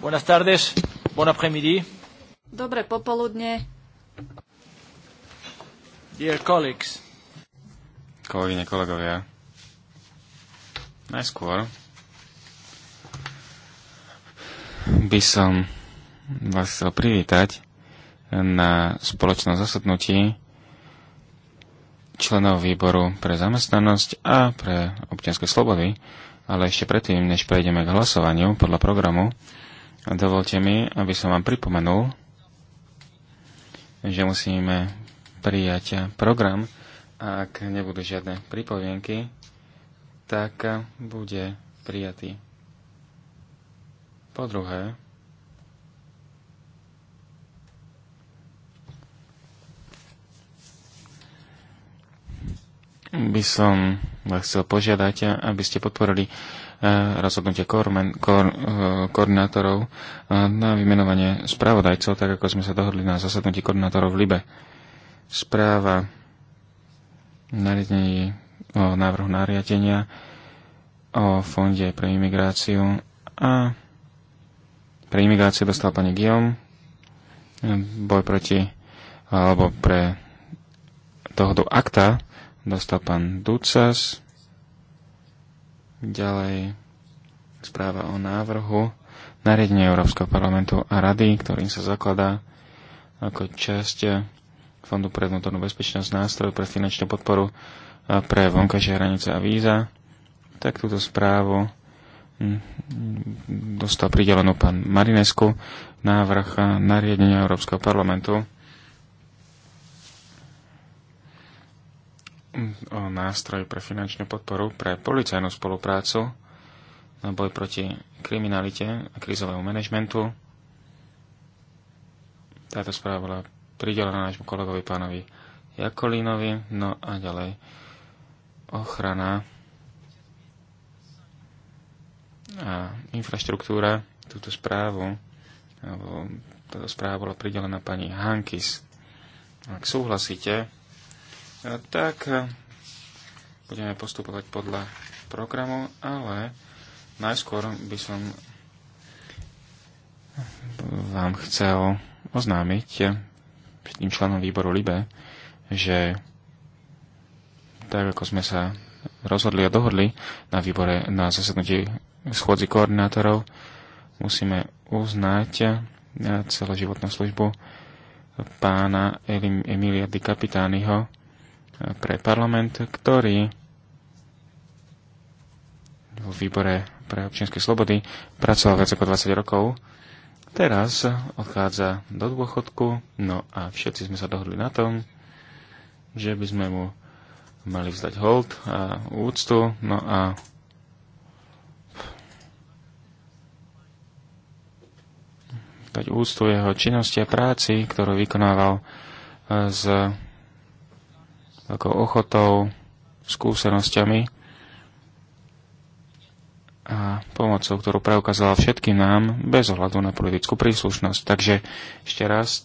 Buenas tardes, bon après-midi. Dobré popoludne. Dear colleagues. Kolegyne, kolegovia. Najskôr by som vás chcel privítať na spoločnom zasadnutí členov výboru pre zamestnanosť a pre občianske slobody, ale ešte predtým, než prejdeme k hlasovaniu podľa programu, Dovolte mi, aby som vám pripomenul, že musíme prijať program a ak nebudú žiadne pripovienky, tak bude prijatý. Po druhé, by som vás chcel požiadať, aby ste podporili E, rozhodnutie kormen, kor, e, koordinátorov e, na vymenovanie spravodajcov, tak ako sme sa dohodli na zasadnutí koordinátorov v Libe. Správa nariadení o návrhu nariadenia o fonde pre imigráciu a pre imigráciu dostal pani Guillaume boj proti alebo pre dohodu akta dostal pán Ducas Ďalej správa o návrhu nariadenia Európskeho parlamentu a rady, ktorým sa zakladá ako časť Fondu pre vnútornú bezpečnosť nástroj pre finančnú podporu pre vonkajšie hranice a víza, tak túto správu mm, dostal pridelenú pán Marinesku návrh nariadenia Európskeho parlamentu o nástroj pre finančnú podporu pre policajnú spoluprácu na boj proti kriminalite a krizovému manažmentu. Táto správa bola pridelená nášmu kolegovi pánovi Jakolínovi, no a ďalej ochrana a infraštruktúra túto správu alebo táto správa bola pridelená pani Hankis. Ak súhlasíte, tak e, budeme postupovať podľa programu, ale najskôr by som vám chcel oznámiť tým členom výboru LIBE, že tak ako sme sa rozhodli a dohodli na výbore na zasadnutí schôdzi koordinátorov, musíme uznať celoživotnú službu pána Emilia Di Capitániho, pre parlament, ktorý vo výbore pre občianske slobody pracoval viac ako 20 rokov. Teraz odchádza do dôchodku, no a všetci sme sa dohodli na tom, že by sme mu mali vzdať hold a úctu, no a dať úctu jeho činnosti a práci, ktorú vykonával z ako ochotou, skúsenosťami a pomocou, ktorú preukázala všetkým nám, bez ohľadu na politickú príslušnosť. Takže ešte raz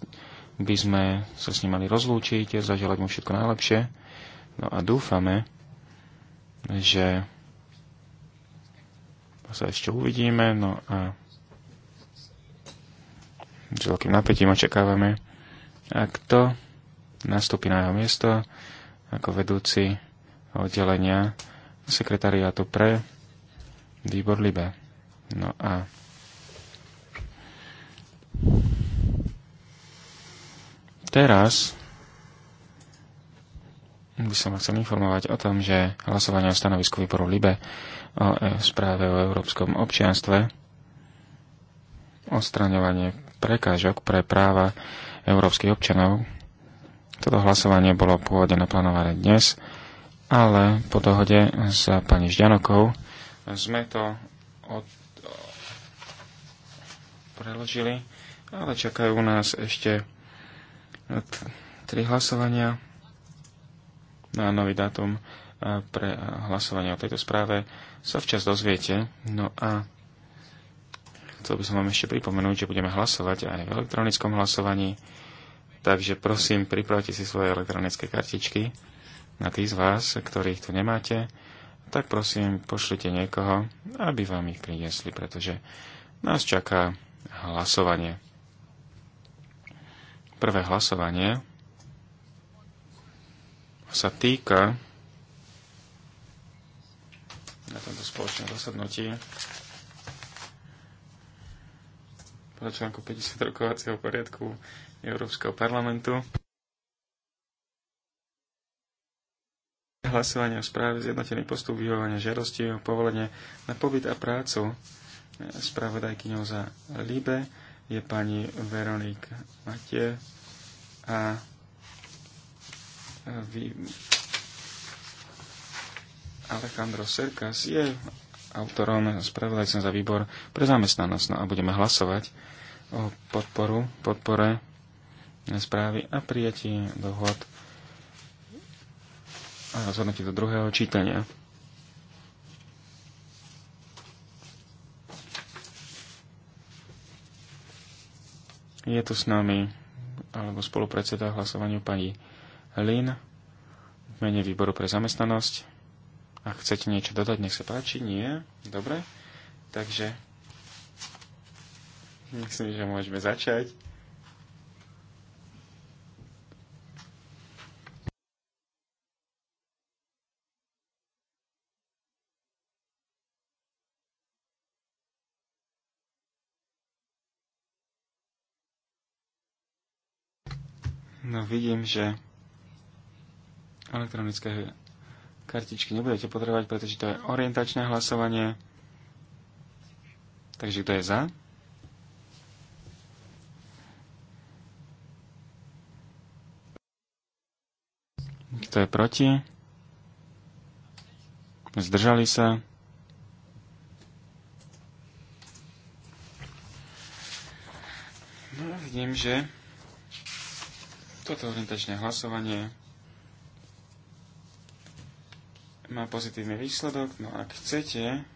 by sme sa s ním mali rozlúčiť, zaželať mu všetko najlepšie. No a dúfame, že sa ešte uvidíme, no a s veľkým napätím očakávame, ak to nastúpi na jeho miesto, ako vedúci oddelenia sekretariátu pre výbor Libe. No a teraz by som chcel informovať o tom, že hlasovanie o stanovisku výboru LIBE o e, správe o európskom občianstve, odstraňovanie prekážok pre práva európskych občanov toto hlasovanie bolo pôvodne naplánované dnes, ale po dohode s pani Žďanokou sme to od... preložili, ale čakajú nás ešte tri hlasovania na no nový dátum pre hlasovanie o tejto správe sa včas dozviete. No a chcel by som vám ešte pripomenúť, že budeme hlasovať aj v elektronickom hlasovaní. Takže prosím, pripravte si svoje elektronické kartičky na tých z vás, ktorých tu nemáte. Tak prosím, pošlite niekoho, aby vám ich priniesli, pretože nás čaká hlasovanie. Prvé hlasovanie sa týka na tomto spoločnom zasadnutí podľa článku 50 rokovacieho poriadku Európskeho parlamentu. Hlasovanie o správe zjednotený postup vyhovovania žiadosti o povolenie na pobyt a prácu spravodajkyňou za Libe je pani Veronik Matie a vy... Alejandro Serkas je autorom, spravodajcom za výbor pre zamestnanosť. No a budeme hlasovať o podporu, podpore správy a prijatie dohod a rozhodnutie do druhého čítania. Je tu s nami alebo spolupredseda hlasovaniu pani Lin v mene výboru pre zamestnanosť. Ak chcete niečo dodať, nech sa páči. Nie? Dobre. Takže myslím, že môžeme začať. No vidím, že elektronické kartičky nebudete potrebovať, pretože to je orientačné hlasovanie. Takže kto je za? Kto je proti? Zdržali sa? No, vidím, že toto orientačné hlasovanie má pozitívny výsledok, no ak chcete,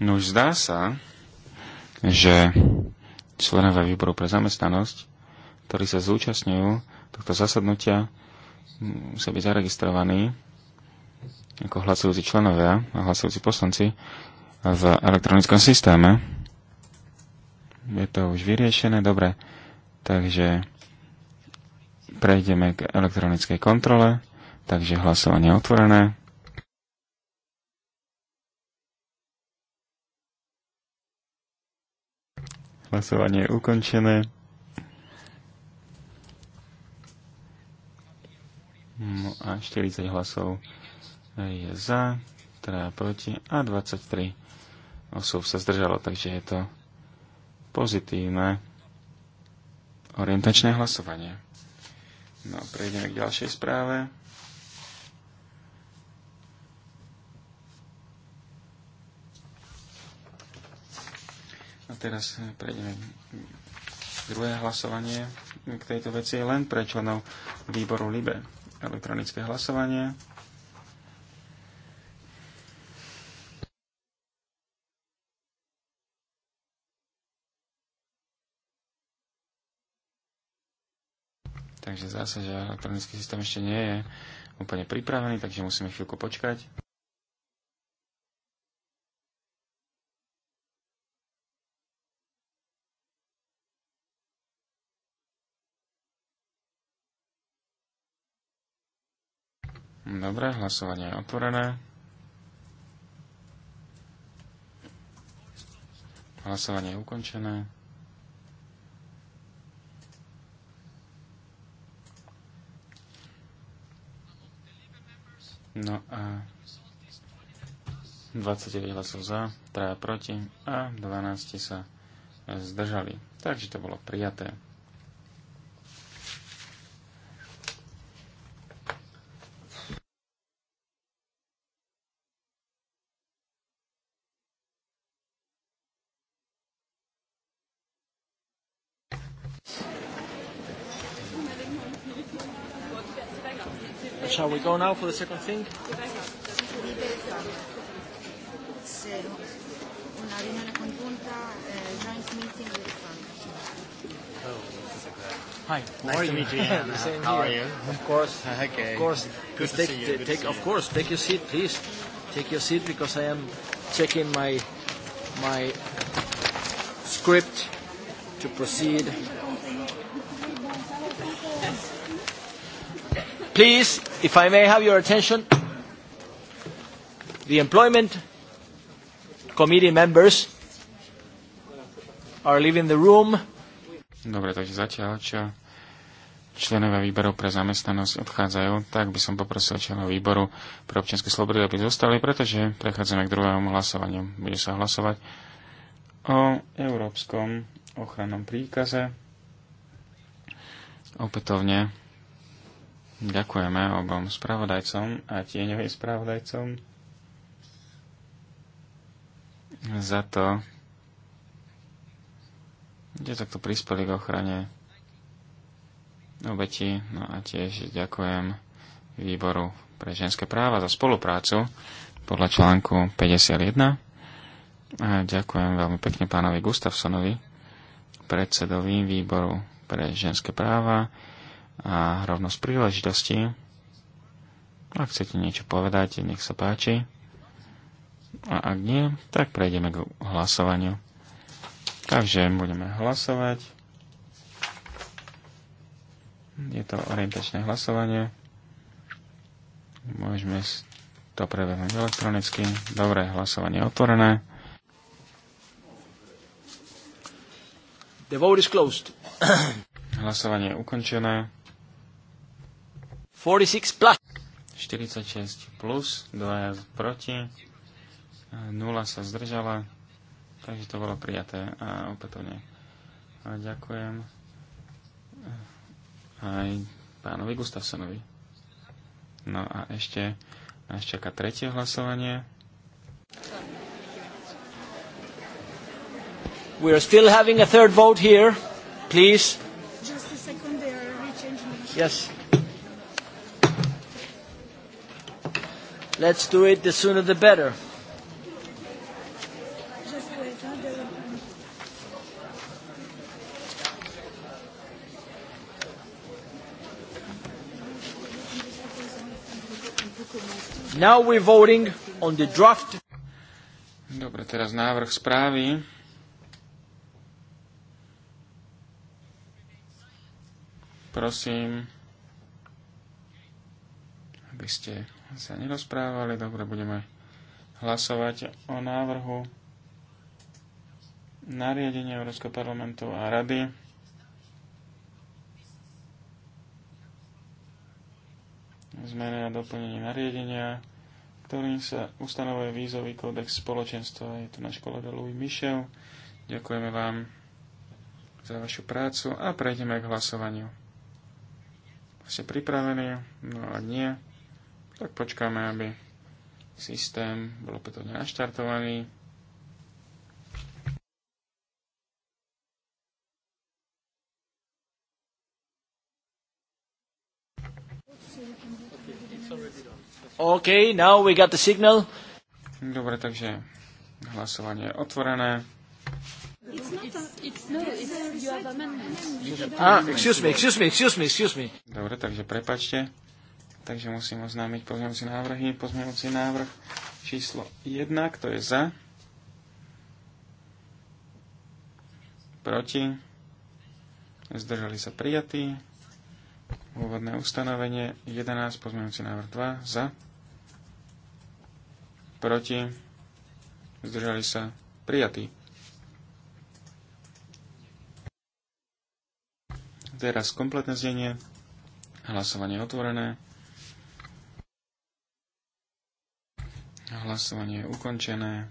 No už zdá sa, že členové výboru pre zamestnanosť, ktorí sa zúčastňujú tohto zasadnutia, musia byť zaregistrovaní ako hlasujúci členovia a hlasujúci poslanci v elektronickom systéme. Je to už vyriešené, dobre. Takže prejdeme k elektronickej kontrole. Takže hlasovanie otvorené. Hlasovanie je ukončené. No a 40 hlasov je za, teda proti a 23 osôb sa zdržalo, takže je to pozitívne orientačné hlasovanie. No, prejdeme k ďalšej správe. A teraz prejdeme druhé hlasovanie k tejto veci je len pre členov výboru LIBE. Elektronické hlasovanie. Takže zase, že elektronický systém ešte nie je úplne pripravený, takže musíme chvíľku počkať. Dobre, hlasovanie je otvorené. Hlasovanie je ukončené. No a 29 hlasov za, 3 proti a 12 sa zdržali. Takže to bolo prijaté. go now for the second thing? Hi, nice are to you? meet you. Yeah, Same how here. are you? Of course. okay. Of course. Good to take, see you. Good take, to see of you. course, take your seat, please. Take your seat because I am checking my my script to proceed. Please, if I may have your attention, the employment committee members are leaving the room. Dobre, takže zatiaľ, čo členové výboru pre zamestnanosť odchádzajú, tak by som poprosil členov výboru pre občianske slobody, aby zostali, pretože prechádzame k druhému hlasovaniu. Bude sa hlasovať o Európskom ochrannom príkaze. Opätovne Ďakujeme obom spravodajcom a tieňovým spravodajcom za to, kde takto prispeli k ochrane obeti. No a tiež ďakujem výboru pre ženské práva za spoluprácu podľa článku 51. A ďakujem veľmi pekne pánovi Gustafsonovi, predsedovi výboru pre ženské práva, a rovnosť príležitosti. Ak chcete niečo povedať, nech sa páči. A ak nie, tak prejdeme k hlasovaniu. Takže budeme hlasovať. Je to orientačné hlasovanie. Môžeme to prevedať elektronicky. Dobré hlasovanie otvorené. The vote is closed. Hlasovanie je ukončené. 46 plus. 46 plus, 2 proti, 0 sa zdržala, takže to bolo prijaté a opätovne. A ďakujem eh, aj pánovi Gustafsonovi. No a ešte nás čaká tretie hlasovanie. We are still having a third vote here. Please. Just a second, they are rechanging. Yes. Let's do it, the sooner the better. Now we're voting on the draft. Dobre, teraz návrh správy. Prosím aby ste sa nerozprávali. Dobre, budeme hlasovať o návrhu nariadenia Európskeho parlamentu a rady. Zmene a doplnenie nariadenia, ktorým sa ustanovuje vízový kódex spoločenstva. Je to náš kolega Louis Michel. Ďakujeme vám za vašu prácu a prejdeme k hlasovaniu. Ste pripravení? No a nie tak počkáme, aby systém bol opätovne naštartovaný. OK, now we got the signal. Dobre, takže hlasovanie je otvorené. A, no, ah, excuse me, excuse me, excuse me, excuse me. Dobre, takže prepačte takže musím oznámiť pozmeňujúci návrhy. Pozmeňujúci návrh číslo 1, kto je za, proti, zdržali sa prijatí, úvodné ustanovenie 11, pozmeňujúci návrh 2, za, proti, zdržali sa prijatí. Teraz kompletné znenie, hlasovanie otvorené. Hlasovanie je ukončené.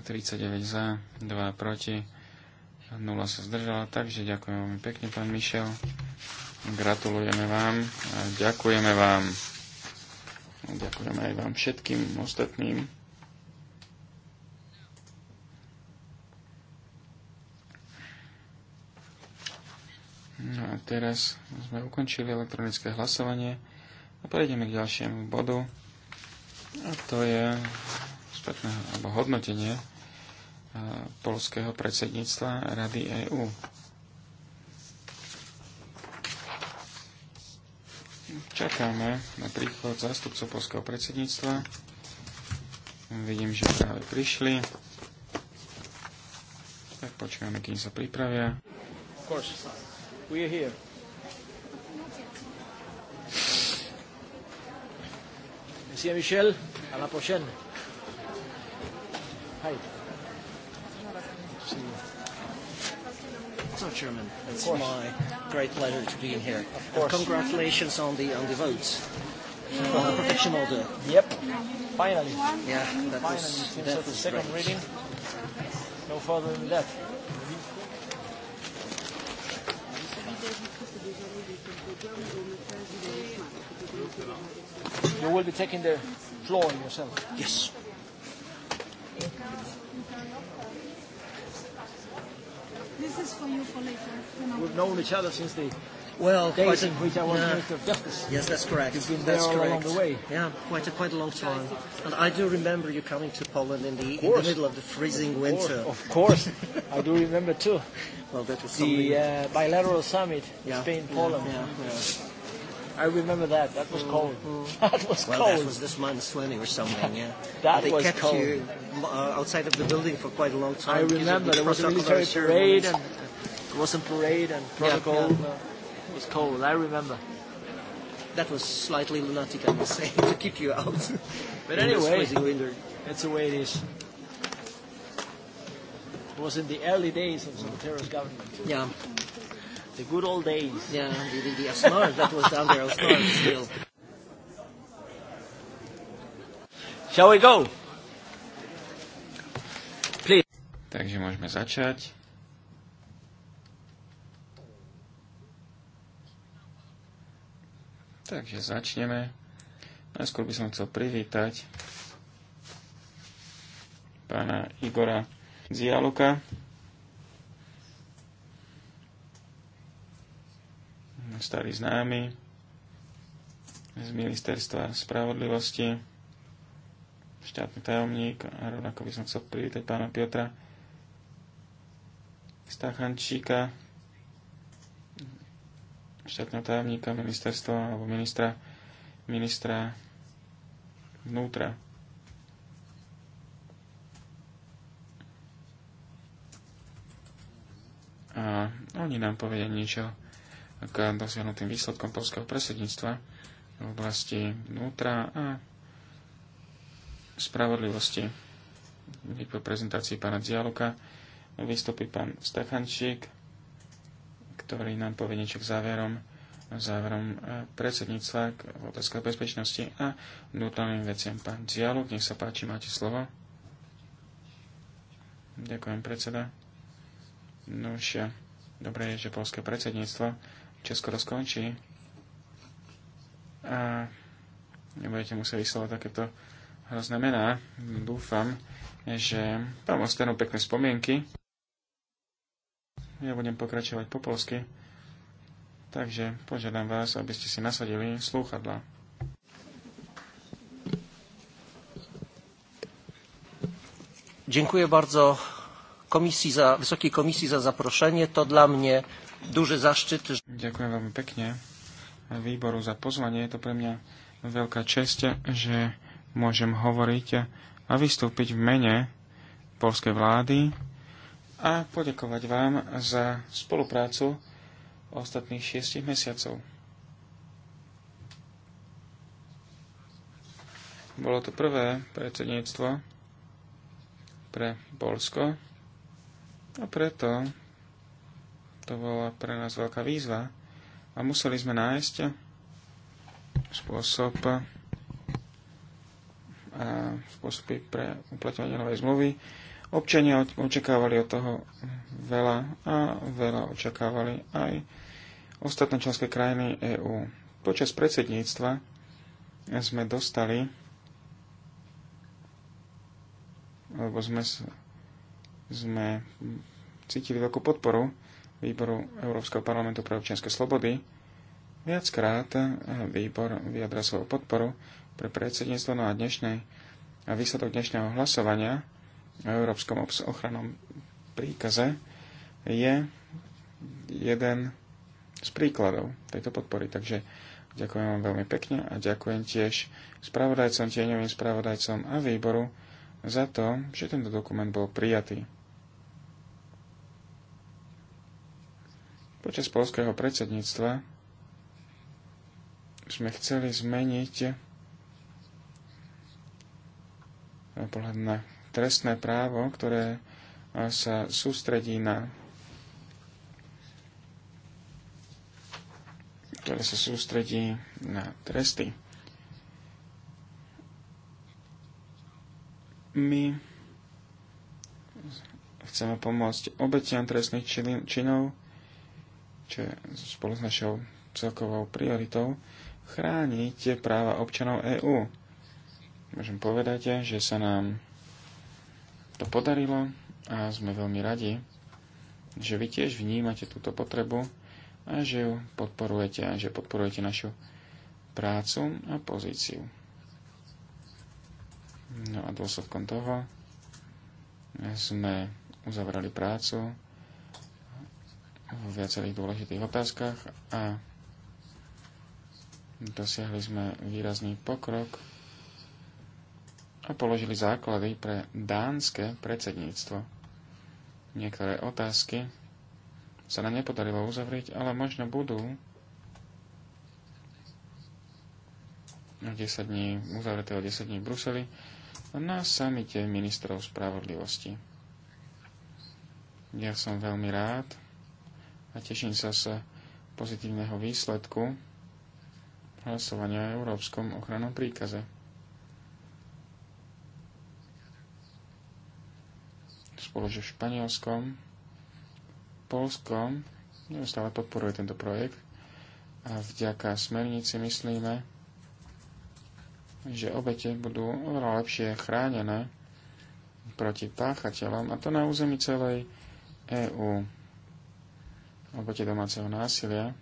39 za, 2 proti, 0 sa zdržala, takže ďakujem veľmi pekne, pán Mišel. Gratulujeme vám a ďakujeme vám. Ďakujeme aj vám všetkým ostatným. No a teraz sme ukončili elektronické hlasovanie. A prejdeme k ďalšiemu bodu. A to je spätné alebo hodnotenie e, polského predsedníctva Rady EÚ. Čakáme na príchod zástupcov polského predsedníctva. Vidím, že práve prišli. Tak počkáme, kým sa pripravia. Of course. We are here. Merci Michel. À la prochaine. Hi. So, Chairman, it's my great pleasure to be in here. Of course. congratulations on the on the votes. Uh, on the protection order. Yep. Finally. Yeah, that Finally, was, it that, was second great. reading. No further than that. Thank you. You will be taking the floor yourself. Yes. This is for you for later. We've known each other since the well, days in which I was yeah. Minister of Justice. Yes, that's correct. You've been there that's all correct. along the way. Yeah, quite a, quite a long time. And I do remember you coming to Poland in the, in the middle of the freezing of winter. Course, of course, I do remember too. Well, that was the uh, bilateral summit, yeah. Spain-Poland. Yeah, yeah, yeah. I remember that. That was mm-hmm. cold. Mm-hmm. That was well, cold. Well, that was this month's swimming or something, yeah. that they was kept cold. you uh, outside of the building for quite a long time. I remember. The there was a military parade and there was a parade and protocol. Yeah, yeah. Uh, it was cold. I remember. That was slightly lunatic, I must say, to keep you out. But anyway, that's the way it is. It was in the early days of terrorist government. Yeah. The good old days. Yeah, the, the, the Asnar, that was down there, Asnar still. Shall we go? Please. Takže môžeme začať. Takže začneme. Najskôr by som chcel privítať pána Igora Zialuka, starý známy z ministerstva spravodlivosti, štátny tajomník a rovnako by som chcel privítať pána Piotra Stachančíka, štátneho tajomníka ministerstva alebo ministra, ministra vnútra. A oni nám povedia niečo k dosiahnutým výsledkom polského predsedníctva v oblasti vnútra a spravodlivosti. Po prezentácii pána dialuka vystúpi pán Stefančík, ktorý nám povie niečo k záverom, záverom e, predsedníctva k otázkach bezpečnosti a vnútorným veciam. Pán dialuk. nech sa páči, máte slovo. Ďakujem, predseda. No už e, dobre je, že polské predsedníctvo čo skoro skončí. A nebudete musieť vyslovať takéto hrozné mená. Dúfam, že tam ostanú pekné spomienky. Ja budem pokračovať po polsky. Takže požiadam vás, aby ste si nasadili slúchadla. Dziękuję bardzo za, Wysokiej Komisji za zaproszenie. To dla mnie duży zaszczyt. Ďakujem veľmi pekne výboru za pozvanie. Je to pre mňa veľká čest, že môžem hovoriť a vystúpiť v mene polskej vlády a poďakovať vám za spoluprácu ostatných šiestich mesiacov. Bolo to prvé predsedníctvo pre Polsko a preto to bola pre nás veľká výzva a museli sme nájsť spôsob a spôsoby pre uplatňovanie novej zmluvy. Občania očakávali od toho veľa a veľa očakávali aj ostatné členské krajiny EÚ. Počas predsedníctva sme dostali, alebo sme sme cítili veľkú podporu výboru Európskeho parlamentu pre občianske slobody. Viackrát výbor vyjadra svoju podporu pre predsedníctvo no a dnešnej a výsledok dnešného hlasovania o Európskom ochranom príkaze je jeden z príkladov tejto podpory. Takže ďakujem vám veľmi pekne a ďakujem tiež spravodajcom, tieňovým spravodajcom a výboru za to, že tento dokument bol prijatý. Počas polského predsedníctva sme chceli zmeniť pohľad na trestné právo, ktoré sa sústredí na ktoré sa sústredí na tresty. My chceme pomôcť obetiam trestných činov, čo je spolu s našou celkovou prioritou, chrániť práva občanov EÚ. Môžem povedať, že sa nám to podarilo a sme veľmi radi, že vy tiež vnímate túto potrebu a že ju podporujete a že podporujete našu prácu a pozíciu. No a dôsledkom toho sme uzavrali prácu v viacerých dôležitých otázkach a dosiahli sme výrazný pokrok a položili základy pre dánske predsedníctvo. Niektoré otázky sa nám nepodarilo uzavrieť, ale možno budú 10 dní uzavreté o 10 dní v Bruseli na samite ministrov spravodlivosti. Ja som veľmi rád a teším sa z pozitívneho výsledku hlasovania o Európskom ochrannom príkaze. Spolu so Španielskom, Polskom neustále podporuje tento projekt a vďaka smernici myslíme, že obete budú oveľa lepšie chránené proti páchateľom a to na území celej EÚ. Obete domáceho násilia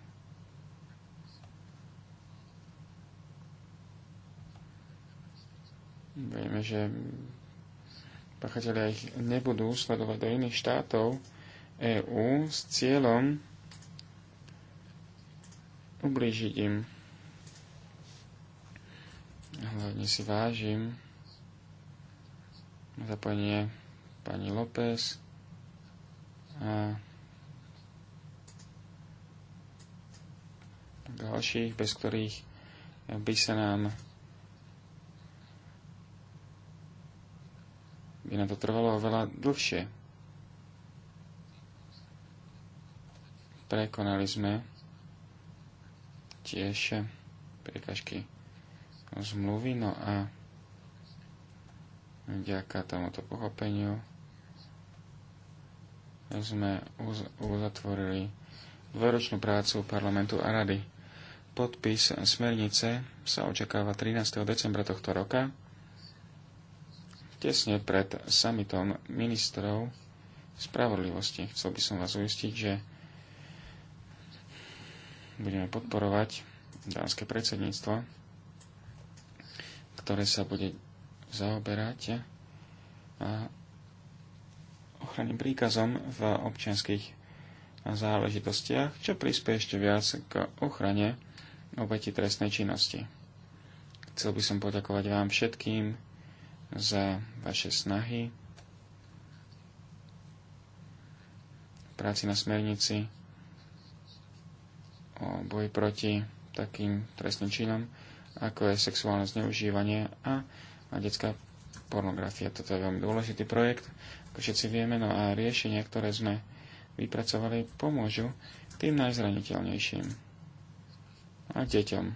Vieme, že páchateľia ich nebudú sledovať do iných štátov EÚ s cieľom ublížiť im. Hlavne si vážim zapojenie pani López a ďalších, bez ktorých by sa nám by na to trvalo oveľa dlhšie. Prekonali sme tiež prekažky zmluvy. No a vďaka tomuto pochopeniu sme uzatvorili dvoročnú prácu parlamentu a rady. Podpis smernice sa očakáva 13. decembra tohto roka, tesne pred summitom ministrov spravodlivosti. Chcel by som vás uistiť, že budeme podporovať dánske predsedníctvo ktoré sa bude zaoberať ochranným príkazom v občianských záležitostiach, čo prispie ešte viac k ochrane obeti trestnej činnosti. Chcel by som poďakovať vám všetkým za vaše snahy, práci na smernici o boji proti takým trestným činom, ako je sexuálne zneužívanie a, a detská pornografia. Toto je veľmi dôležitý projekt, ako všetci vieme, no a riešenia, ktoré sme vypracovali, pomôžu tým najzraniteľnejším a deťom.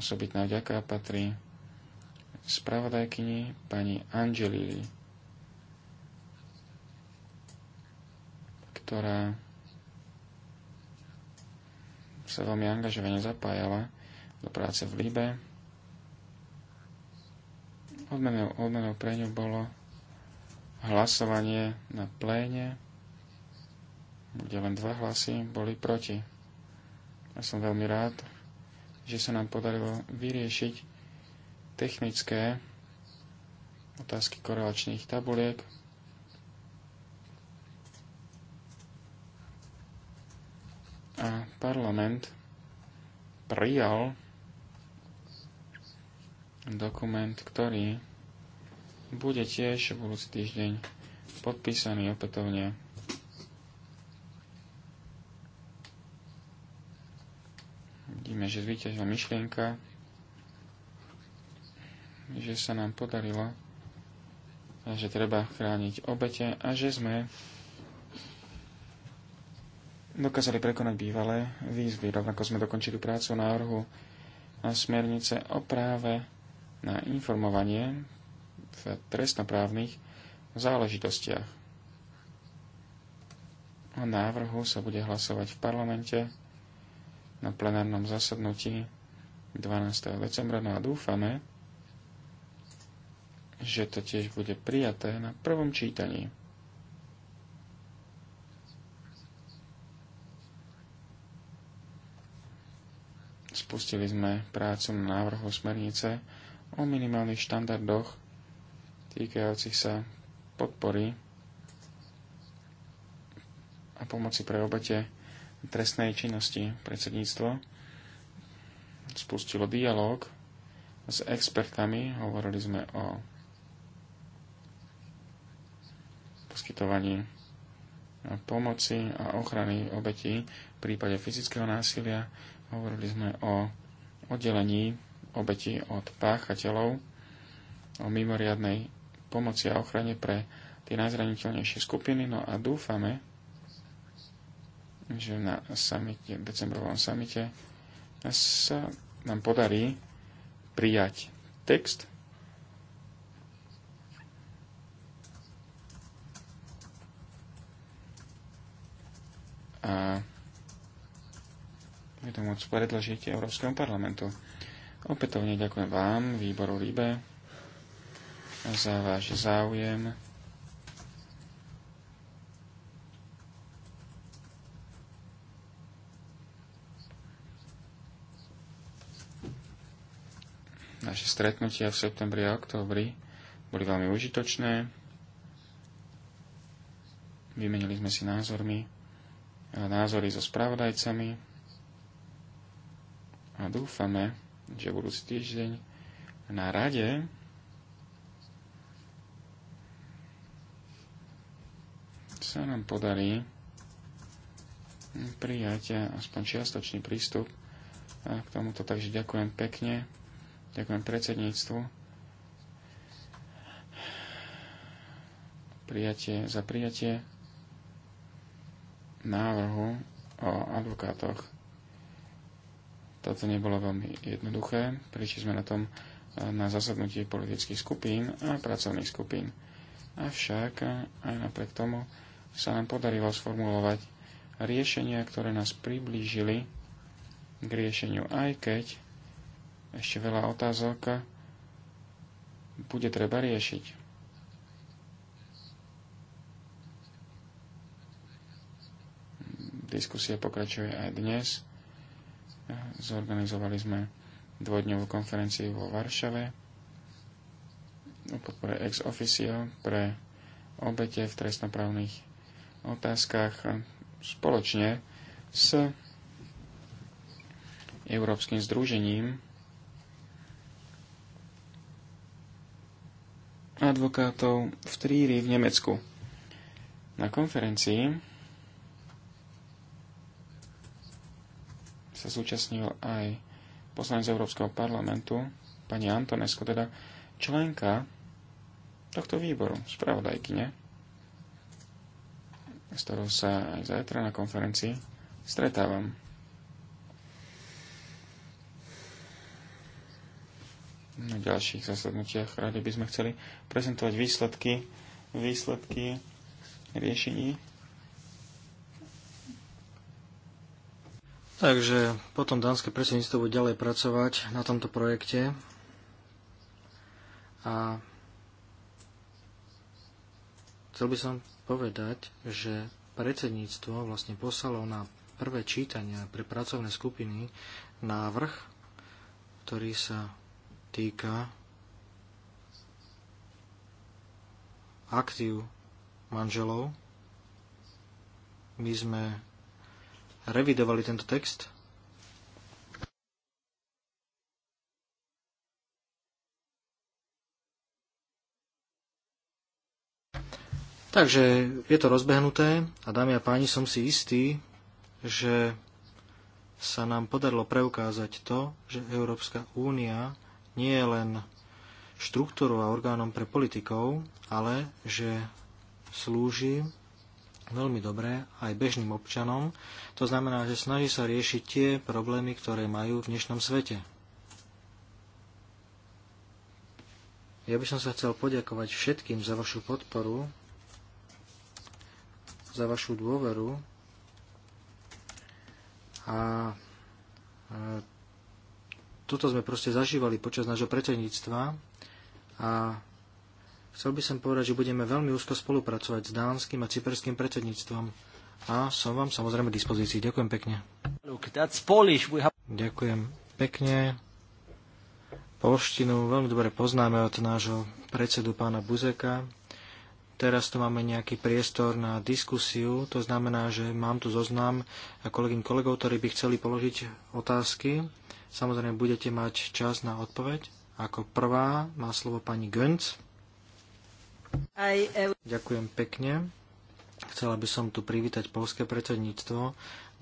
Osobitná vďaka patrí spravodajkyni pani Angelili, ktorá sa veľmi angažovane zapájala do práce v Líbe. Odmenou, odmenou pre ňu bolo hlasovanie na pléne, kde len dva hlasy boli proti. Ja som veľmi rád, že sa nám podarilo vyriešiť technické otázky korelačných tabuliek, a parlament prijal dokument, ktorý bude tiež budúci týždeň podpísaný opätovne vidíme, že zvíťazila myšlienka, že sa nám podarilo a že treba chrániť obete a že sme dokázali prekonať bývalé výzvy. Rovnako sme dokončili prácu na orhu na smernice o práve na informovanie v trestnoprávnych záležitostiach. O návrhu sa bude hlasovať v parlamente na plenárnom zasadnutí 12. decembra. No a dúfame, že to tiež bude prijaté na prvom čítaní. spustili sme prácu na návrhu smernice o minimálnych štandardoch týkajúcich sa podpory a pomoci pre obete trestnej činnosti. Predsedníctvo spustilo dialog s expertami, hovorili sme o poskytovaní pomoci a ochrany obetí v prípade fyzického násilia, Hovorili sme o oddelení obeti od páchateľov, o mimoriadnej pomoci a ochrane pre tie najzraniteľnejšie skupiny. No a dúfame, že na samite, decembrovom samite sa nám podarí prijať text, a je to moc predložiť Európskemu parlamentu. Opätovne ďakujem vám, výboru Líbe, za váš záujem. Naše stretnutia v septembri a októbri boli veľmi užitočné. Vymenili sme si názormi, názory so spravodajcami a dúfame, že budúci týždeň na rade sa nám podarí prijať aspoň čiastočný prístup k tomuto. Takže ďakujem pekne, ďakujem predsedníctvu prijatie, za prijatie návrhu o advokátoch toto nebolo veľmi jednoduché. Prišli sme na tom eh, na zasadnutie politických skupín a pracovných skupín. Avšak eh, aj napriek tomu sa nám podarilo sformulovať riešenia, ktoré nás priblížili k riešeniu, aj keď ešte veľa otázok bude treba riešiť. Diskusia pokračuje aj dnes Zorganizovali sme dvojdňovú konferenciu vo Varšave o podpore ex officio pre obete v trestnoprávnych otázkach spoločne s Európskym združením advokátov v Tríri v Nemecku. Na konferencii sa zúčastnil aj poslanec Európskeho parlamentu, pani Antonesko, teda členka tohto výboru, spravodajkyne, s ktorou sa aj zajtra na konferencii stretávam. Na ďalších zasadnutiach rady by sme chceli prezentovať výsledky, výsledky riešení Takže potom dánske predsedníctvo bude ďalej pracovať na tomto projekte a chcel by som povedať, že predsedníctvo vlastne poslalo na prvé čítania pre pracovné skupiny návrh, ktorý sa týka aktív manželov. My sme revidovali tento text? Takže je to rozbehnuté a dámy a páni, som si istý, že sa nám podarilo preukázať to, že Európska únia nie je len štruktúrou a orgánom pre politikov, ale že slúži veľmi dobré aj bežným občanom. To znamená, že snaží sa riešiť tie problémy, ktoré majú v dnešnom svete. Ja by som sa chcel poďakovať všetkým za vašu podporu, za vašu dôveru a toto sme proste zažívali počas nášho predsedníctva a Chcel by som povedať, že budeme veľmi úzko spolupracovať s dánskym a cyperským predsedníctvom a som vám samozrejme k dispozícii. Ďakujem pekne. Ďakujem pekne. Polštinu veľmi dobre poznáme od nášho predsedu pána Buzeka. Teraz tu máme nejaký priestor na diskusiu, to znamená, že mám tu zoznam a kolegyn kolegov, ktorí by chceli položiť otázky. Samozrejme, budete mať čas na odpoveď. Ako prvá má slovo pani Gönc. Ďakujem pekne. Chcela by som tu privítať polské predsedníctvo.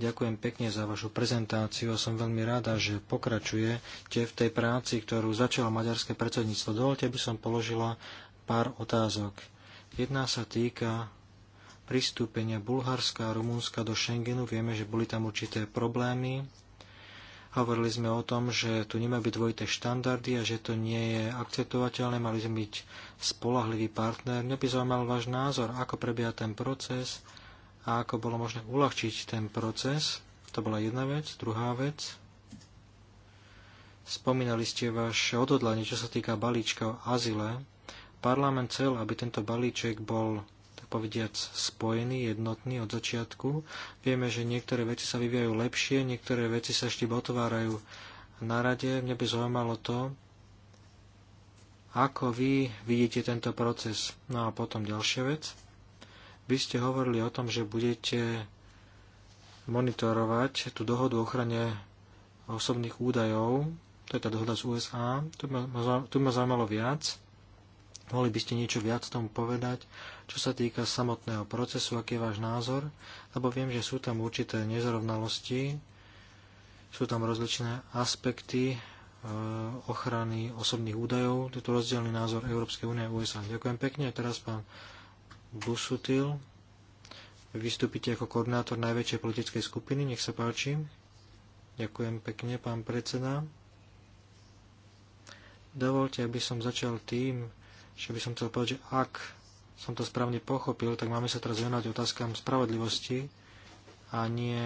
Ďakujem pekne za vašu prezentáciu a som veľmi rada, že pokračujete v tej práci, ktorú začalo maďarské predsedníctvo. Dovolte by som položila pár otázok. Jedna sa týka pristúpenia Bulharska a Rumunska do Schengenu. Vieme, že boli tam určité problémy Hovorili sme o tom, že tu nemá byť dvojité štandardy a že to nie je akceptovateľné. Mali sme byť spolahlivý partner. Mňa by zaujímal váš názor, ako prebieha ten proces a ako bolo možné uľahčiť ten proces. To bola jedna vec. Druhá vec. Spomínali ste vaše odhodlanie, čo sa týka balíčka o azile. Parlament chcel, aby tento balíček bol povediac, spojený, jednotný od začiatku. Vieme, že niektoré veci sa vyvíjajú lepšie, niektoré veci sa ešte otvárajú na rade. mne by zaujímalo to, ako vy vidíte tento proces. No a potom ďalšia vec. Vy ste hovorili o tom, že budete monitorovať tú dohodu o ochrane osobných údajov, to je tá dohoda z USA, tu ma, tu ma zaujímalo viac Mohli by ste niečo viac tomu povedať, čo sa týka samotného procesu, aký je váš názor, lebo viem, že sú tam určité nezrovnalosti, sú tam rozličné aspekty e, ochrany osobných údajov. Je tu rozdielný názor Európskej únie a USA. Ďakujem pekne. A teraz pán Busutil. Vystúpite ako koordinátor najväčšej politickej skupiny. Nech sa páči. Ďakujem pekne, pán predseda. Dovolte, aby som začal tým, že by som chcel povedať, že ak som to správne pochopil, tak máme sa teraz venovať otázkam spravodlivosti a nie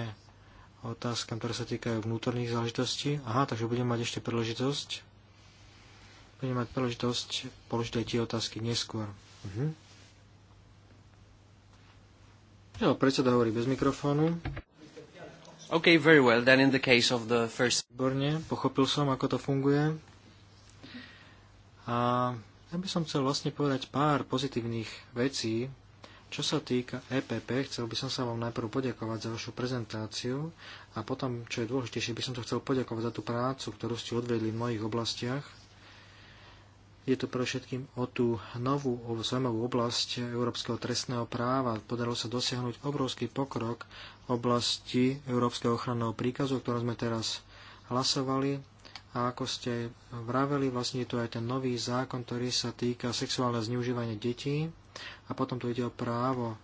otázkam, ktoré sa týkajú vnútorných záležitostí. Aha, takže budem mať ešte príležitosť. Budem mať príležitosť položiť aj tie otázky neskôr. Uh-huh. Jo, predseda hovorí bez mikrofónu. OK, very well. Then in the case of the first... Výborne, pochopil som, ako to funguje. A ja by som chcel vlastne povedať pár pozitívnych vecí. Čo sa týka EPP, chcel by som sa vám najprv poďakovať za vašu prezentáciu a potom, čo je dôležitejšie, by som sa chcel poďakovať za tú prácu, ktorú ste odvedli v mojich oblastiach. Je to pre všetkým o tú novú zaujímavú oblasť európskeho trestného práva. Podarilo sa dosiahnuť obrovský pokrok v oblasti európskeho ochranného príkazu, o ktorom sme teraz hlasovali a ako ste vraveli, vlastne je tu aj ten nový zákon, ktorý sa týka sexuálne zneužívania detí. A potom tu ide o právo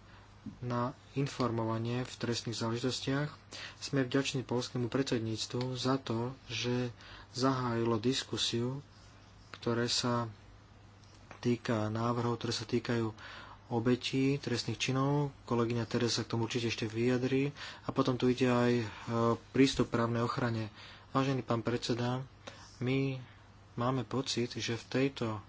na informovanie v trestných záležitostiach. Sme vďační polskému predsedníctvu za to, že zahájilo diskusiu, ktoré sa týka návrhov, ktoré sa týkajú obetí trestných činov. Kolegyňa Teresa k tomu určite ešte vyjadrí. A potom tu ide aj e, prístup právnej ochrane. Vážený pán predseda, my máme pocit, že v tejto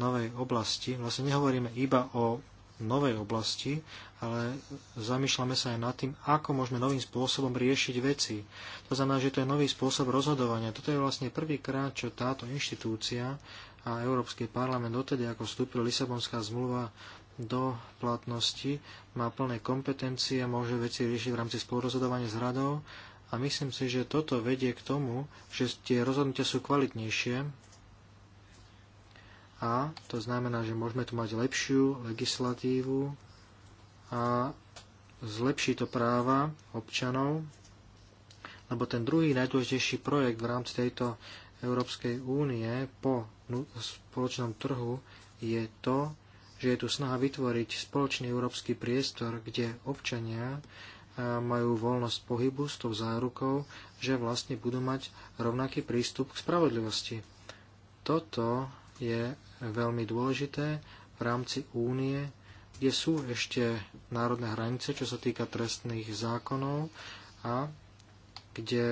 novej oblasti, vlastne nehovoríme iba o novej oblasti, ale zamýšľame sa aj nad tým, ako môžeme novým spôsobom riešiť veci. To znamená, že to je nový spôsob rozhodovania. Toto je vlastne prvýkrát, čo táto inštitúcia a Európsky parlament dotedy, ako vstúpil Lisabonská zmluva do platnosti, má plné kompetencie, môže veci riešiť v rámci spolurozhodovania s radou a myslím si, že toto vedie k tomu, že tie rozhodnutia sú kvalitnejšie a to znamená, že môžeme tu mať lepšiu legislatívu a zlepší to práva občanov, lebo ten druhý najdôležitejší projekt v rámci tejto Európskej únie po spoločnom trhu je to, že je tu snaha vytvoriť spoločný európsky priestor, kde občania majú voľnosť pohybu s tou zárukou, že vlastne budú mať rovnaký prístup k spravodlivosti. Toto je veľmi dôležité v rámci únie, kde sú ešte národné hranice, čo sa týka trestných zákonov a kde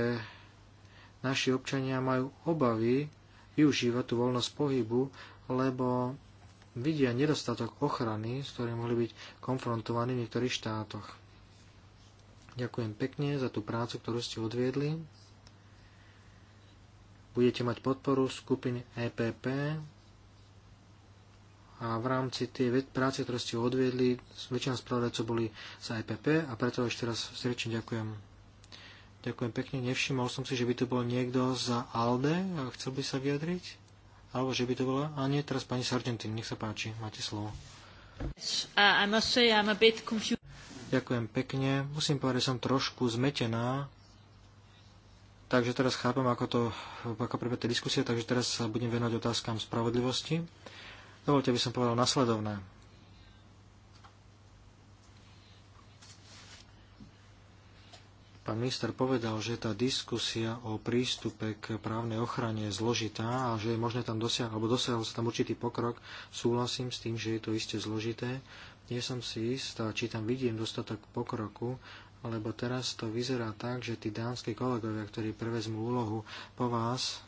naši občania majú obavy využívať tú voľnosť pohybu, lebo vidia nedostatok ochrany, s ktorým mohli byť konfrontovaní v niektorých štátoch. Ďakujem pekne za tú prácu, ktorú ste odviedli. Budete mať podporu skupiny EPP a v rámci tej práce, ktoré ste odviedli, väčšina spravodajcov boli za EPP a preto ešte raz srdečne ďakujem. Ďakujem pekne. Nevšimol som si, že by to bol niekto za ALDE a chcel by sa vyjadriť. Alebo že by to bola... A nie, teraz pani Sargentin, nech sa páči, máte slovo. Yes, uh, Ďakujem pekne. Musím povedať, že som trošku zmetená. Takže teraz chápem, ako to ako prebieha tá diskusia, takže teraz sa budem venovať otázkam spravodlivosti. Dovolte, aby som povedal nasledovné. Pán minister povedal, že tá diskusia o prístupe k právnej ochrane je zložitá a že je možné tam dosiahnuť, alebo dosiahol sa tam určitý pokrok. Súhlasím s tým, že je to iste zložité. Nie som si istá, či tam vidím dostatok pokroku, lebo teraz to vyzerá tak, že tí dánsky kolegovia, ktorí prevezmú úlohu po vás,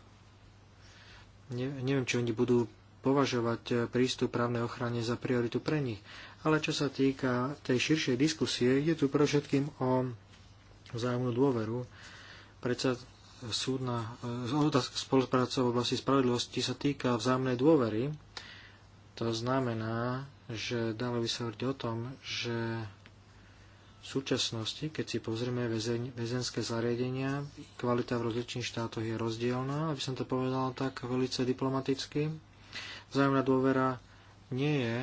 ne, neviem, či oni budú považovať e, prístup právnej ochrane za prioritu pre nich. Ale čo sa týka tej širšej diskusie, ide tu pre všetkým o vzájomnú dôveru. Predsa súdna e, spolupráca v oblasti spravodlivosti sa týka vzájomnej dôvery. To znamená, že dalo by sa hovoriť o tom, že v súčasnosti, keď si pozrieme väzeň, väzenské zariadenia, kvalita v rozličných štátoch je rozdielná, aby som to povedal tak veľmi diplomaticky. Vzájomná dôvera nie je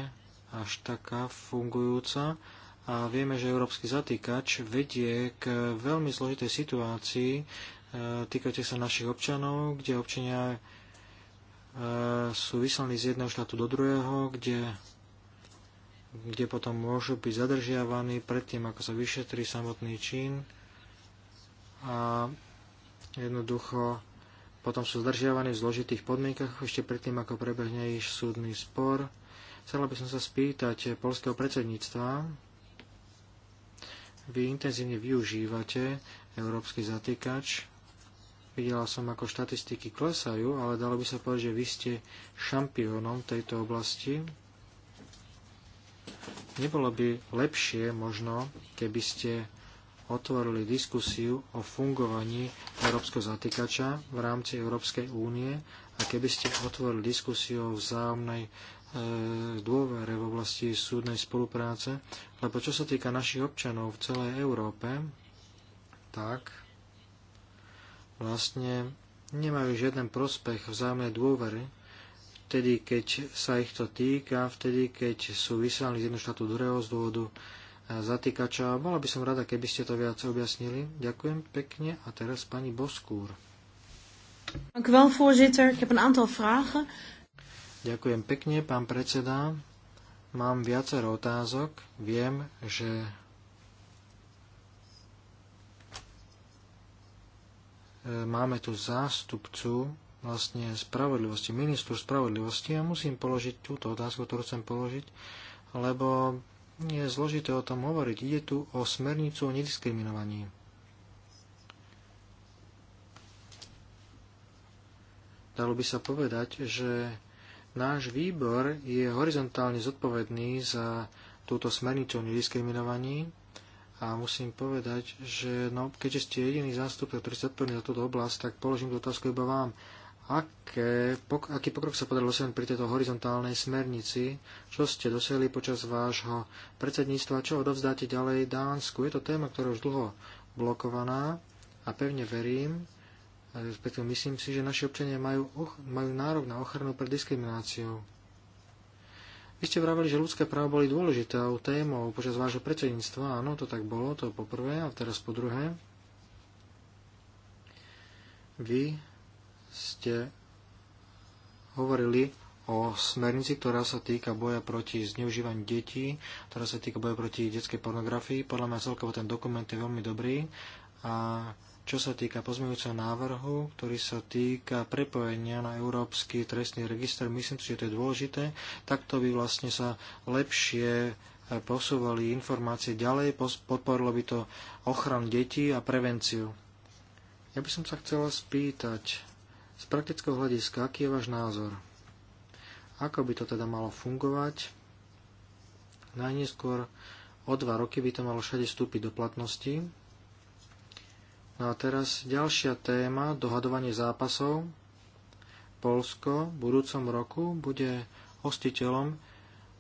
až taká fungujúca a vieme, že európsky zatýkač vedie k veľmi zložitej situácii e, týkajúcej sa našich občanov, kde občania e, sú vyslaní z jedného štátu do druhého, kde kde potom môžu byť zadržiavaní predtým, ako sa vyšetrí samotný čin a jednoducho potom sú zdržiavaní v zložitých podmienkach ešte predtým, ako prebehne ich súdny spor. Chcela by som sa spýtať polského predsedníctva. Vy intenzívne využívate európsky zatýkač. Videla som, ako štatistiky klesajú, ale dalo by sa povedať, že vy ste šampiónom tejto oblasti Nebolo by lepšie možno, keby ste otvorili diskusiu o fungovaní európskeho zatýkača v rámci Európskej únie a keby ste otvorili diskusiu o vzájomnej e, dôvere v oblasti súdnej spolupráce, lebo čo sa týka našich občanov v celej Európe, tak vlastne nemajú žiaden prospech vzájomnej dôvery vtedy, keď sa ich to týka, vtedy, keď sú vysielaní z jedného štátu druhého z dôvodu e, zatýkača. Bola by som rada, keby ste to viac objasnili. Ďakujem pekne. A teraz pani Boskúr. Ďakujem pekne, pán predseda. Mám viacero otázok. Viem, že e, máme tu zástupcu vlastne spravodlivosti, ministru spravodlivosti ja musím položiť túto otázku, ktorú chcem položiť, lebo je zložité o tom hovoriť. Ide tu o smernicu o nediskriminovaní. Dalo by sa povedať, že náš výbor je horizontálne zodpovedný za túto smernicu o nediskriminovaní a musím povedať, že no, keďže ste jediný zástupca, ktorý sa odpovedal na túto oblasť, tak položím tú otázku iba vám aké, pok, aký pokrok sa podarilo dosiahnuť pri tejto horizontálnej smernici, čo ste dosiahli počas vášho predsedníctva, čo odovzdáte ďalej Dánsku. Je to téma, ktorá už dlho blokovaná a pevne verím, respektíve myslím si, že naši občania majú, majú nárok na ochranu pred diskrimináciou. Vy ste vraveli, že ľudské práva boli dôležitou témou počas vášho predsedníctva. Áno, to tak bolo, to po prvé a teraz po druhé. Vy ste hovorili o smernici, ktorá sa týka boja proti zneužívaniu detí, ktorá sa týka boja proti detskej pornografii. Podľa mňa celkovo ten dokument je veľmi dobrý. A čo sa týka pozmeňujúceho návrhu, ktorý sa týka prepojenia na Európsky trestný register, myslím si, že to je dôležité. Takto by vlastne sa lepšie posúvali informácie ďalej, podporilo by to ochranu detí a prevenciu. Ja by som sa chcela spýtať, z praktického hľadiska, aký je váš názor? Ako by to teda malo fungovať? Najneskôr o dva roky by to malo všade vstúpiť do platnosti. No a teraz ďalšia téma, dohadovanie zápasov. Polsko v budúcom roku bude hostiteľom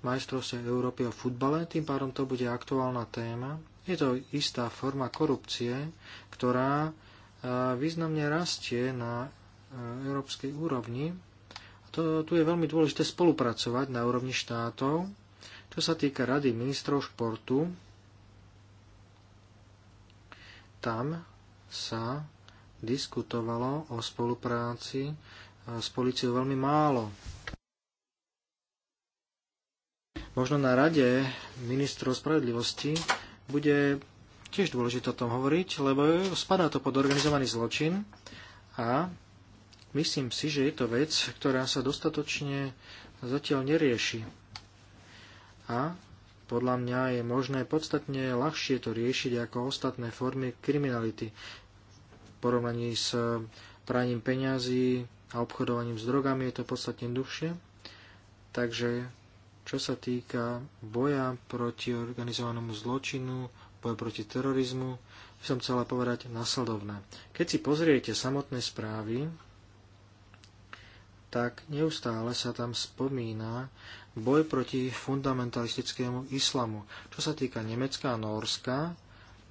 majstrovstiev Európy o futbale, tým pádom to bude aktuálna téma. Je to istá forma korupcie, ktorá e, významne rastie na E, európskej úrovni. A to, tu je veľmi dôležité spolupracovať na úrovni štátov. Čo sa týka Rady ministrov športu, tam sa diskutovalo o spolupráci e, s policiou veľmi málo. Možno na rade ministrov spravedlivosti bude tiež dôležité o tom hovoriť, lebo spadá to pod organizovaný zločin a Myslím si, že je to vec, ktorá sa dostatočne zatiaľ nerieši. A podľa mňa je možné podstatne ľahšie to riešiť ako ostatné formy kriminality v porovnaní s praním peňazí a obchodovaním s drogami je to podstatne dlhšie. Takže čo sa týka boja proti organizovanému zločinu, boja proti terorizmu, som chcela povedať nasledovné. Keď si pozriete samotné správy, tak neustále sa tam spomína boj proti fundamentalistickému islamu. Čo sa týka Nemecka a Norska,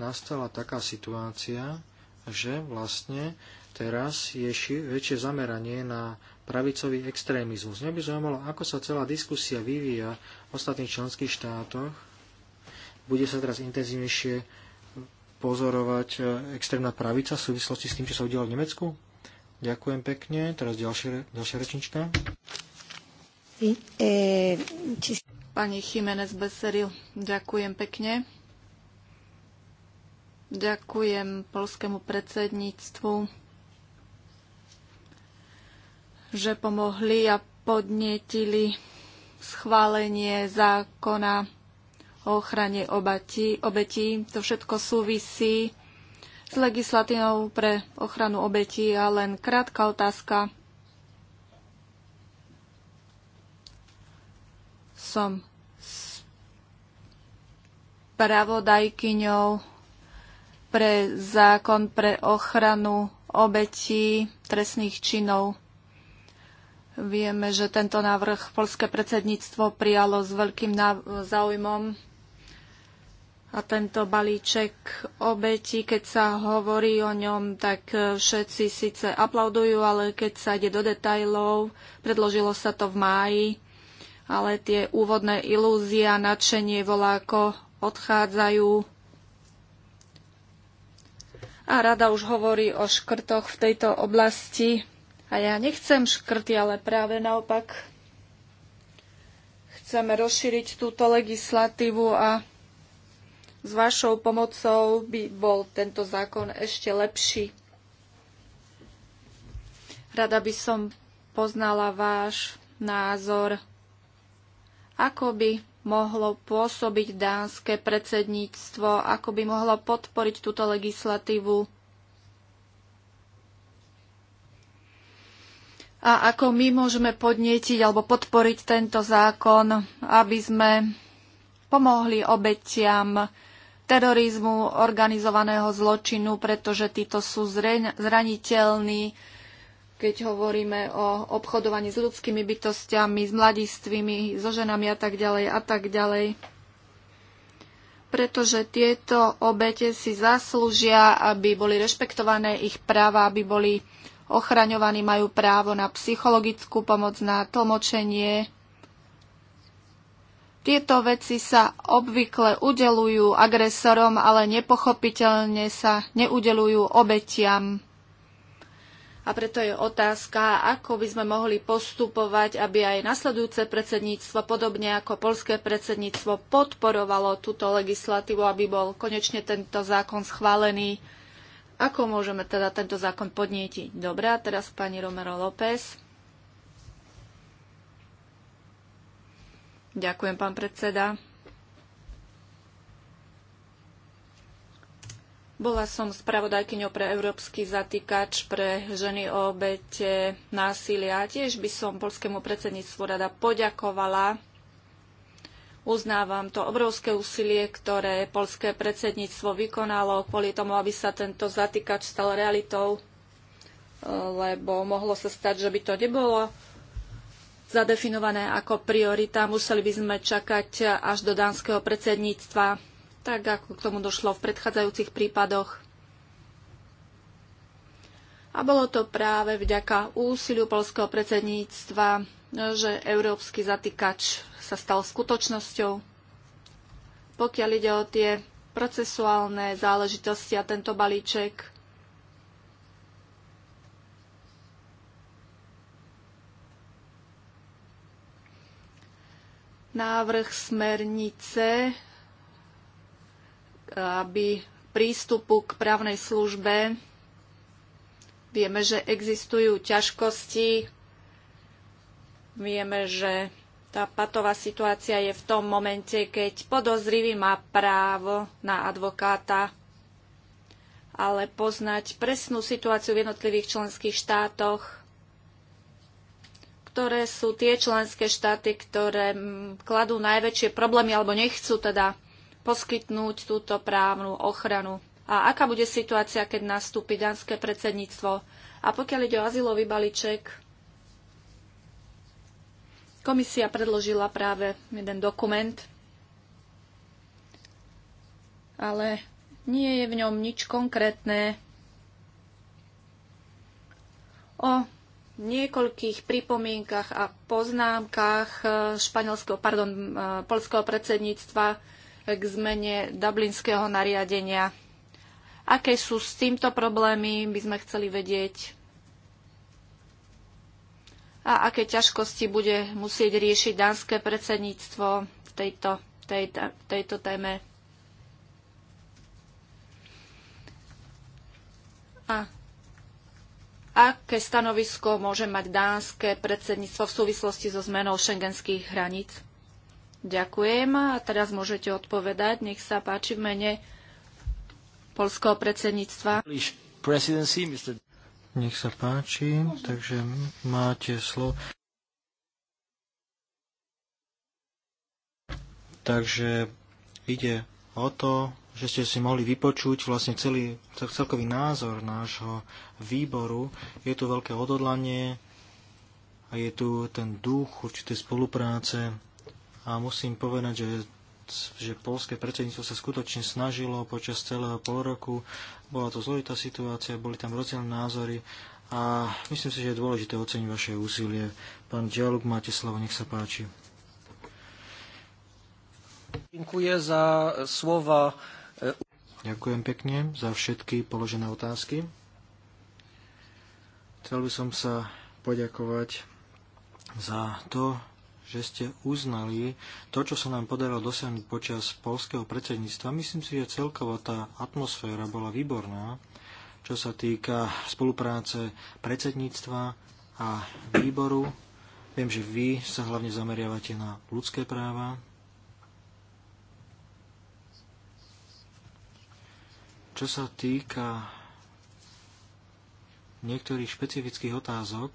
nastala taká situácia, že vlastne teraz je väčšie zameranie na pravicový extrémizmus. Mňa by zaujímalo, ako sa celá diskusia vyvíja v ostatných členských štátoch. Bude sa teraz intenzívnejšie pozorovať eh, extrémna pravica v súvislosti s tým, čo sa udialo v Nemecku? Ďakujem pekne. Teraz ďalšia, ďalšia rečnička. Eh, Pani Chimenez Beseril, ďakujem pekne. Ďakujem polskému predsedníctvu, že pomohli a podnetili schválenie zákona o ochrane obetí. To všetko súvisí s legislatívou pre ochranu obetí a len krátka otázka. Som spravodajkyňou pre zákon pre ochranu obetí trestných činov. Vieme, že tento návrh polské predsedníctvo prijalo s veľkým záujmom a tento balíček obeti, keď sa hovorí o ňom, tak e, všetci síce aplaudujú, ale keď sa ide do detajlov, predložilo sa to v máji, ale tie úvodné ilúzie a nadšenie voláko odchádzajú. A rada už hovorí o škrtoch v tejto oblasti. A ja nechcem škrty, ale práve naopak chceme rozšíriť túto legislatívu a s vašou pomocou by bol tento zákon ešte lepší. Rada by som poznala váš názor, ako by mohlo pôsobiť dánske predsedníctvo, ako by mohlo podporiť túto legislatívu a ako my môžeme podnietiť alebo podporiť tento zákon, aby sme pomohli obetiam terorizmu, organizovaného zločinu, pretože títo sú zraniteľní, keď hovoríme o obchodovaní s ľudskými bytostiami, s mladistvými, so ženami a tak ďalej a tak ďalej. Pretože tieto obete si zaslúžia, aby boli rešpektované ich práva, aby boli ochraňovaní, majú právo na psychologickú pomoc, na tlmočenie, tieto veci sa obvykle udelujú agresorom, ale nepochopiteľne sa neudelujú obetiam. A preto je otázka, ako by sme mohli postupovať, aby aj nasledujúce predsedníctvo, podobne ako polské predsedníctvo, podporovalo túto legislatívu, aby bol konečne tento zákon schválený. Ako môžeme teda tento zákon podnietiť? Dobre, a teraz pani Romero López. Ďakujem, pán predseda. Bola som spravodajkyňou pre Európsky zatýkač pre ženy o obete násilia. Tiež by som polskému predsedníctvu rada poďakovala. Uznávam to obrovské úsilie, ktoré polské predsedníctvo vykonalo kvôli tomu, aby sa tento zatýkač stal realitou, lebo mohlo sa stať, že by to nebolo zadefinované ako priorita. Museli by sme čakať až do dánskeho predsedníctva, tak ako k tomu došlo v predchádzajúcich prípadoch. A bolo to práve vďaka úsiliu polského predsedníctva, že európsky zatýkač sa stal skutočnosťou. Pokiaľ ide o tie procesuálne záležitosti a tento balíček, návrh smernice, aby prístupu k právnej službe vieme, že existujú ťažkosti, vieme, že tá patová situácia je v tom momente, keď podozrivý má právo na advokáta, ale poznať presnú situáciu v jednotlivých členských štátoch ktoré sú tie členské štáty, ktoré kladú najväčšie problémy alebo nechcú teda poskytnúť túto právnu ochranu. A aká bude situácia, keď nastúpi dánske predsedníctvo? A pokiaľ ide o azylový balíček, komisia predložila práve jeden dokument, ale nie je v ňom nič konkrétne o niekoľkých pripomienkach a poznámkach eh, španielského, pardon, eh, polského predsedníctva k zmene dublinského nariadenia. Aké sú s týmto problémy, by sme chceli vedieť. A aké ťažkosti bude musieť riešiť dánske predsedníctvo v tejto, tejto, tejto téme. A aké stanovisko môže mať dánske predsedníctvo v súvislosti so zmenou šengenských hraníc. Ďakujem a teraz môžete odpovedať. Nech sa páči v mene polského predsedníctva. Nech sa páči, takže máte slovo. Takže ide o to, že ste si mohli vypočuť vlastne celý, celkový názor nášho výboru. Je tu veľké odhodlanie a je tu ten duch určitej spolupráce a musím povedať, že že polské predsedníctvo sa skutočne snažilo počas celého pol roku. Bola to zložitá situácia, boli tam rozdielne názory a myslím si, že je dôležité oceniť vaše úsilie. Pán Dialog, máte slovo, nech sa páči. Ďakujem za slova Ďakujem pekne za všetky položené otázky. Chcel by som sa poďakovať za to, že ste uznali to, čo sa nám podarilo dosiahnuť počas polského predsedníctva. Myslím si, že celkovo tá atmosféra bola výborná, čo sa týka spolupráce predsedníctva a výboru. Viem, že vy sa hlavne zameriavate na ľudské práva, Čo sa týka niektorých špecifických otázok,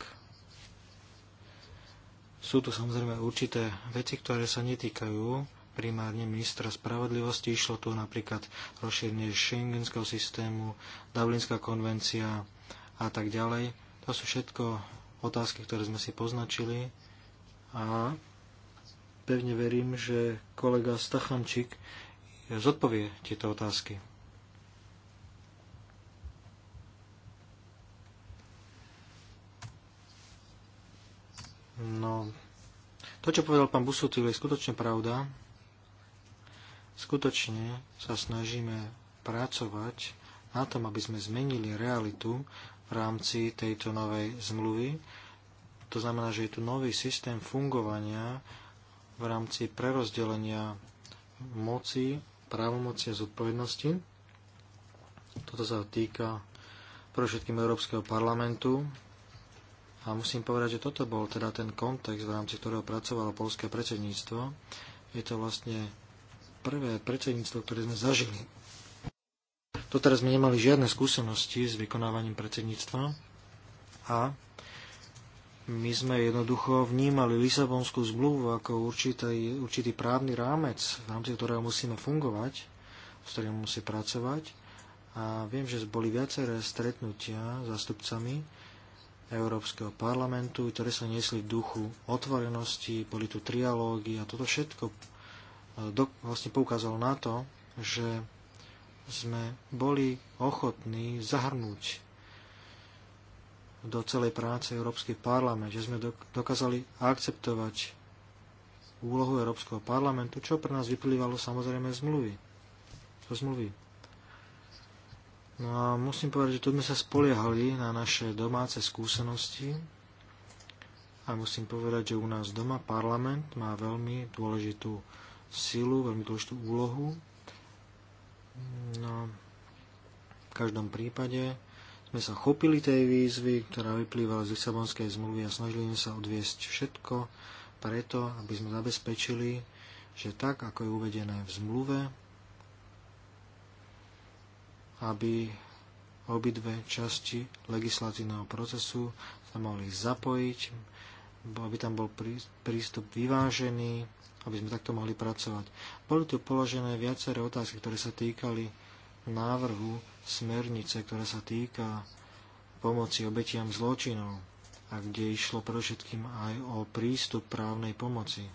sú tu samozrejme určité veci, ktoré sa netýkajú primárne ministra spravodlivosti. Išlo tu napríklad rozšírenie šengenského systému, Dublinská konvencia a tak ďalej. To sú všetko otázky, ktoré sme si poznačili a pevne verím, že kolega Stachančík zodpovie tieto otázky. No, to, čo povedal pán Busutil, je skutočne pravda. Skutočne sa snažíme pracovať na tom, aby sme zmenili realitu v rámci tejto novej zmluvy. To znamená, že je tu nový systém fungovania v rámci prerozdelenia moci, právomoci a zodpovednosti. Toto sa týka pre všetkým Európskeho parlamentu, a musím povedať, že toto bol teda ten kontext, v rámci ktorého pracovalo polské predsedníctvo. Je to vlastne prvé predsedníctvo, ktoré sme zažili. teraz sme nemali žiadne skúsenosti s vykonávaním predsedníctva a my sme jednoducho vnímali Lisabonskú zmluvu ako určitý, určitý právny rámec, v rámci ktorého musíme fungovať, s ktorým musí pracovať. A viem, že boli viaceré stretnutia s zástupcami Európskeho parlamentu, ktoré sa niesli v duchu otvorenosti, boli tu trialógy a toto všetko e, do, vlastne poukázalo na to, že sme boli ochotní zahrnúť do celej práce Európsky parlament, že sme dokázali akceptovať úlohu Európskeho parlamentu, čo pre nás vyplývalo samozrejme z mluvy. Z mluvy. No a musím povedať, že tu sme sa spoliehali na naše domáce skúsenosti a musím povedať, že u nás doma parlament má veľmi dôležitú silu, veľmi dôležitú úlohu. No, v každom prípade sme sa chopili tej výzvy, ktorá vyplývala z Lisabonskej zmluvy a snažili sme sa odviesť všetko preto, aby sme zabezpečili, že tak, ako je uvedené v zmluve, aby obidve časti legislatívneho procesu sa mohli zapojiť, aby tam bol prístup vyvážený, aby sme takto mohli pracovať. Boli tu položené viaceré otázky, ktoré sa týkali návrhu smernice, ktorá sa týka pomoci obetiam zločinov a kde išlo predovšetkým aj o prístup právnej pomoci.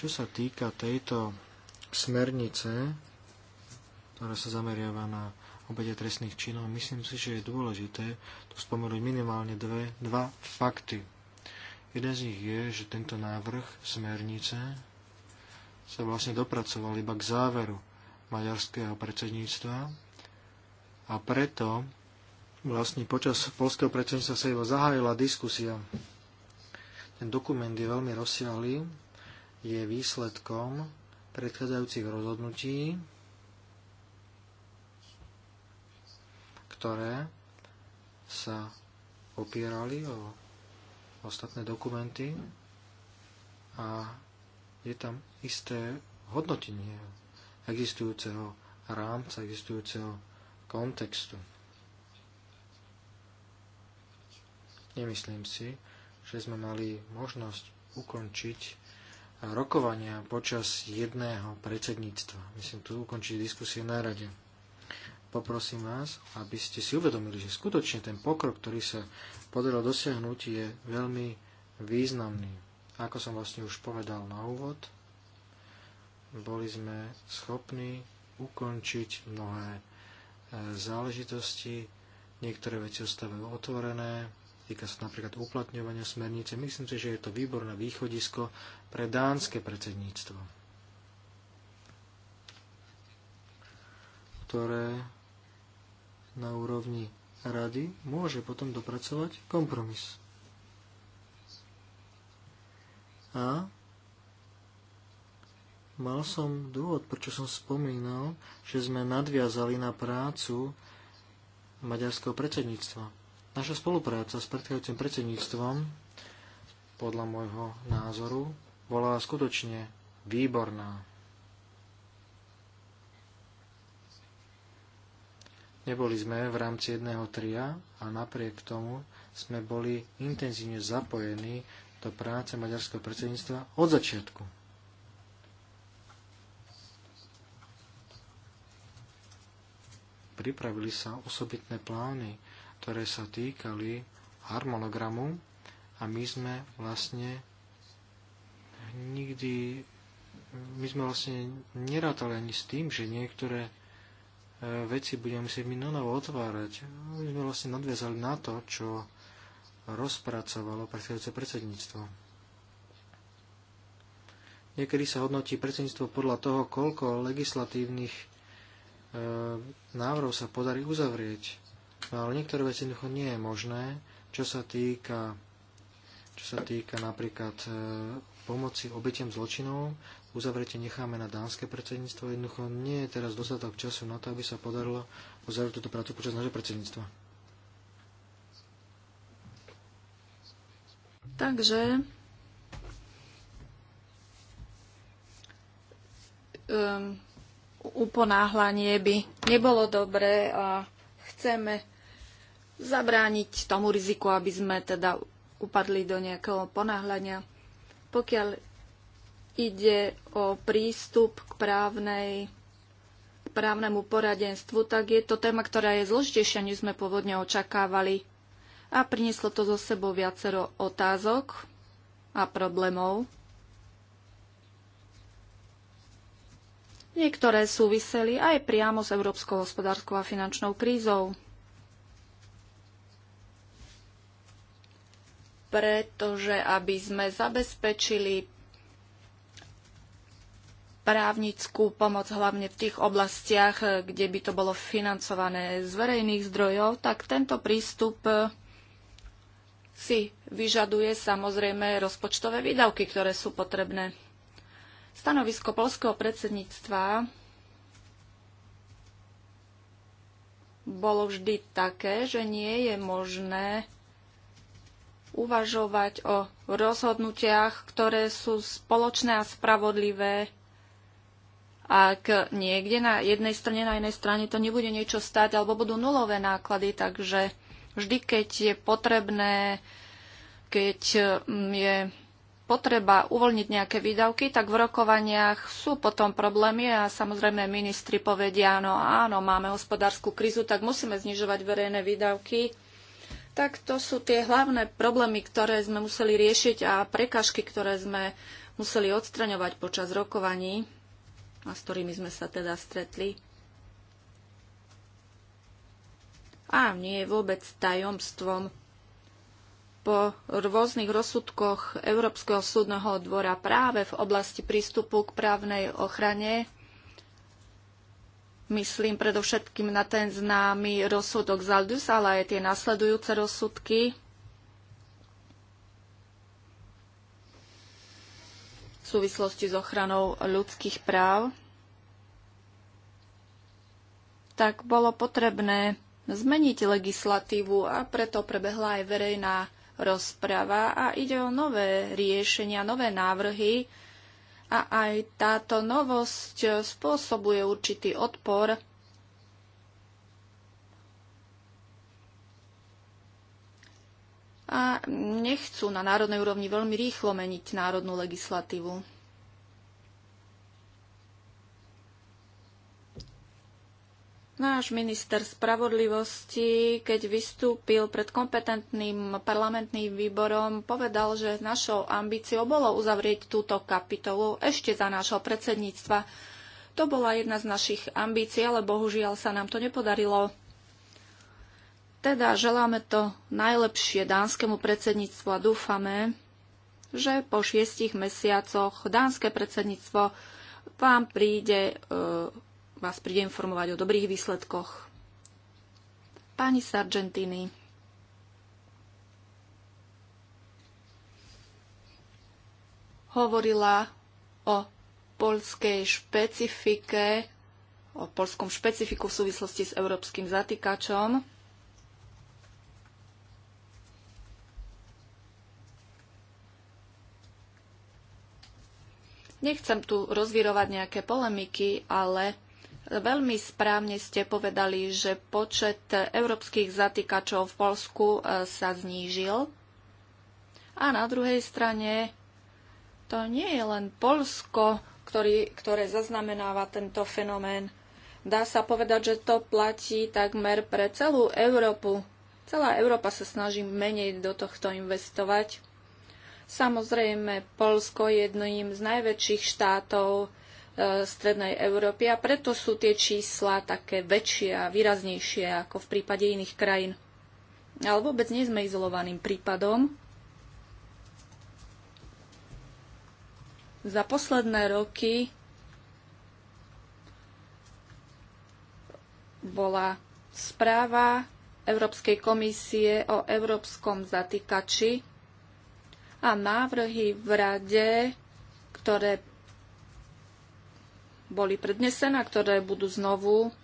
Čo sa týka tejto smernice, ktorá sa zameriava na obete trestných činov. Myslím si, že je dôležité tu spomenúť minimálne dve, dva fakty. Jeden z nich je, že tento návrh smernice sa vlastne dopracoval iba k záveru maďarského predsedníctva a preto vlastne počas polského predsedníctva sa iba zahájila diskusia. Ten dokument je veľmi rozsiahlý, je výsledkom predchádzajúcich rozhodnutí ktoré sa opierali o ostatné dokumenty a je tam isté hodnotenie existujúceho rámca, existujúceho kontextu. Nemyslím si, že sme mali možnosť ukončiť rokovania počas jedného predsedníctva. Myslím tu ukončiť diskusie na rade poprosím vás, aby ste si uvedomili, že skutočne ten pokrok, ktorý sa podarilo dosiahnuť, je veľmi významný. Ako som vlastne už povedal na úvod, boli sme schopní ukončiť mnohé e, záležitosti, niektoré veci ostávajú otvorené, týka sa napríklad uplatňovania smernice. Myslím si, že je to výborné východisko pre dánske predsedníctvo, ktoré na úrovni rady môže potom dopracovať kompromis. A mal som dôvod, prečo som spomínal, že sme nadviazali na prácu maďarského predsedníctva. Naša spolupráca s predchádzajúcim predsedníctvom, podľa môjho názoru, bola skutočne výborná. Neboli sme v rámci jedného tria a napriek tomu sme boli intenzívne zapojení do práce maďarského predsedníctva od začiatku. Pripravili sa osobitné plány, ktoré sa týkali harmonogramu a my sme vlastne nikdy my sme vlastne nerátali ani s tým, že niektoré E, veci budeme musieť my nonovo otvárať. My sme vlastne nadviazali na to, čo rozpracovalo predchádzajúce predsedníctvo. Niekedy sa hodnotí predsedníctvo podľa toho, koľko legislatívnych e, návrhov sa podarí uzavrieť. No, ale niektoré veci jednoducho nie je možné, čo sa týka, čo sa týka napríklad e, pomoci obetiam zločinov uzavretie necháme na dánske predsedníctvo. Jednoducho nie je teraz dostatok času na to, aby sa podarilo uzavrieť túto prácu počas nášho predsedníctva. Takže um, uponáhlanie by nebolo dobré a chceme zabrániť tomu riziku, aby sme teda upadli do nejakého ponáhľania. Pokiaľ ide o prístup k právnej právnemu poradenstvu, tak je to téma, ktorá je zložitejšia, než sme pôvodne očakávali. A prinieslo to zo sebou viacero otázok a problémov. Niektoré súviseli aj priamo s európskou hospodárskou a finančnou krízou. Pretože aby sme zabezpečili právnickú pomoc hlavne v tých oblastiach, eh, kde by to bolo financované z verejných zdrojov, tak tento prístup eh, si vyžaduje samozrejme rozpočtové výdavky, ktoré sú potrebné. Stanovisko polského predsedníctva bolo vždy také, že nie je možné uvažovať o rozhodnutiach, ktoré sú spoločné a spravodlivé ak niekde na jednej strane, na jednej strane to nebude niečo stať, alebo budú nulové náklady, takže vždy, keď je potrebné, keď mm, je potreba uvoľniť nejaké výdavky, tak v rokovaniach sú potom problémy a samozrejme ministri povedia, no áno, máme hospodárskú krízu, tak musíme znižovať verejné výdavky. Tak to sú tie hlavné problémy, ktoré sme museli riešiť a prekažky, ktoré sme museli odstraňovať počas rokovaní a s ktorými sme sa teda stretli. A nie je vôbec tajomstvom. Po rôznych rozsudkoch Európskeho súdneho dvora práve v oblasti prístupu k právnej ochrane Myslím predovšetkým na ten známy rozsudok Zaldus, ale aj tie nasledujúce rozsudky. v súvislosti s ochranou ľudských práv, tak bolo potrebné zmeniť legislatívu a preto prebehla aj verejná rozprava a ide o nové riešenia, nové návrhy a aj táto novosť spôsobuje určitý odpor a nechcú na národnej úrovni veľmi rýchlo meniť národnú legislatívu. Náš minister spravodlivosti, keď vystúpil pred kompetentným parlamentným výborom, povedal, že našou ambíciou bolo uzavrieť túto kapitolu ešte za nášho predsedníctva. To bola jedna z našich ambícií, ale bohužiaľ sa nám to nepodarilo. Teda želáme to najlepšie dánskemu predsedníctvu a dúfame, že po šiestich mesiacoch dánske predsedníctvo vám príde, e, vás príde informovať o dobrých výsledkoch. Pani z Argentíny. Hovorila o polskej špecifike, o polskom špecifiku v súvislosti s európskym zatýkačom. Nechcem tu rozvírovať nejaké polemiky, ale Veľmi správne ste povedali, že počet európskych zatýkačov v Polsku e, sa znížil. A na druhej strane to nie je len Polsko, ktorý, ktoré zaznamenáva tento fenomén. Dá sa povedať, že to platí takmer pre celú Európu. Celá Európa sa snaží menej do tohto investovať. Samozrejme, Polsko je jedným z najväčších štátov e, Strednej Európy a preto sú tie čísla také väčšie a výraznejšie ako v prípade iných krajín. Ale vôbec nie sme izolovaným prípadom. Za posledné roky bola správa Európskej komisie o európskom zatýkači a návrhy v rade, ktoré boli prednesené, ktoré budú znovu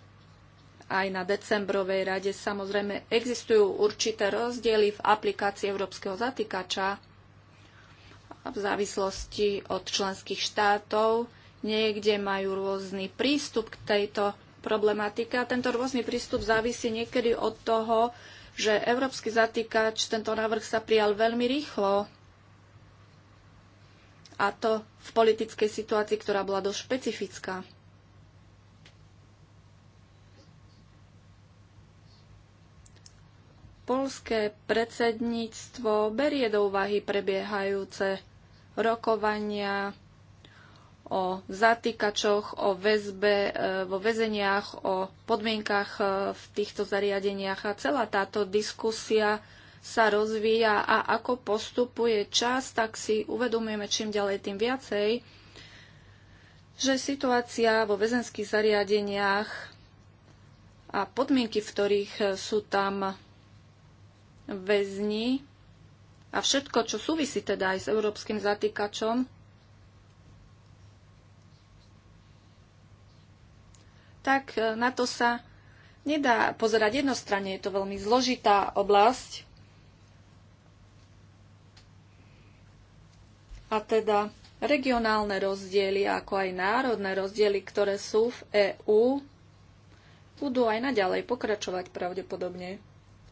aj na decembrovej rade. Samozrejme, existujú určité rozdiely v aplikácii európskeho zatýkača v závislosti od členských štátov. Niekde majú rôzny prístup k tejto problematike a tento rôzny prístup závisí niekedy od toho, že európsky zatýkač, tento návrh sa prijal veľmi rýchlo a to v politickej situácii, ktorá bola dosť špecifická. Polské predsedníctvo berie do úvahy prebiehajúce rokovania o zatýkačoch, o väzbe e, vo väzeniach, o podmienkach e, v týchto zariadeniach. A celá táto diskusia sa rozvíja a ako postupuje čas, tak si uvedomujeme čím ďalej tým viacej, že situácia vo väzenských zariadeniach a podmienky, v ktorých sú tam väzni a všetko, čo súvisí teda aj s európskym zatýkačom, tak na to sa nedá pozerať jednostranne. Je to veľmi zložitá oblasť A teda regionálne rozdiely, ako aj národné rozdiely, ktoré sú v EÚ, budú aj naďalej pokračovať pravdepodobne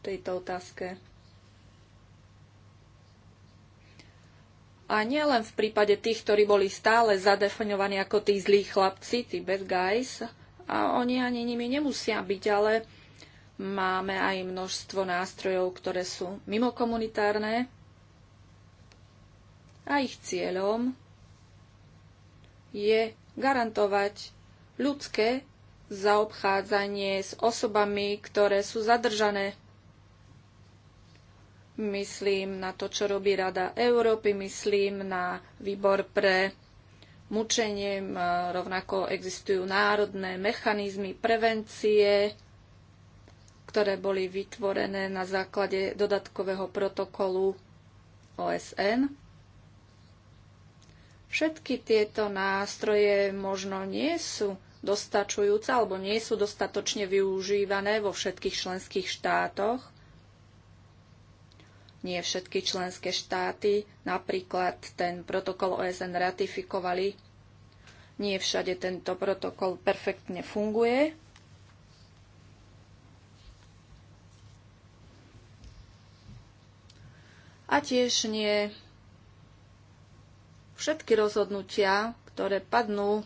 v tejto otázke. A nielen v prípade tých, ktorí boli stále zadefinovaní ako tí zlí chlapci, tí bad guys, a oni ani nimi nemusia byť, ale máme aj množstvo nástrojov, ktoré sú mimokomunitárne, a ich cieľom je garantovať ľudské zaobchádzanie s osobami, ktoré sú zadržané. Myslím na to, čo robí Rada Európy, myslím na výbor pre mučenie, rovnako existujú národné mechanizmy prevencie, ktoré boli vytvorené na základe dodatkového protokolu OSN. Všetky tieto nástroje možno nie sú dostačujúce alebo nie sú dostatočne využívané vo všetkých členských štátoch. Nie všetky členské štáty napríklad ten protokol OSN ratifikovali. Nie všade tento protokol perfektne funguje. A tiež nie všetky rozhodnutia, ktoré padnú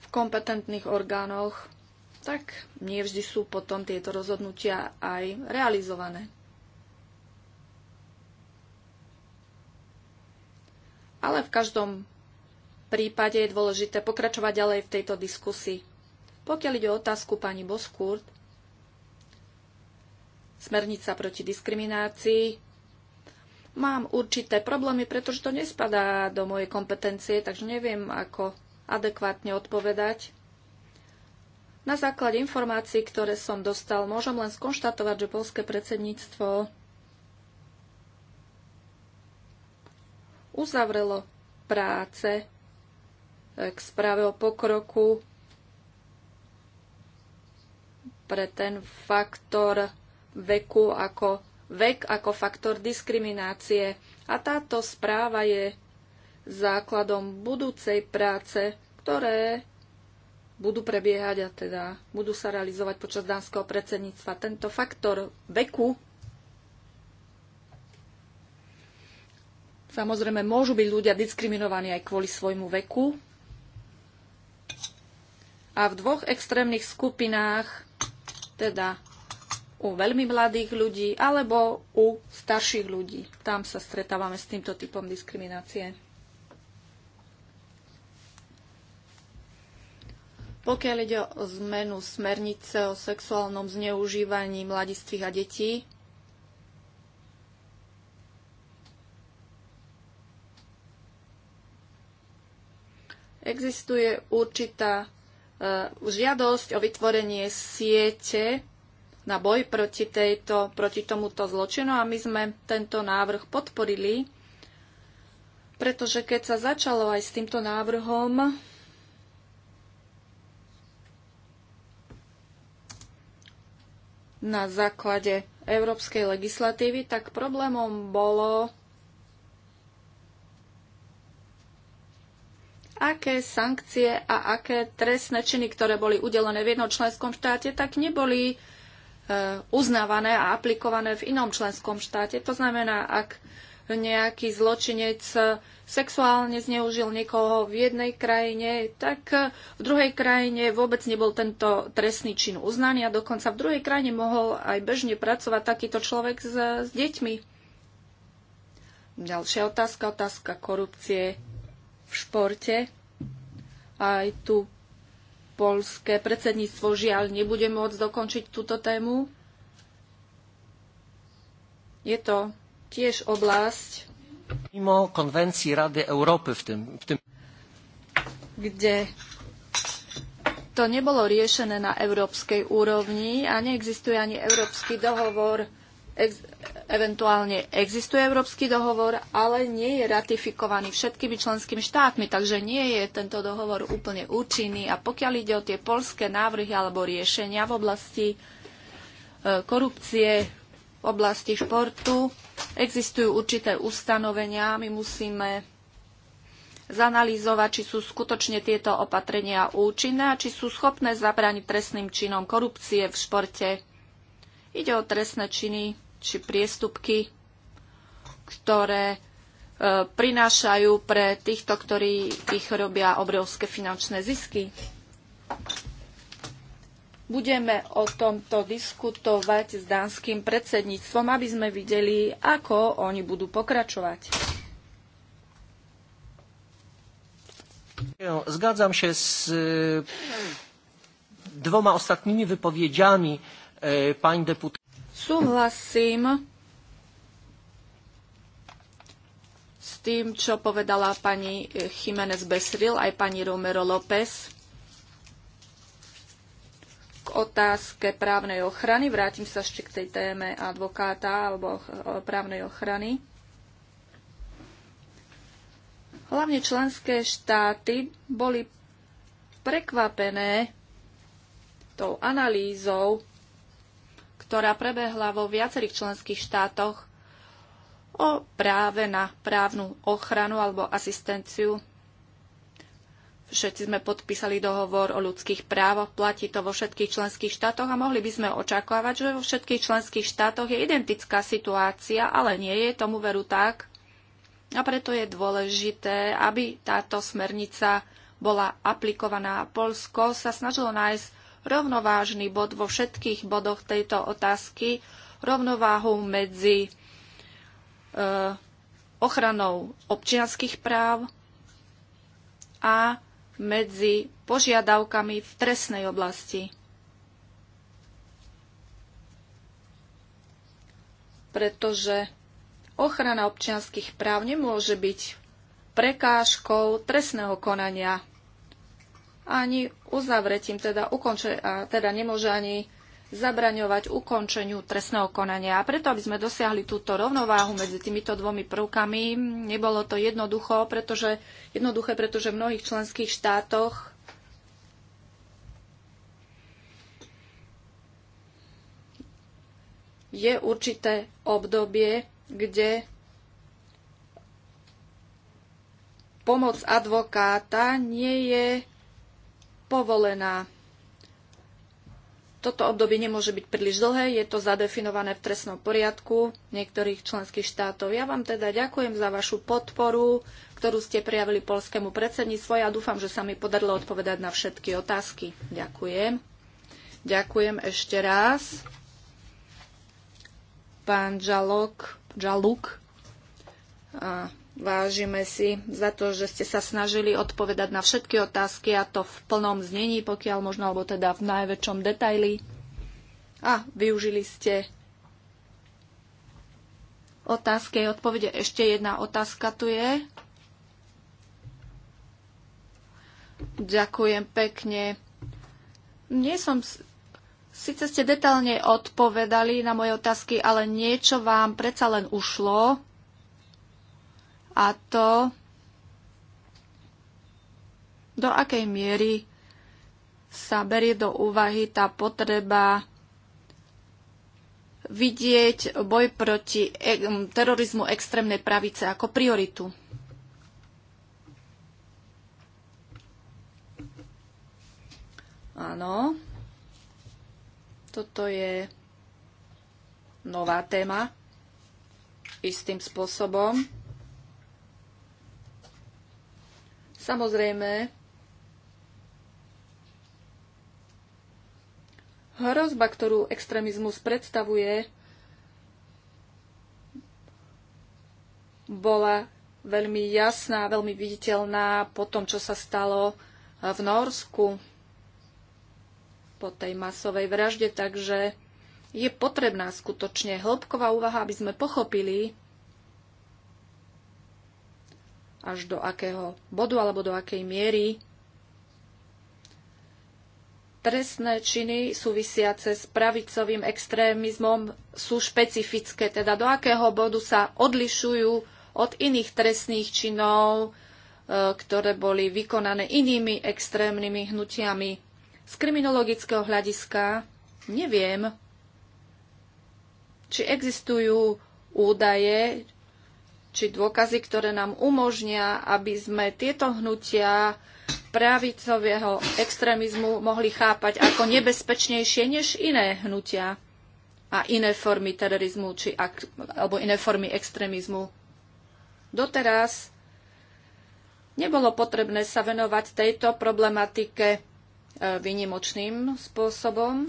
v kompetentných orgánoch, tak nie vždy sú potom tieto rozhodnutia aj realizované. Ale v každom prípade je dôležité pokračovať ďalej v tejto diskusii. Pokiaľ ide o otázku pani Boskurt, smernica proti diskriminácii, Mám určité problémy, pretože to nespadá do mojej kompetencie, takže neviem, ako adekvátne odpovedať. Na základe informácií, ktoré som dostal, môžem len skonštatovať, že polské predsedníctvo uzavrelo práce eh, k správe o pokroku pre ten faktor veku ako vek ako faktor diskriminácie. A táto správa je základom budúcej práce, ktoré budú prebiehať a teda budú sa realizovať počas dánskeho predsedníctva. Tento faktor veku Samozrejme, môžu byť ľudia diskriminovaní aj kvôli svojmu veku. A v dvoch extrémnych skupinách, teda u veľmi mladých ľudí alebo u starších ľudí. Tam sa stretávame s týmto typom diskriminácie. Pokiaľ ide o zmenu smernice o sexuálnom zneužívaní mladistvých a detí, existuje určitá eh, žiadosť o vytvorenie siete na boj proti, tejto, proti tomuto zločinu a my sme tento návrh podporili, pretože keď sa začalo aj s týmto návrhom, na základe európskej legislatívy, tak problémom bolo, aké sankcie a aké trestné činy, ktoré boli udelené v jednom členskom štáte, tak neboli Eh, uznávané a aplikované v inom členskom štáte. To znamená, ak nejaký zločinec sexuálne zneužil niekoho v jednej krajine, tak v druhej krajine vôbec nebol tento trestný čin uznaný a dokonca v druhej krajine mohol aj bežne pracovať takýto človek s, s deťmi. Ďalšia otázka, otázka korupcie v športe. Aj tu polské predsedníctvo žiaľ nebude môcť dokončiť túto tému. Je to tiež oblasť, mimo konvencii Rady Európy v tym, v tym... Kde to nebolo riešené na európskej úrovni a neexistuje ani európsky dohovor, ex, eventuálne existuje európsky dohovor, ale nie je ratifikovaný všetkými členskými štátmi, takže nie je tento dohovor úplne účinný. A pokiaľ ide o tie polské návrhy alebo riešenia v oblasti e, korupcie, v oblasti športu, existujú určité ustanovenia. My musíme zanalýzovať, či sú skutočne tieto opatrenia účinné a či sú schopné zabrániť trestným činom korupcie v športe. Ide o trestné činy či priestupky, ktoré e, prinášajú pre týchto, ktorí ich robia obrovské finančné zisky. Budeme o tomto diskutovať s dánskym predsedníctvom, aby sme videli, ako oni budú pokračovať. Zgadzam się z e, dwoma ostatnimi wypowiedziami e, pani deputy súhlasím s tým, čo povedala pani Jiménez Besril aj pani Romero López k otázke právnej ochrany. Vrátim sa ešte k tej téme advokáta alebo právnej ochrany. Hlavne členské štáty boli prekvapené tou analýzou ktorá prebehla vo viacerých členských štátoch o práve na právnu ochranu alebo asistenciu. Všetci sme podpísali dohovor o ľudských právoch, platí to vo všetkých členských štátoch a mohli by sme očakávať, že vo všetkých členských štátoch je identická situácia, ale nie je tomu veru tak. A preto je dôležité, aby táto smernica bola aplikovaná. Polsko sa snažilo nájsť rovnovážny bod vo všetkých bodoch tejto otázky, rovnováhu medzi e, ochranou občianských práv a medzi požiadavkami v trestnej oblasti. Pretože ochrana občianských práv nemôže byť prekážkou trestného konania ani uzavretím, teda, ukonče, teda nemôže ani zabraňovať ukončeniu trestného konania. A preto, aby sme dosiahli túto rovnováhu medzi týmito dvomi prvkami, nebolo to jednoducho, pretože, jednoduché, pretože v mnohých členských štátoch je určité obdobie, kde pomoc advokáta nie je povolená. Toto obdobie nemôže byť príliš dlhé, je to zadefinované v trestnom poriadku niektorých členských štátov. Ja vám teda ďakujem za vašu podporu, ktorú ste prijavili polskému predsedníctvu a ja dúfam, že sa mi podarilo odpovedať na všetky otázky. Ďakujem. Ďakujem ešte raz. Pán Žalok, Žaluk, Vážime si za to, že ste sa snažili odpovedať na všetky otázky a to v plnom znení, pokiaľ možno, alebo teda v najväčšom detaili. A využili ste otázky a odpovede. Ešte jedna otázka tu je. Ďakujem pekne. Nie som... Sice ste detailne odpovedali na moje otázky, ale niečo vám predsa len ušlo a to, do akej miery sa berie do úvahy tá potreba vidieť boj proti e- terorizmu extrémnej pravice ako prioritu. Áno, toto je nová téma istým spôsobom. Samozrejme, hrozba, ktorú extrémizmus predstavuje, bola veľmi jasná, veľmi viditeľná po tom, čo sa stalo eh, v Norsku po tej masovej vražde, takže je potrebná skutočne hĺbková úvaha, aby sme pochopili, až do akého bodu alebo do akej miery trestné činy súvisiace s pravicovým extrémizmom sú špecifické, teda do akého bodu sa odlišujú od iných trestných činov, e, ktoré boli vykonané inými extrémnymi hnutiami. Z kriminologického hľadiska neviem, či existujú údaje, či dôkazy, ktoré nám umožnia, aby sme tieto hnutia pravicového extrémizmu mohli chápať ako nebezpečnejšie než iné hnutia a iné formy terorizmu či ak, alebo iné formy extrémizmu. Doteraz nebolo potrebné sa venovať tejto problematike e, vynimočným spôsobom,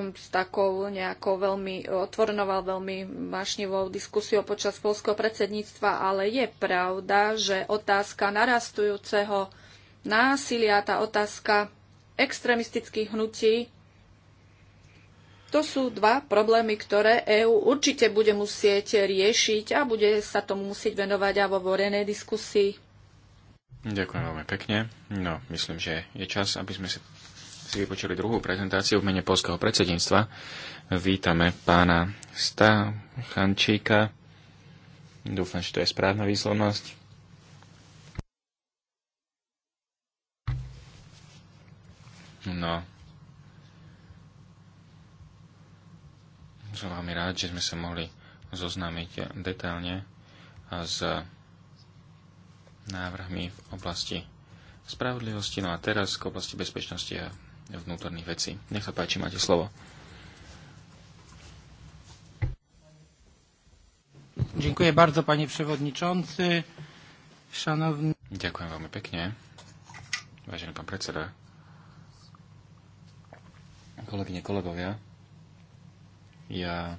Um, s takou nejakou veľmi otvorenou a veľmi vášnivou diskusiou počas polského predsedníctva, ale je pravda, že otázka narastujúceho násilia, tá otázka extremistických hnutí, to sú dva problémy, ktoré EÚ určite bude musieť riešiť a bude sa tomu musieť venovať aj vo vorenej diskusii. Ďakujem veľmi pekne. No, myslím, že je čas, aby sme sa si vypočuli druhú prezentáciu v mene polského predsedníctva. Vítame pána Stachančíka. Dúfam, že to je správna výslovnosť. No. Som veľmi rád, že sme sa mohli zoznámiť detailne s návrhmi v oblasti spravodlivosti, no a teraz k oblasti bezpečnosti a vnútorných vecí. Nech sa páči, máte slovo. Ďakujem bardzo, panie przewodniczący. Szanowni... Ďakujem veľmi pekne, vážený pán predseda. Kolegyne, kolegovia, ja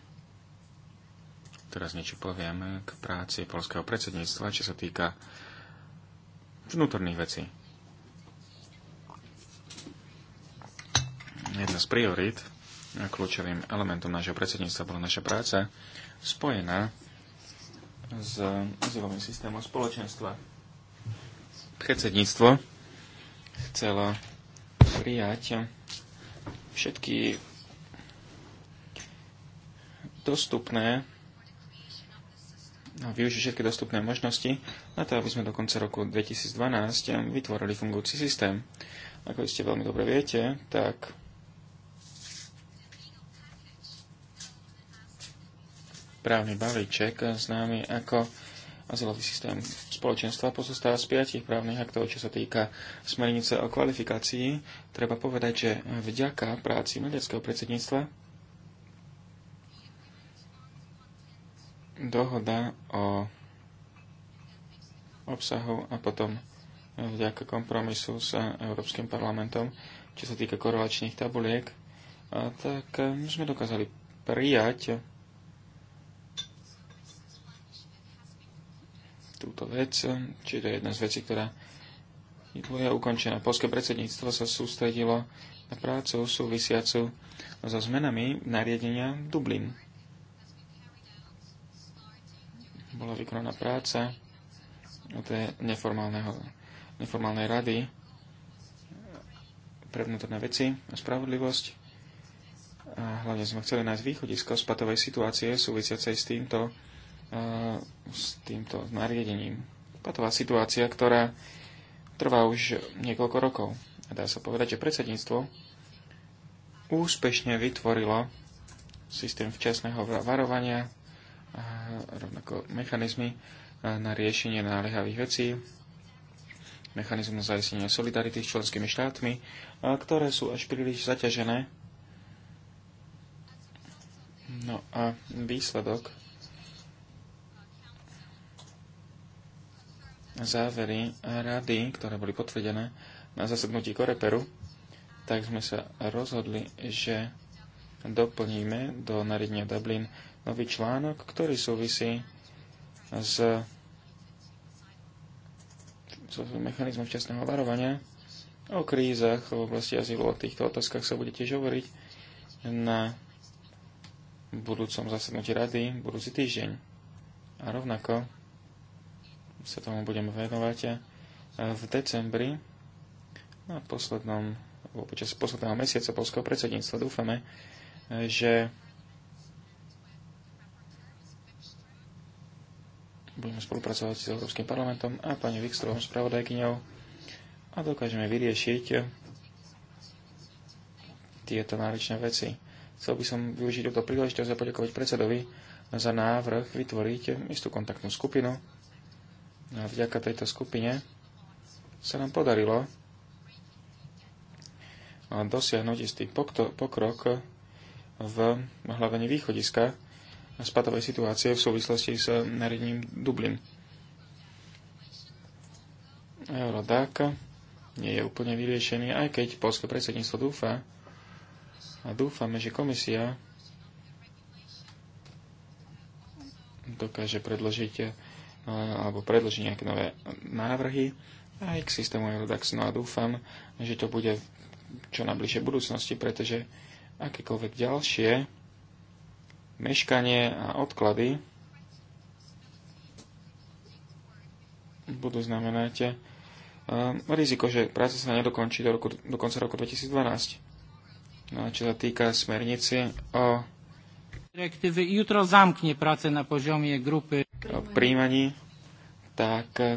teraz niečo poviem k práci polského predsedníctva, čo sa týka vnútorných vecí. jedna z priorit kľúčovým elementom nášho predsedníctva bola naša práca spojená s azylovým systémom spoločenstva. Predsedníctvo chcelo prijať všetky dostupné a no, využiť všetky dostupné možnosti na to, aby sme do konca roku 2012 vytvorili fungujúci systém. Ako ste veľmi dobre viete, tak právny balíček, známy ako azylový systém spoločenstva, pozostáva z piatich právnych aktov, čo sa týka smernice o kvalifikácii. Treba povedať, že vďaka práci maďarského predsedníctva dohoda o obsahu a potom vďaka kompromisu s Európskym parlamentom, čo sa týka korelačných tabuliek, tak sme dokázali prijať túto vec, či to je jedna z vecí, ktorá je ukončená. Polské predsedníctvo sa sústredilo na prácu súvisiacu so zmenami nariadenia Dublin. Bola vykonaná práca od neformálnej rady pre vnútorné veci a spravodlivosť a hlavne sme chceli nájsť východisko z patovej situácie súvisiacej s týmto E, s týmto nariadením. Patová situácia, ktorá trvá už niekoľko rokov. A dá sa povedať, že predsedníctvo úspešne vytvorilo systém včasného varovania a rovnako mechanizmy e, na riešenie náliehavých vecí, mechanizmus zaistenia solidarity s členskými štátmi, ktoré sú až príliš zaťažené. No a výsledok závery rady, ktoré boli potvrdené na zasadnutí Koreperu, tak sme sa rozhodli, že doplníme do nariadenia Dublin nový článok, ktorý súvisí s, s mechanizmom včasného varovania o krízach v oblasti azylu. O týchto otázkach sa bude tiež hovoriť na budúcom zasadnutí rady budúci týždeň. A rovnako sa tomu budeme venovať v decembri na poslednom, počas posledného mesiaca polského predsedníctva. Dúfame, že budeme spolupracovať s Európskym parlamentom a pani Vikstrovom spravodajkyňou a dokážeme vyriešiť tieto náročné veci. Chcel by som využiť túto príležitosť a poďakovať predsedovi za návrh vytvoriť istú kontaktnú skupinu, a vďaka tejto skupine sa nám podarilo dosiahnuť istý pokrok v hľadaní východiska spadovej situácie v súvislosti s nariadením Dublin. Eurodac nie je úplne vyriešený, aj keď polské predsedníctvo dúfa a dúfame, že komisia dokáže predložiť alebo predloží nejaké nové návrhy aj k systému Eurodax. No a dúfam, že to bude čo na bližšej budúcnosti, pretože akékoľvek ďalšie meškanie a odklady budú znamenať e, riziko, že práca sa nedokončí do, roku, do konca roku 2012. No a čo sa týka smernice o Direktívy jutro na grupy. príjmaní, tak e,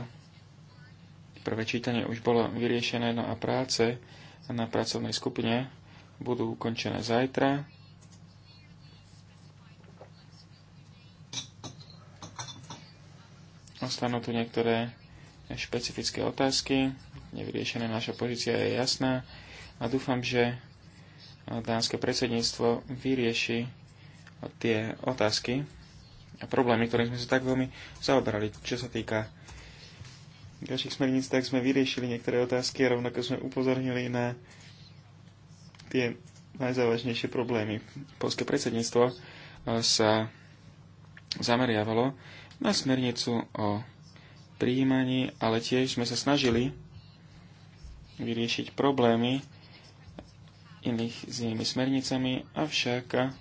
prvé čítanie už bolo vyriešené, no a práce na pracovnej skupine budú ukončené zajtra. Ostanú tu niektoré špecifické otázky. Nevyriešená naša pozícia je jasná a dúfam, že dánske predsedníctvo vyrieši tie otázky a problémy, ktorým sme sa tak veľmi zaoberali. Čo sa týka ďalších smerníc, tak sme vyriešili niektoré otázky a rovnako sme upozornili na tie najzávažnejšie problémy. Polské predsedníctvo eh, sa zameriavalo na smernicu o príjmaní, ale tiež sme sa snažili vyriešiť problémy iných s inými smernicami, avšak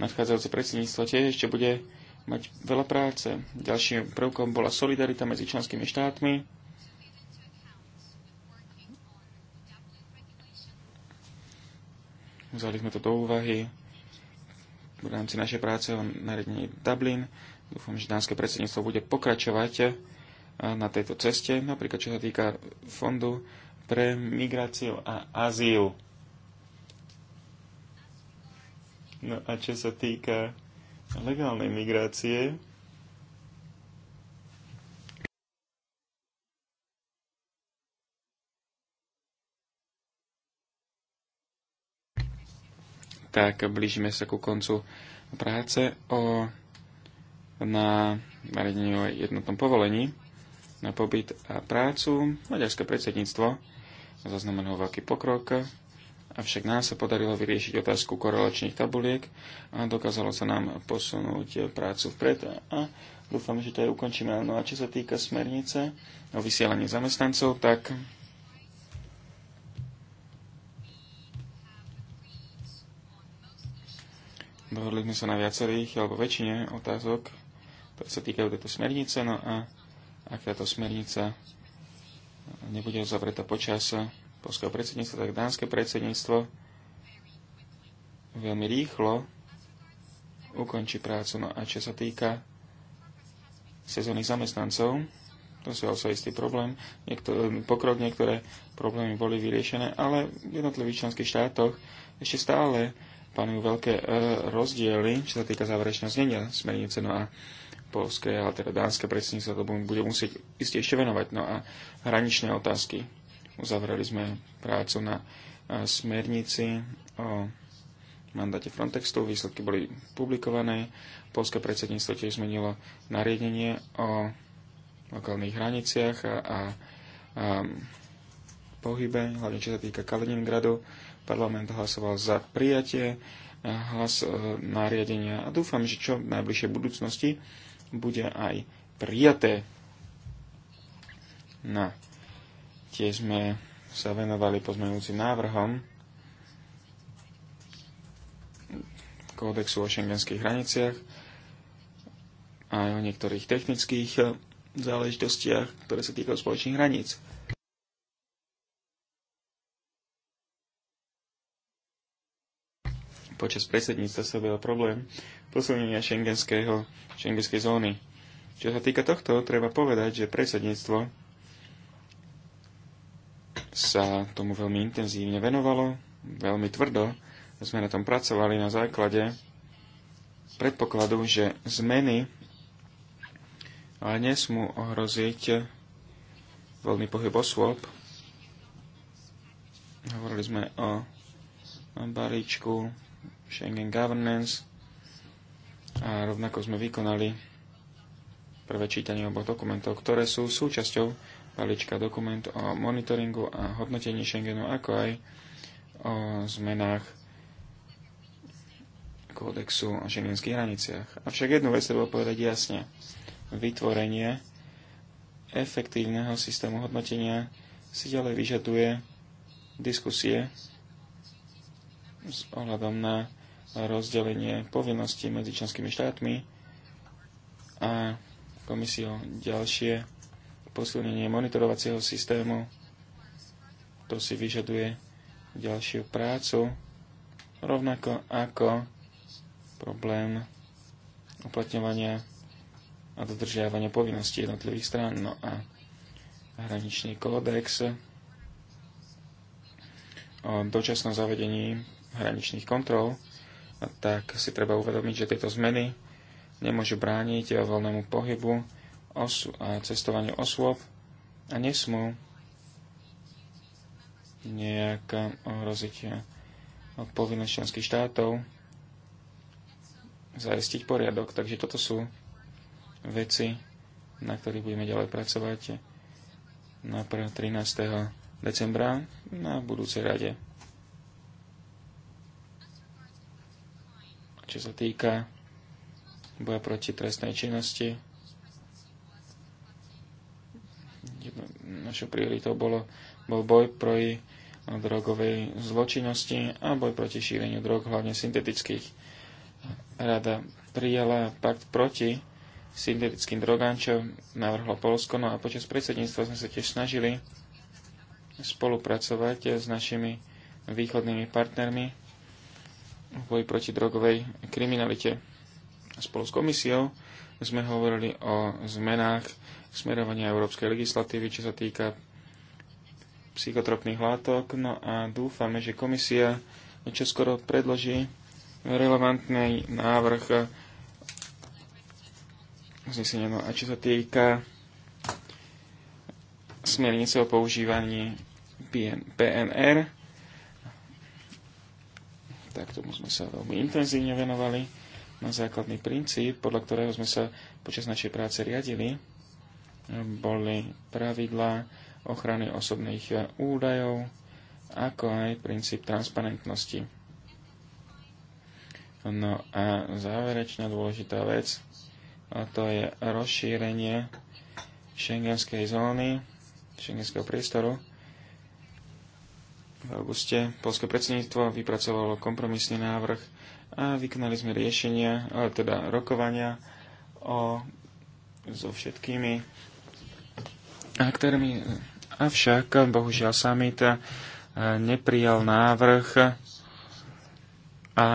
nadchádzajúce predsedníctvo tiež ešte bude mať veľa práce. Ďalším prvkom bola solidarita medzi členskými štátmi. Vzali sme to do úvahy v rámci našej práce o nariadení Dublin. Dúfam, že dánske predsedníctvo bude pokračovať eh, na tejto ceste, napríklad čo sa týka fondu pre migráciu a azyl. No a čo sa týka legálnej migrácie, tak blížime sa ku koncu práce o, na o jednotnom povolení na pobyt a prácu. Maďarské predsedníctvo zaznamenalo veľký pokrok Avšak nám sa podarilo vyriešiť otázku korelačných tabuliek a dokázalo sa nám posunúť prácu vpred a dúfam, že to aj ukončíme. No a čo sa týka smernice o vysielaní zamestnancov, tak dohodli sme sa na viacerých alebo väčšine otázok, ktoré sa týkajú tejto smernice. No a ak táto smernica nebude uzavretá počasa polského predsedníctva, tak dánske predsedníctvo veľmi rýchlo ukončí prácu. No a čo sa týka sezónnych zamestnancov, to sú sa istý problém. Niektor- pokrok niektoré problémy boli vyriešené, ale v jednotlivých členských štátoch ešte stále panujú veľké e, rozdiely, čo sa týka záverečného znenia smernice. No a polské, ale teda dánske predsedníctvo to bude musieť iste ešte venovať. No a hraničné otázky. Uzavreli sme prácu na e, smernici o mandáte Frontextu. Výsledky boli publikované. Polské predsedníctvo tiež zmenilo nariadenie o lokálnych hraniciach a, a, a pohybe, hlavne čo sa týka Kaliningradu. Parlament hlasoval za prijatie e, hlas e, nariadenia a dúfam, že čo v najbližšej budúcnosti bude aj prijaté na Tiež sme sa venovali pozmenujúcim návrhom kódexu o šengenských hraniciach aj o niektorých technických záležitostiach, ktoré sa týkajú spoločných hraníc. Počas predsedníctva sa objavil problém posilnenia šengenskej zóny. Čo sa týka tohto, treba povedať, že predsedníctvo sa tomu veľmi intenzívne venovalo, veľmi tvrdo sme na tom pracovali na základe predpokladu, že zmeny ale nesmú ohroziť voľný pohyb osôb. Hovorili sme o balíčku Schengen Governance a rovnako sme vykonali prvé čítanie oboch dokumentov, ktoré sú súčasťou balíčka dokument o monitoringu a hodnotení Schengenu, ako aj o zmenách kódexu o šengenských hraniciach. Avšak jednu vec treba povedať jasne. Vytvorenie efektívneho systému hodnotenia si ďalej vyžaduje diskusie s ohľadom na rozdelenie povinností medzi členskými štátmi a komisiou ďalšie posilnenie monitorovacieho systému. To si vyžaduje ďalšiu prácu, rovnako ako problém uplatňovania a dodržiavania povinností jednotlivých strán. No a hraničný kódex o dočasnom zavedení hraničných kontrol, tak si treba uvedomiť, že tieto zmeny nemôžu brániť voľnému pohybu osu, cestovaniu osôb a nesmú nejak ohroziť povinnosť členských štátov zajistiť poriadok. Takže toto sú veci, na ktorých budeme ďalej pracovať na 13. decembra na budúcej rade. Čo sa týka boja proti trestnej činnosti, Našou prioritou bolo, bol boj proti drogovej zločinnosti a boj proti šíreniu drog, hlavne syntetických. Rada prijala pakt proti syntetickým drogám, čo navrhlo Polsko. No a počas predsedníctva sme sa tiež snažili spolupracovať s našimi východnými partnermi v boji proti drogovej kriminalite. Spolu s komisiou sme hovorili o zmenách smerovania európskej legislatívy, čo sa týka psychotropných látok. No a dúfame, že komisia čoskoro predloží relevantný návrh uznesenia. No a čo sa týka smernice o používaní PNR, tak tomu sme sa veľmi intenzívne venovali na základný princíp, podľa ktorého sme sa počas našej práce riadili boli pravidlá ochrany osobných eh, údajov, ako aj princíp transparentnosti. No a záverečná dôležitá vec, a to je rozšírenie šengenskej zóny, šengenského priestoru. V auguste polské predsedníctvo vypracovalo kompromisný návrh a vykonali sme riešenia, ale eh, teda rokovania o, so všetkými ktorými, Avšak, bohužiaľ, summit eh, neprijal návrh a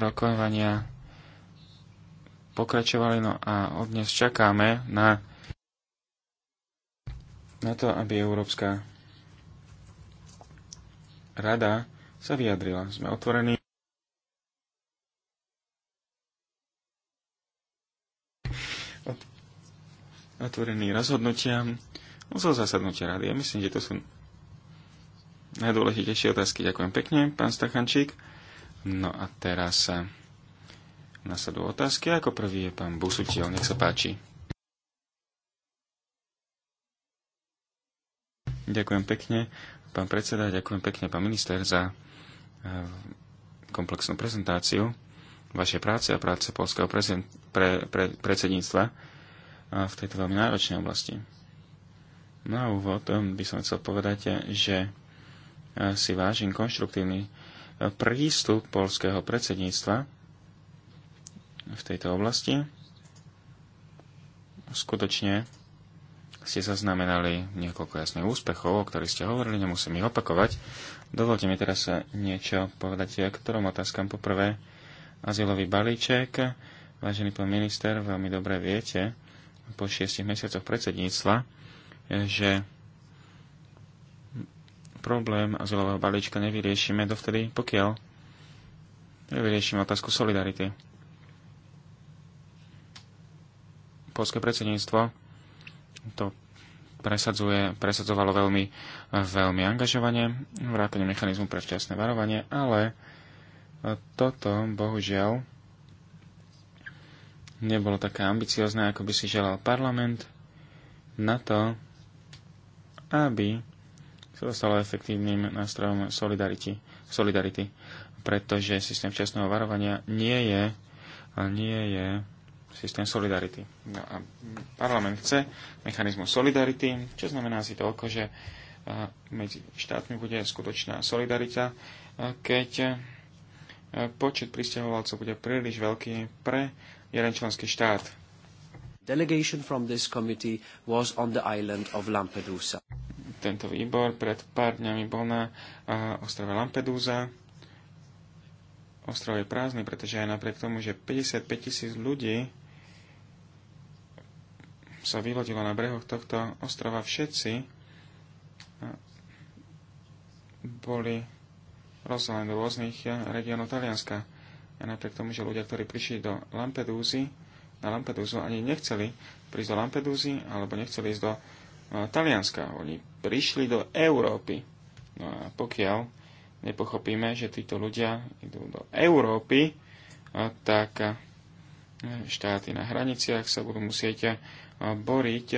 rokovania pokračovali, no a od dnes čakáme na, na to, aby Európska rada sa vyjadrila. Sme otvorení otvorený rozhodnutiam no zo zasadnutia rady. Ja myslím, že to sú najdôležitejšie otázky. Ďakujem pekne, pán Stachančík. No a teraz sa nasadujú otázky. Ako prvý je pán Busutiel. Nech sa páči. Ďakujem pekne, pán predseda, ďakujem pekne, pán minister, za eh, komplexnú prezentáciu vašej práce a práce polského pre, pre, predsedníctva v tejto veľmi náročnej oblasti. Na no úvod by som chcel povedať, eh, že eh, si vážim konštruktívny eh, prístup polského predsedníctva v tejto oblasti. Skutočne ste zaznamenali niekoľko jasných úspechov, o ktorých ste hovorili, nemusím ich opakovať. Dovolte mi teraz niečo povedať, ktorom otázkam poprvé. Azylový balíček, vážený pán minister, veľmi dobre viete, po šiestich mesiacoch predsedníctva, že problém azylového balíčka nevyriešime dovtedy, pokiaľ nevyriešime otázku solidarity. Polské predsedníctvo to presadzuje, presadzovalo veľmi, veľmi angažovanie, vrátane mechanizmu pre včasné varovanie, ale toto bohužiaľ nebolo také ambiciozne, ako by si želal parlament, na to, aby sa dostalo efektívnym nástrojom solidarity, solidarity pretože systém včasného varovania nie je, nie je systém solidarity. No a parlament chce mechanizmus solidarity, čo znamená si toľko, že medzi štátmi bude skutočná solidarita, keď počet pristahovalcov bude príliš veľký pre jeden členský štát. Delegation from this committee was on the island of Lampedusa. Tento výbor pred pár dňami bol na uh, ostrove Lampedusa. Ostrov je prázdny, pretože aj napriek tomu, že 55 tisíc ľudí sa vyvodilo na brehoch tohto ostrova, všetci boli rozdelení do rôznych regiónov Talianska a napriek tomu, že ľudia, ktorí prišli do Lampedúzy, na Lampedúzu ani nechceli prísť do Lampedúzy alebo nechceli ísť do e, Talianska. Oni prišli do Európy. No a pokiaľ nepochopíme, že títo ľudia idú do Európy, e, tak e, štáty na hraniciach sa budú musieť boriť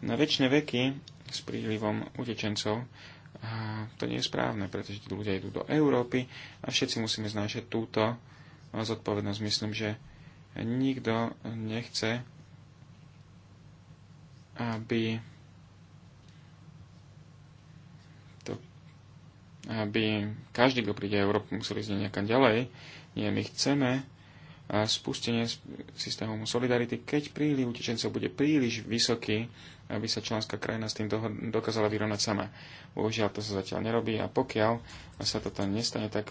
na väčšie veky s prílivom utečencov. A to nie je správne, pretože tí ľudia idú do Európy a všetci musíme znášať túto zodpovednosť. Myslím, že nikto nechce, aby to, aby každý, kto príde Európu, musel ísť nejaká ďalej. Nie, my chceme spustenie systému solidarity, keď príliv utečencov bude príliš vysoký, aby sa členská krajina s tým dokázala vyrovnať sama. Bohužiaľ, to sa zatiaľ nerobí a pokiaľ sa to tam nestane, tak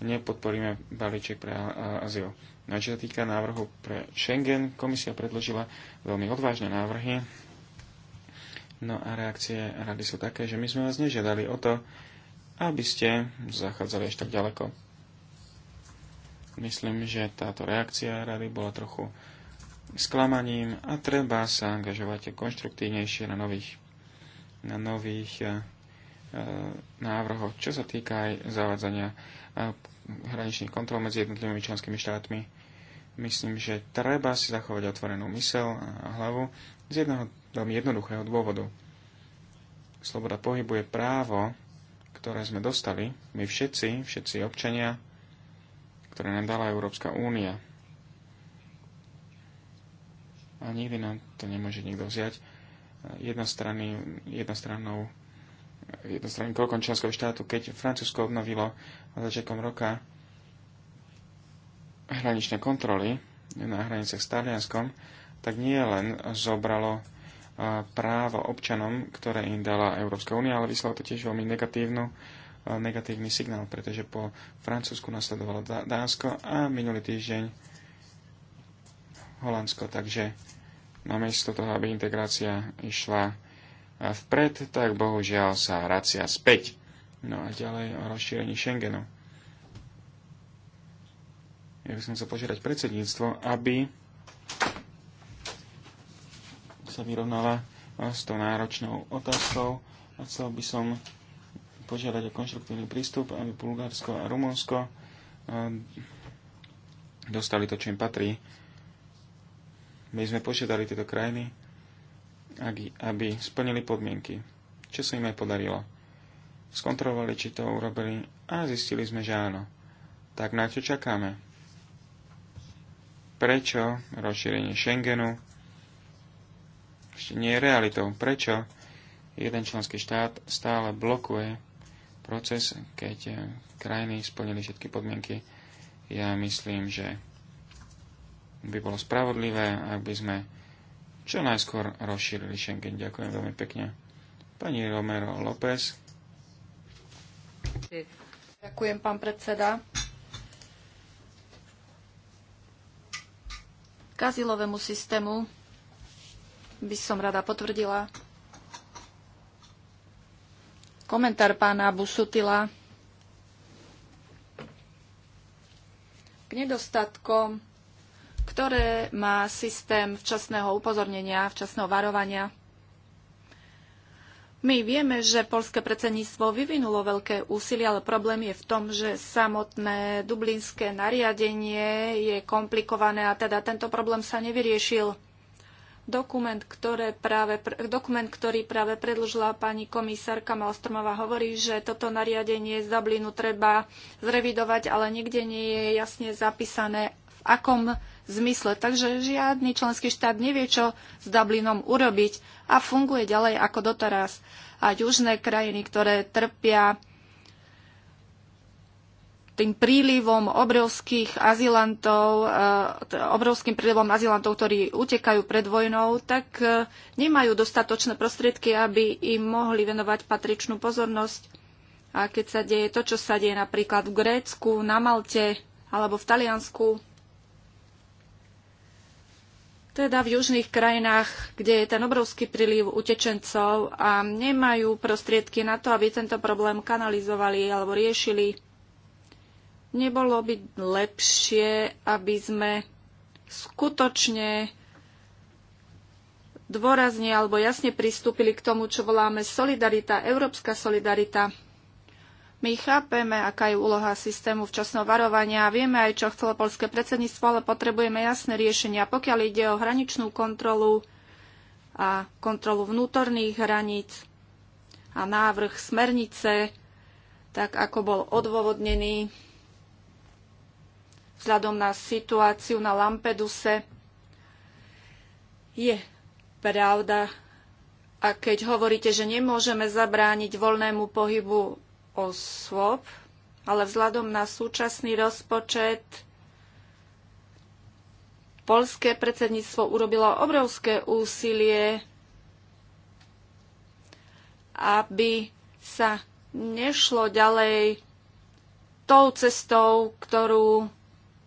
nepodporíme balíček pre azyl. No čo sa týka návrhu pre Schengen, komisia predložila veľmi odvážne návrhy. No a reakcie rady sú také, že my sme vás nežiadali o to, aby ste zachádzali až tak ďaleko. Myslím, že táto reakcia rady bola trochu sklamaním a treba sa angažovať konštruktívnejšie na nových, na nových E, návrhoch, čo sa týka aj zavádzania e, hraničných kontrol medzi jednotlivými členskými štátmi. Myslím, že treba si zachovať otvorenú mysel a hlavu z jedného veľmi jednoduchého dôvodu. Sloboda pohybu je právo, ktoré sme dostali my všetci, všetci občania, ktoré nám dala Európska únia. A nikdy nám to nemôže nikto vziať jednostrannou jednostranným krokom členského štátu, keď Francúzsko obnovilo začiatkom roka hraničné kontroly na hranicách s Talianskom, tak nie len zobralo e, právo občanom, ktoré im dala Európska únia, ale vyslalo to tiež veľmi negatívnu, e, negatívny signál, pretože po Francúzsku nasledovalo Dánsko a minulý týždeň Holandsko, takže namiesto toho, aby integrácia išla vpred, tak bohužiaľ sa hracia späť. No a ďalej o rozšírení Schengenu. Ja by som chcel požiadať predsedníctvo, aby sa vyrovnala s tou náročnou otázkou a chcel by som požiadať o konštruktívny prístup, aby Bulgarsko a Rumunsko dostali to, čo im patrí. My sme požiadali tieto krajiny aby splnili podmienky, čo sa im aj podarilo. Skontrolovali, či to urobili a zistili sme, že áno. Tak na čo čakáme? Prečo rozšírenie Schengenu ešte nie je realitou? Prečo jeden členský štát stále blokuje proces, keď krajiny splnili všetky podmienky? Ja myslím, že by bolo spravodlivé, ak by sme čo najskôr rozšírili Schengen. Ďakujem veľmi pekne. Pani Romero López. Ďakujem, pán predseda. K azylovému systému by som rada potvrdila komentár pána Busutila k nedostatkom ktoré má systém včasného upozornenia, včasného varovania. My vieme, že polské predsedníctvo vyvinulo veľké úsilie, ale problém je v tom, že samotné dublinské nariadenie je komplikované a teda tento problém sa nevyriešil. Dokument, ktoré práve, dokument, ktorý práve predložila pani komisárka Malstromová, hovorí, že toto nariadenie z Dublinu treba zrevidovať, ale nikde nie je jasne zapísané, v akom zmysle. Takže žiadny členský štát nevie, čo s Dublinom urobiť a funguje ďalej ako doteraz. A južné krajiny, ktoré trpia tým prílivom obrovských azilantov, e, obrovským prílivom azilantov, ktorí utekajú pred vojnou, tak e, nemajú dostatočné prostriedky, aby im mohli venovať patričnú pozornosť. A keď sa deje to, čo sa deje napríklad v Grécku, na Malte alebo v Taliansku, teda v južných krajinách, kde je ten obrovský príliv utečencov a nemajú prostriedky na to, aby tento problém kanalizovali alebo riešili. Nebolo by lepšie, aby sme skutočne dôrazne alebo jasne pristúpili k tomu, čo voláme solidarita, európska solidarita. My chápeme, aká je úloha systému včasného varovania, a vieme aj, čo chcelo polské predsedníctvo, ale potrebujeme jasné riešenia. Pokiaľ ide o hraničnú kontrolu a kontrolu vnútorných hraníc a návrh smernice, tak ako bol odôvodnený vzhľadom na situáciu na Lampeduse, je pravda, a keď hovoríte, že nemôžeme zabrániť voľnému pohybu osôb, ale vzhľadom na súčasný rozpočet polské predsedníctvo urobilo obrovské úsilie, aby sa nešlo ďalej tou cestou, ktorú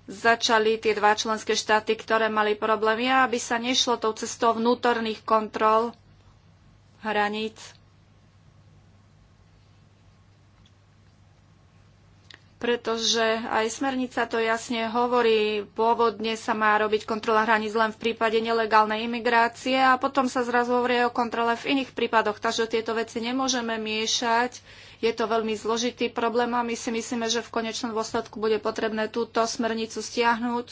začali tie dva členské štáty, ktoré mali problémy, aby sa nešlo tou cestou vnútorných kontrol hraníc pretože aj smernica to jasne hovorí. Pôvodne sa má robiť kontrola hraníc len v prípade nelegálnej imigrácie a potom sa zrazu hovorí o kontrole v iných prípadoch, takže tieto veci nemôžeme miešať. Je to veľmi zložitý problém a my si myslíme, že v konečnom dôsledku bude potrebné túto smernicu stiahnuť,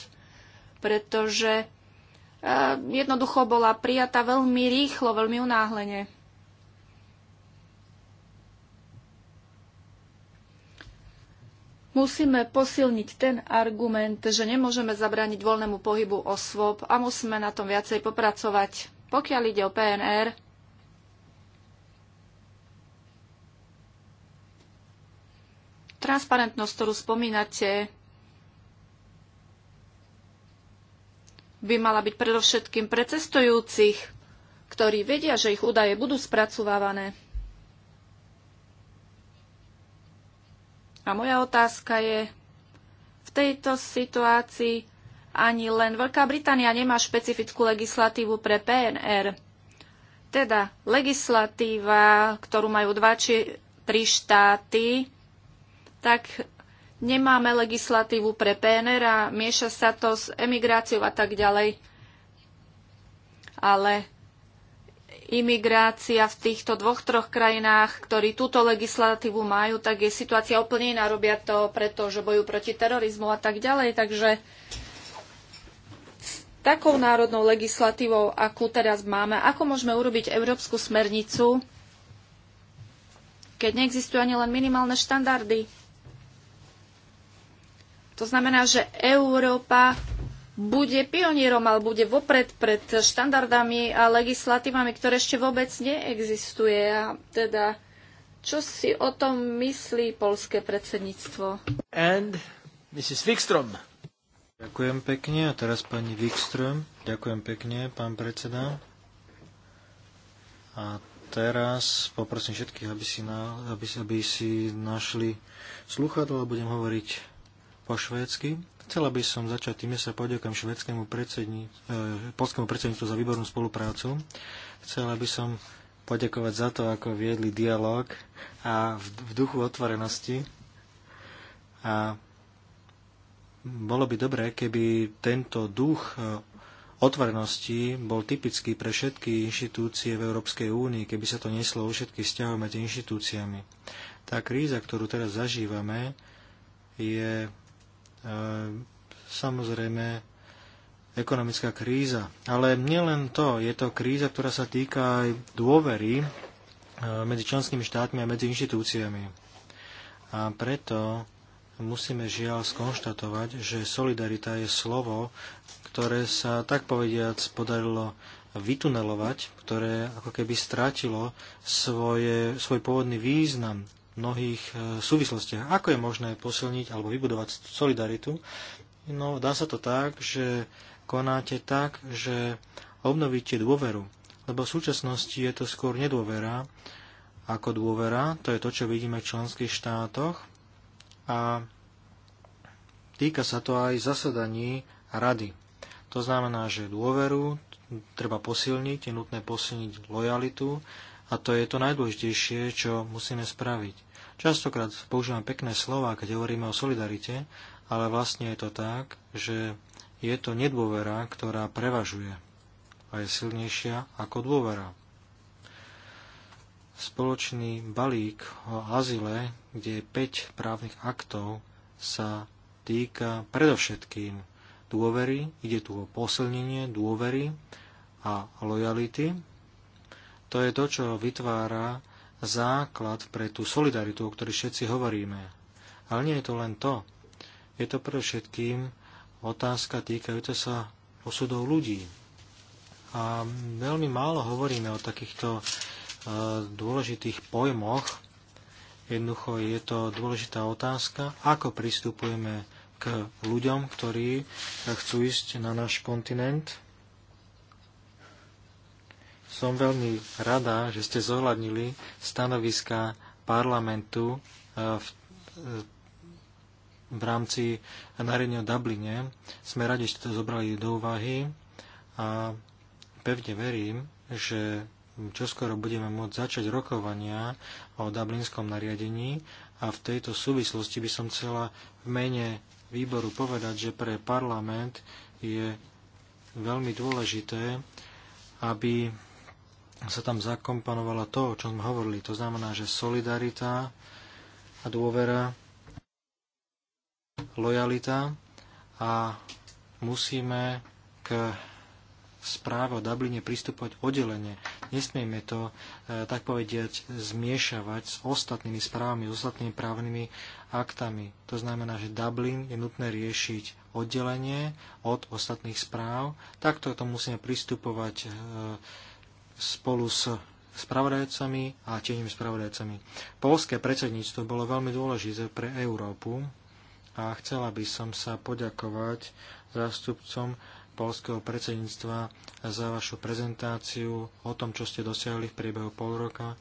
pretože eh, jednoducho bola prijatá veľmi rýchlo, veľmi unáhlene. musíme posilniť ten argument, že nemôžeme zabrániť voľnému pohybu osôb a musíme na tom viacej popracovať. Pokiaľ ide o PNR, transparentnosť, ktorú spomínate, by mala byť predovšetkým pre cestujúcich, ktorí vedia, že ich údaje budú spracovávané. A moja otázka je, v tejto situácii ani len Veľká Británia nemá špecifickú legislatívu pre PNR. Teda legislatíva, ktorú majú dva či tri štáty, tak nemáme legislatívu pre PNR a mieša sa to s emigráciou a tak ďalej. Ale imigrácia v týchto dvoch, troch krajinách, ktorí túto legislatívu majú, tak je situácia úplne iná. Robia to preto, že bojujú proti terorizmu a tak ďalej. Takže s takou národnou legislatívou, akú teraz máme, ako môžeme urobiť európsku smernicu, keď neexistujú ani len minimálne štandardy? To znamená, že Európa bude pionierom alebo bude vopred pred štandardami a legislatívami, ktoré ešte vôbec neexistuje. A teda, čo si o tom myslí polské predsedníctvo? And Mrs. Wikström. Ďakujem pekne. A teraz pani Wikström. Ďakujem pekne, pán predseda. A teraz poprosím všetkých, aby si, na, aby, aby si našli sluchadlo a budem hovoriť po švédsky. Chcela by som začať tým, že sa poďakujem švedskému predsedni, e, polskému predsedníctvu za výbornú spoluprácu. Chcela by som poďakovať za to, ako viedli dialog a v, v duchu otvorenosti. A bolo by dobré, keby tento duch e, otvorenosti bol typický pre všetky inštitúcie v Európskej únii, keby sa to neslo vo všetkých vzťahov medzi inštitúciami. Tá kríza, ktorú teraz zažívame, je samozrejme ekonomická kríza. Ale nielen to, je to kríza, ktorá sa týka aj dôvery medzi členskými štátmi a medzi inštitúciami. A preto musíme žiaľ skonštatovať, že solidarita je slovo, ktoré sa tak povediac podarilo vytunelovať, ktoré ako keby strátilo svoje, svoj pôvodný význam mnohých e, súvislostiach. Ako je možné posilniť alebo vybudovať solidaritu? No, dá sa to tak, že konáte tak, že obnovíte dôveru. Lebo v súčasnosti je to skôr nedôvera ako dôvera. To je to, čo vidíme v členských štátoch. A týka sa to aj zasadaní rady. To znamená, že dôveru treba posilniť, je nutné posilniť lojalitu a to je to najdôležitejšie, čo musíme spraviť. Častokrát používam pekné slova, keď hovoríme o solidarite, ale vlastne je to tak, že je to nedôvera, ktorá prevažuje a je silnejšia ako dôvera. Spoločný balík o azile, kde je 5 právnych aktov, sa týka predovšetkým dôvery, ide tu o posilnenie dôvery a lojality. To je to, čo vytvára základ pre tú solidaritu, o ktorej všetci hovoríme. Ale nie je to len to. Je to pre všetkým otázka týkajúca sa osudov ľudí. A veľmi málo hovoríme o takýchto e, dôležitých pojmoch. Jednoducho je to dôležitá otázka, ako pristupujeme k ľuďom, ktorí chcú ísť na náš kontinent. Som veľmi rada, že ste zohľadnili stanoviska parlamentu e, v, e, v rámci nariadenia o Dubline. Sme radi, že ste to zobrali do úvahy a pevne verím, že čoskoro budeme môcť začať rokovania o dublinskom nariadení a v tejto súvislosti by som chcela v mene výboru povedať, že pre parlament je veľmi dôležité, aby sa tam zakomponovalo to, o čom hovorili. To znamená, že solidarita a dôvera, lojalita a musíme k správe o Dubline pristupovať oddelenie. Nesmieme to, e, tak povediať, zmiešavať s ostatnými správami, s ostatnými právnymi aktami. To znamená, že Dublin je nutné riešiť oddelenie od ostatných správ. Takto to musíme pristupovať e, spolu s spravodajcami a tiežnými spravodajcami. Polské predsedníctvo bolo veľmi dôležité pre Európu a chcela by som sa poďakovať zástupcom polského predsedníctva za vašu prezentáciu o tom, čo ste dosiahli v priebehu pol roka,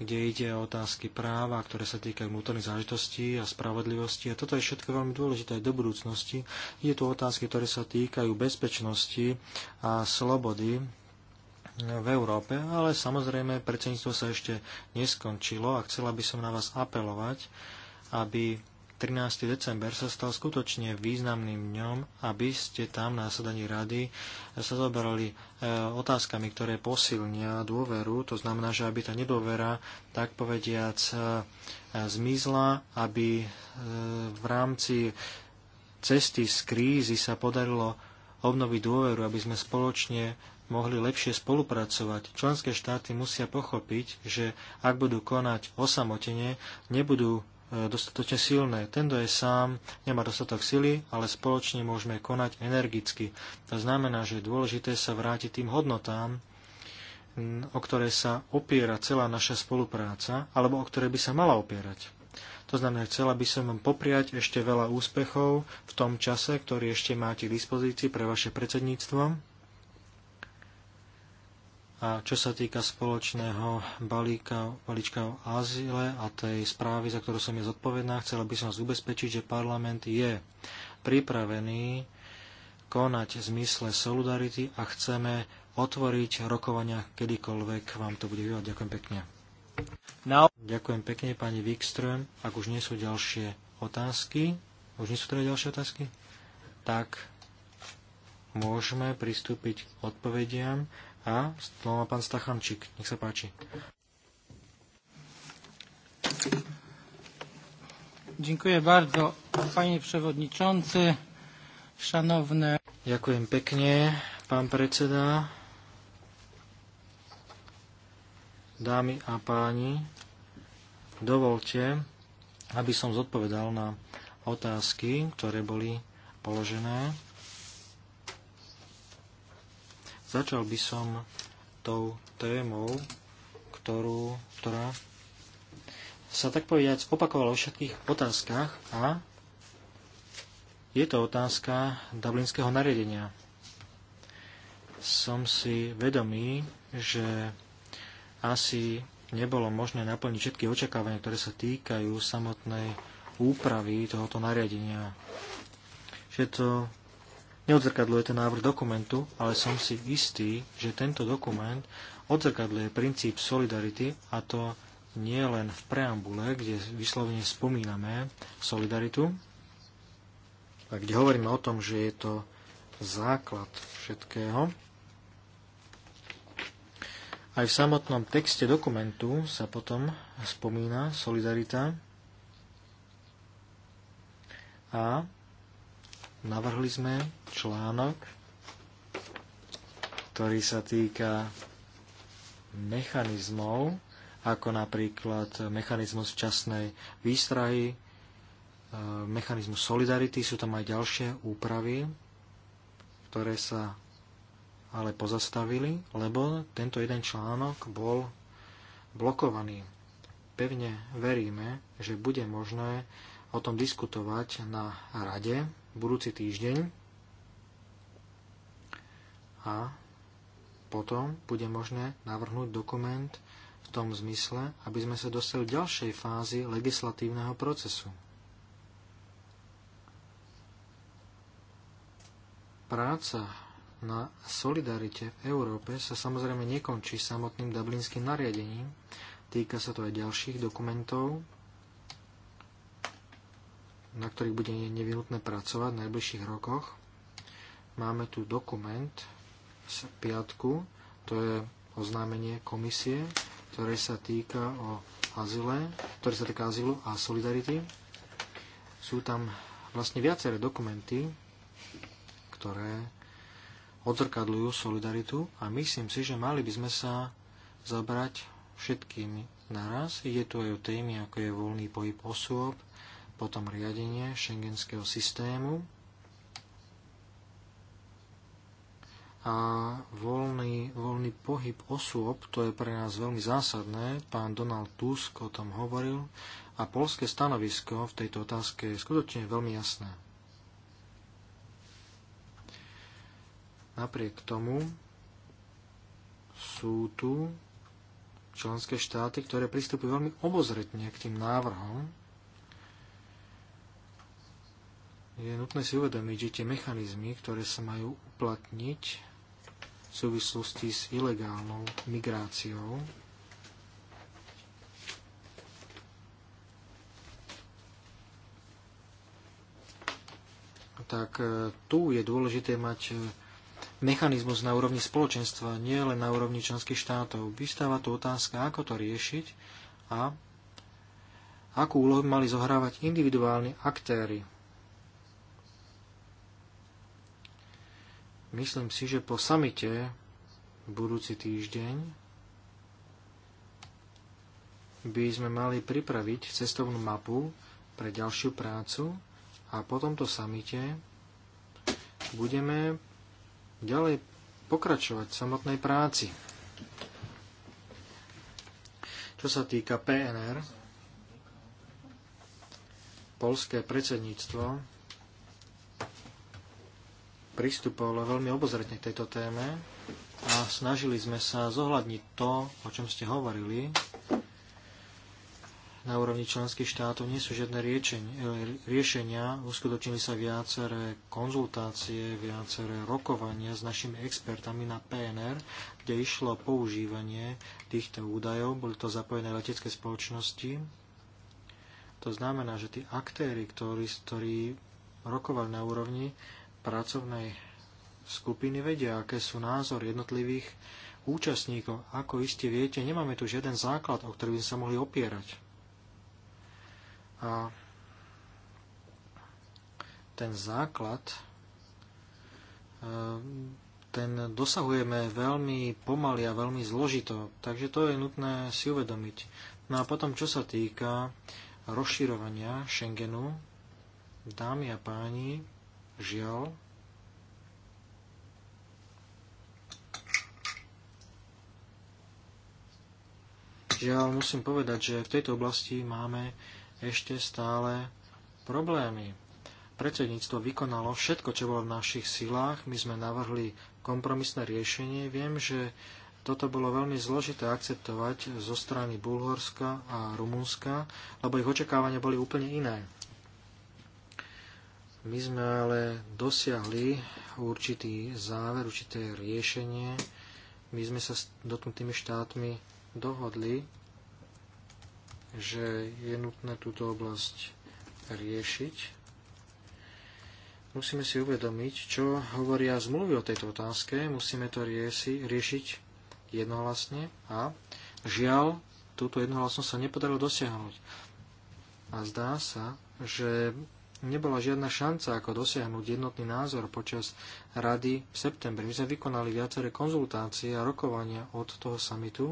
kde ide o otázky práva, ktoré sa týkajú vnútorných záležitostí a spravodlivosti. A toto je všetko veľmi dôležité aj do budúcnosti. Je tu otázky, ktoré sa týkajú bezpečnosti a slobody v Európe, ale samozrejme predsedníctvo sa ešte neskončilo a chcela by som na vás apelovať, aby 13. december sa stal skutočne významným dňom, aby ste tam na zasadaní rady sa zoberali e, otázkami, ktoré posilnia dôveru. To znamená, že aby tá nedôvera, tak povediac, e, zmizla, aby e, v rámci cesty z krízy sa podarilo obnoviť dôveru, aby sme spoločne mohli lepšie spolupracovať. Členské štáty musia pochopiť, že ak budú konať osamotene, nebudú e, dostatočne silné. Tento je sám, nemá dostatok sily, ale spoločne môžeme konať energicky. To znamená, že je dôležité sa vrátiť tým hodnotám, o ktoré sa opiera celá naša spolupráca, alebo o ktoré by sa mala opierať. To znamená, chcela by som vám popriať ešte veľa úspechov v tom čase, ktorý ešte máte k dispozícii pre vaše predsedníctvo. A čo sa týka spoločného balíka, balíčka o azile a tej správy, za ktorú som je zodpovedná, chcela by som vás ubezpečiť, že parlament je pripravený konať v zmysle solidarity a chceme otvoriť rokovania kedykoľvek vám to bude vyvať. Ďakujem pekne. No. Ďakujem pekne pani Wikström. Ak už nie sú ďalšie otázky, už nie sú teda ďalšie otázky, tak môžeme pristúpiť k odpovediam. A to má pán Stachančík. Nech sa páči. Dziękuję bardzo, panie przewodniczący, szanowne... Ďakujem pekne, pán predseda, dámy a páni. Dovolte, aby som zodpovedal na otázky, ktoré boli položené Začal by som tou témou, ktorú, ktorá sa tak povedať opakovala vo všetkých otázkach a je to otázka dublinského nariadenia. Som si vedomý, že asi nebolo možné naplniť všetky očakávania, ktoré sa týkajú samotnej úpravy tohoto nariadenia. Že to neodzrkadluje ten návrh dokumentu, ale som si istý, že tento dokument odzrkadluje princíp solidarity a to nie len v preambule, kde vyslovene spomíname solidaritu, a kde hovoríme o tom, že je to základ všetkého. Aj v samotnom texte dokumentu sa potom spomína solidarita a Navrhli sme článok, ktorý sa týka mechanizmov, ako napríklad mechanizmus včasnej výstrahy, e, mechanizmus solidarity, sú tam aj ďalšie úpravy, ktoré sa ale pozastavili, lebo tento jeden článok bol blokovaný. Pevne veríme, že bude možné o tom diskutovať na rade budúci týždeň a potom bude možné navrhnúť dokument v tom zmysle, aby sme sa dostali v ďalšej fázi legislatívneho procesu. Práca na solidarite v Európe sa samozrejme nekončí samotným dublinským nariadením, týka sa to aj ďalších dokumentov, na ktorých bude nevyhnutné pracovať v najbližších rokoch. Máme tu dokument z piatku, to je oznámenie komisie, ktoré sa týka o azyle, ktoré sa týka azylu a solidarity. Sú tam vlastne viaceré dokumenty, ktoré odzrkadľujú solidaritu a myslím si, že mali by sme sa zabrať všetkými naraz. Ide tu aj o témy, ako je voľný pohyb osôb, potom riadenie šengenského systému a voľný, voľný pohyb osôb, to je pre nás veľmi zásadné, pán Donald Tusk o tom hovoril a polské stanovisko v tejto otázke je skutočne veľmi jasné. Napriek tomu sú tu členské štáty, ktoré pristupujú veľmi obozretne k tým návrhom, je nutné si uvedomiť, že tie mechanizmy, ktoré sa majú uplatniť v súvislosti s ilegálnou migráciou, tak e, tu je dôležité mať e, mechanizmus na úrovni spoločenstva, nie len na úrovni členských štátov. Vystáva tu otázka, ako to riešiť a akú úlohu mali zohrávať individuálni aktéry Myslím si, že po samite budúci týždeň by sme mali pripraviť cestovnú mapu pre ďalšiu prácu a po tomto samite budeme ďalej pokračovať v samotnej práci. Čo sa týka PNR, polské predsedníctvo pristupovalo veľmi obozretne k tejto téme a snažili sme sa zohľadniť to, o čom ste hovorili. Na úrovni členských štátov nie sú žiadne eh, riešenia. Uskutočnili sa viaceré konzultácie, viaceré rokovania s našimi expertami na PNR, kde išlo používanie týchto údajov. Boli to zapojené letecké spoločnosti. To znamená, že tí aktéry, ktorí, ktorí rokovali na úrovni pracovnej skupiny vedia, aké sú názory jednotlivých účastníkov. Ako iste viete, nemáme tu žiaden základ, o ktorý by sa mohli opierať. A ten základ e, ten dosahujeme veľmi pomaly a veľmi zložito, takže to je nutné si uvedomiť. No a potom, čo sa týka rozširovania Schengenu, dámy a páni, Žiaľ. Žiaľ, musím povedať, že v tejto oblasti máme ešte stále problémy. Predsedníctvo vykonalo všetko, čo bolo v našich silách. My sme navrhli kompromisné riešenie. Viem, že toto bolo veľmi zložité akceptovať zo strany Bulhorska a Rumunska, lebo ich očakávania boli úplne iné. My sme ale dosiahli určitý záver, určité riešenie. My sme sa s dotknutými štátmi dohodli, že je nutné túto oblasť riešiť. Musíme si uvedomiť, čo hovoria zmluvy o tejto otázke. Musíme to riesi, riešiť jednohlasne a žiaľ, túto jednohlasnosť sa nepodarilo dosiahnuť. A zdá sa, že nebola žiadna šanca, ako dosiahnuť jednotný názor počas rady v septembri. My sme vykonali viaceré konzultácie a rokovania od toho samitu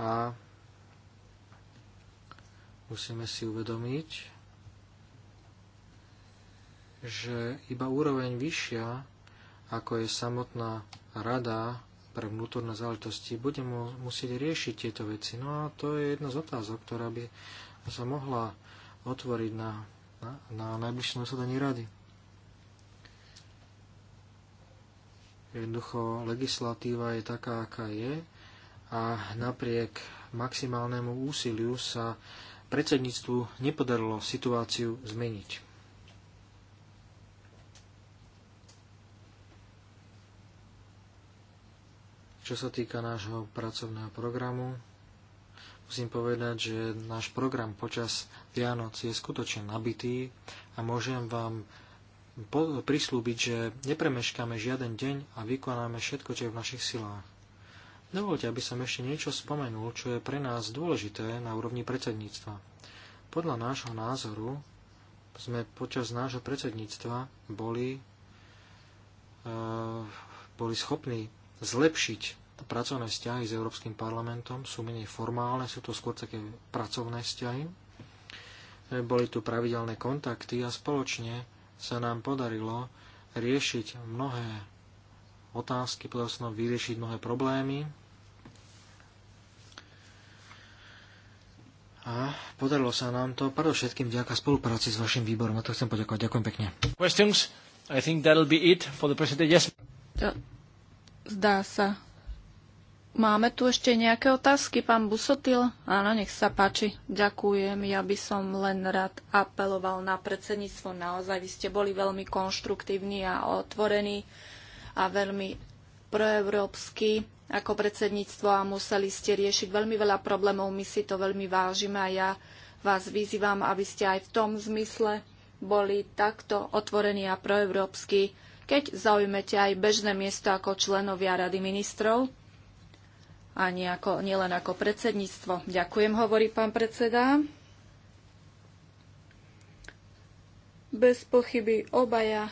a musíme si uvedomiť, že iba úroveň vyššia, ako je samotná rada pre vnútorné záležitosti, bude musieť riešiť tieto veci. No a to je jedna z otázok, ktorá by sa mohla otvoriť na na, na najbližšom zasadaní rady. Jednoducho legislatíva je taká, aká je a napriek maximálnemu úsiliu sa predsedníctvu nepodarilo situáciu zmeniť. Čo sa týka nášho pracovného programu, Musím povedať, že náš program počas Vianoc je skutočne nabitý a môžem vám prislúbiť, že nepremeškáme žiaden deň a vykonáme všetko, čo je v našich silách. Dovolte, aby som ešte niečo spomenul, čo je pre nás dôležité na úrovni predsedníctva. Podľa nášho názoru sme počas nášho predsedníctva boli, e, boli schopní zlepšiť pracovné vzťahy s Európskym parlamentom sú menej formálne, sú to skôr také pracovné vzťahy. E, Boli tu pravidelné kontakty a spoločne sa nám podarilo riešiť mnohé otázky, podarilo sa nám vyriešiť mnohé problémy. A podarilo sa nám to predovšetkým vďaka spolupráci s vašim výborom. A to chcem poďakovať. Ďakujem pekne. Questions? I think that'll be it for the Yes. Zdá sa, Máme tu ešte nejaké otázky, pán Busotil? Áno, nech sa páči. Ďakujem. Ja by som len rád apeloval na predsedníctvo. Naozaj, vy ste boli veľmi konštruktívni a otvorení a veľmi proeurópsky ako predsedníctvo a museli ste riešiť veľmi veľa problémov. My si to veľmi vážime a ja vás vyzývam, aby ste aj v tom zmysle boli takto otvorení a proeurópsky, keď zaujmete aj bežné miesto ako členovia Rady ministrov a ako, nielen ako predsedníctvo. Ďakujem, hovorí pán predseda. Bez pochyby obaja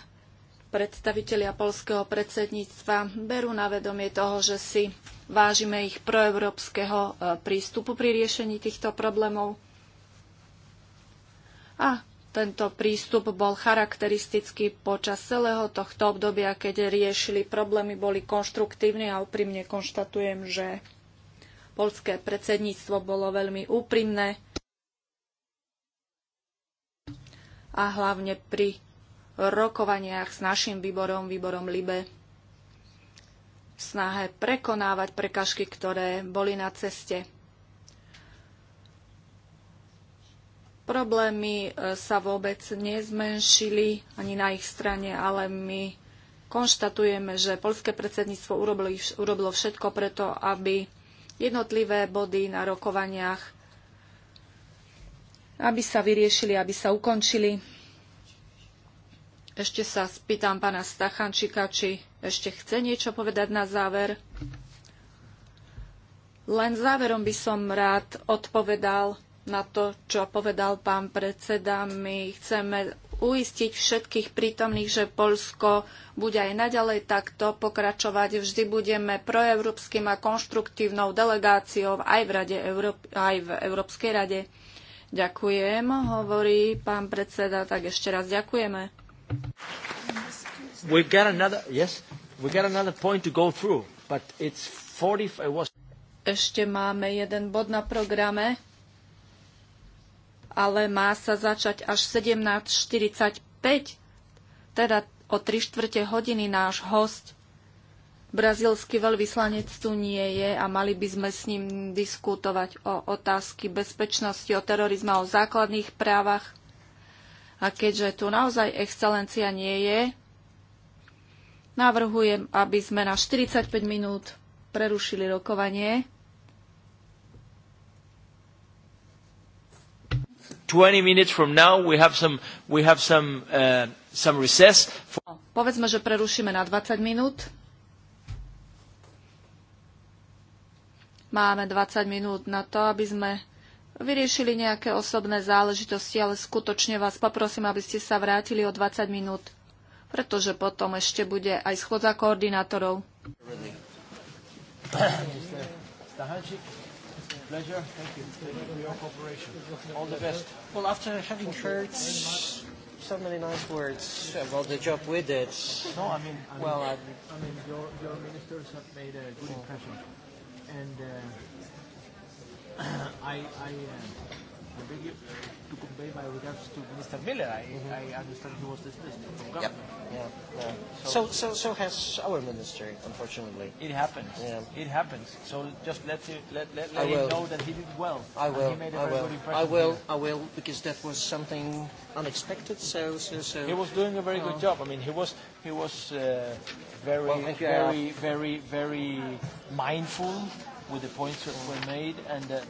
predstavitelia polského predsedníctva berú na vedomie toho, že si vážime ich proeurópskeho e, prístupu pri riešení týchto problémov. A tento prístup bol charakteristický počas celého tohto obdobia, keď riešili problémy, boli konštruktívni a úprimne konštatujem, že polské predsedníctvo bolo veľmi úprimné a hlavne pri rokovaniach s našim výborom, výborom LIBE, v snahe prekonávať prekažky, ktoré boli na ceste. Problémy e, sa vôbec nezmenšili ani na ich strane, ale my konštatujeme, že poľské predsedníctvo urobilo, urobilo všetko preto, aby jednotlivé body na rokovaniach, aby sa vyriešili, aby sa ukončili. Ešte sa spýtam pána Stachančika, či ešte chce niečo povedať na záver. Len záverom by som rád odpovedal na to, čo povedal pán predseda. My chceme uistiť všetkých prítomných, že Polsko bude aj naďalej takto pokračovať. Vždy budeme proeurópskym a konštruktívnou delegáciou aj v, Rade Európy, aj v Európskej rade. Ďakujem, hovorí pán predseda, tak ešte raz ďakujeme. Ešte máme jeden bod na programe ale má sa začať až 17.45, teda o 3 štvrte hodiny náš host. Brazílsky veľvyslanec tu nie je a mali by sme s ním diskutovať o otázky bezpečnosti, o terorizma, o základných právach. A keďže tu naozaj excelencia nie je, navrhujem, aby sme na 45 minút prerušili rokovanie. 20 minutes from now we have some, we have some, uh, some recess. For... No, povedzme, že prerušíme na 20 minút. Máme 20 minút na to, aby sme vyriešili nejaké osobné záležitosti, ale skutočne vás poprosím, aby ste sa vrátili o 20 minút, pretože potom ešte bude aj schôdza koordinátorov. Really? pleasure. Thank you. Thank you for your cooperation. All the best. Well, after having heard so many nice words about the job we did. No, I mean, I well, I, I mean, your, your ministers have made a good impression, and uh, I, I, uh, I beg you to convey my regards to Mr. Miller. I, mm-hmm. I understand he was dismissed from government. Yep. Yeah, yeah. So, so, so, so has our minister, unfortunately. It happens. Yeah. It happens. So just let, you, let, let, let him will. know that he did well. I will. And he made a I very will. Good impression I will. I will, because that was something unexpected. So, so, so. He was doing a very oh. good uh, job. I mean, he was, he was uh, very, well, very, very, very, very mindful with the points that were made and. Uh,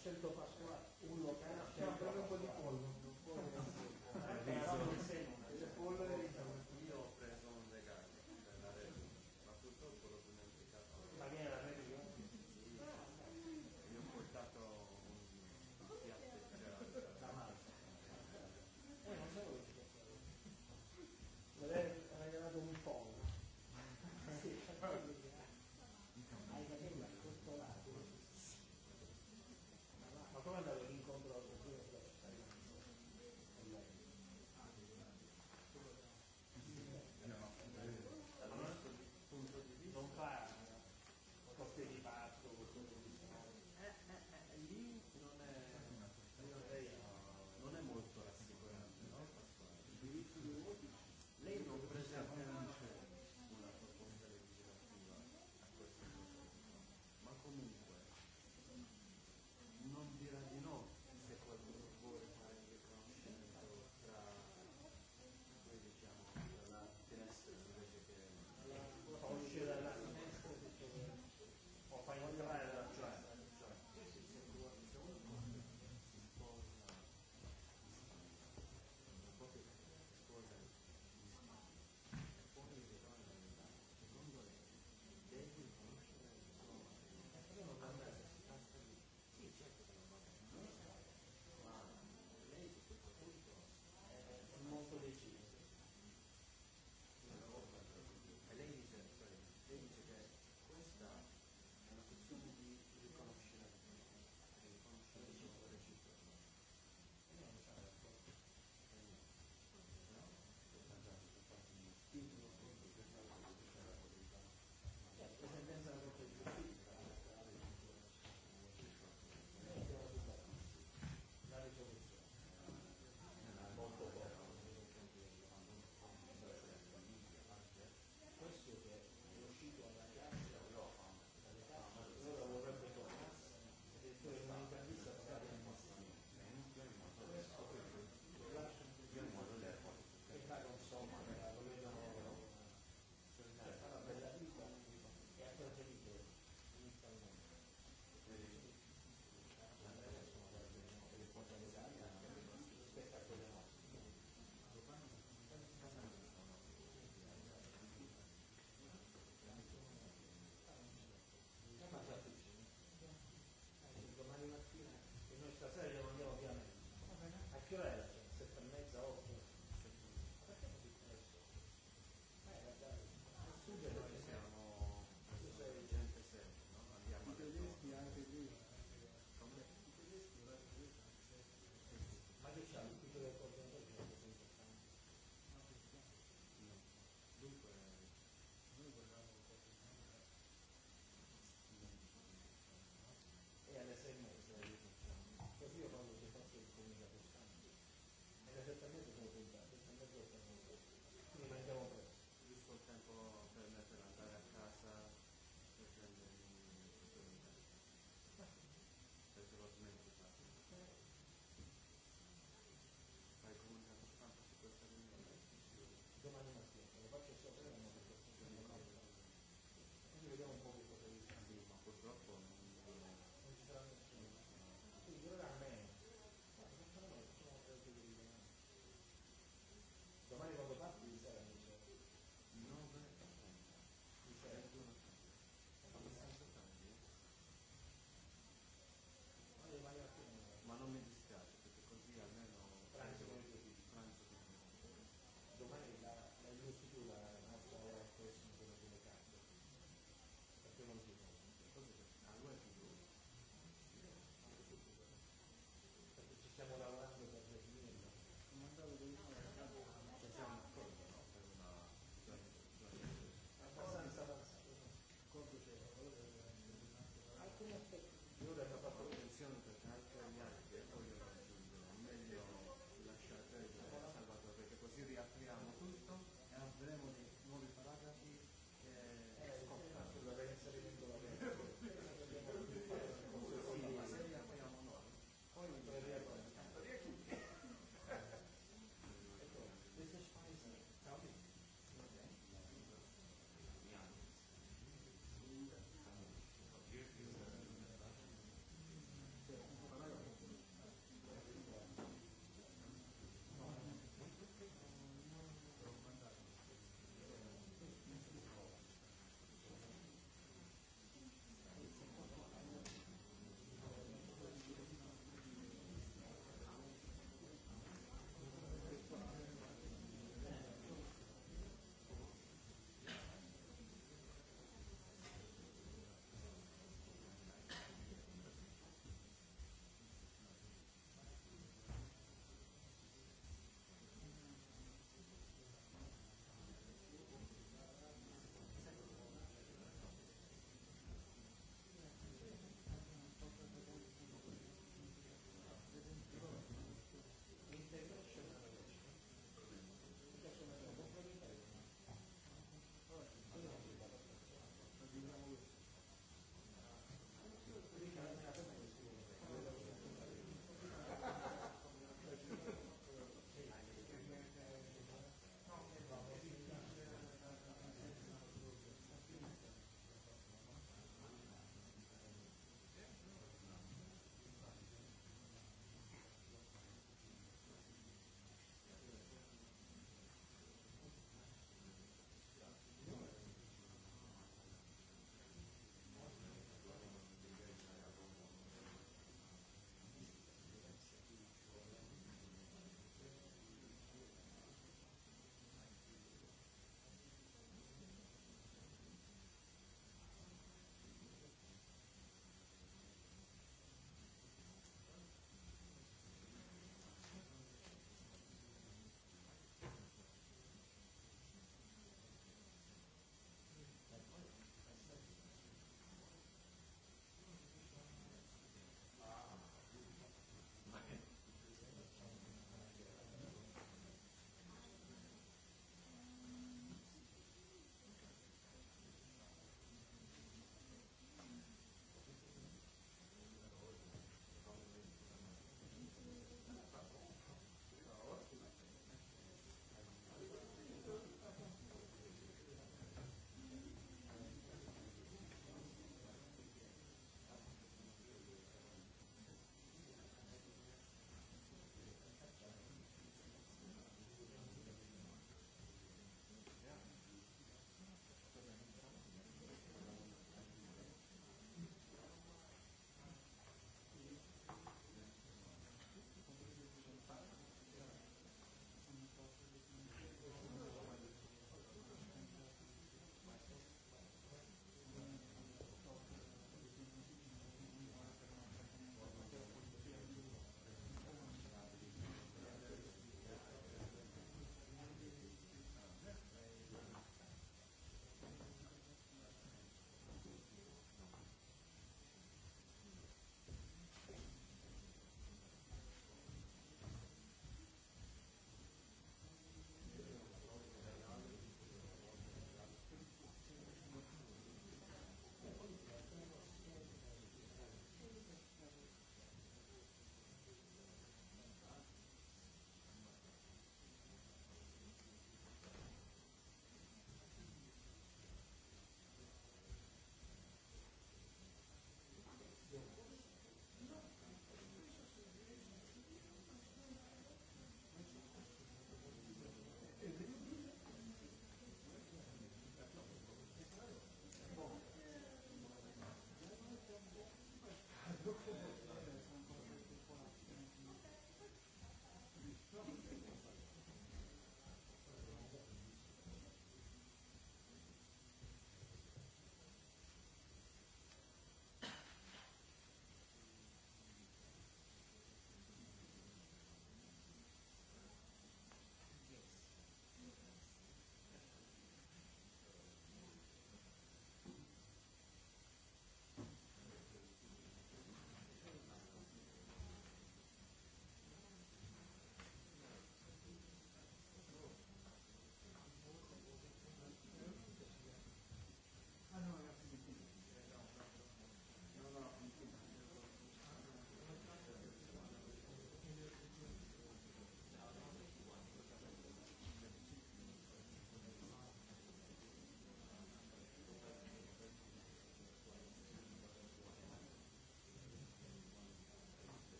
scelto Pasquale, uno che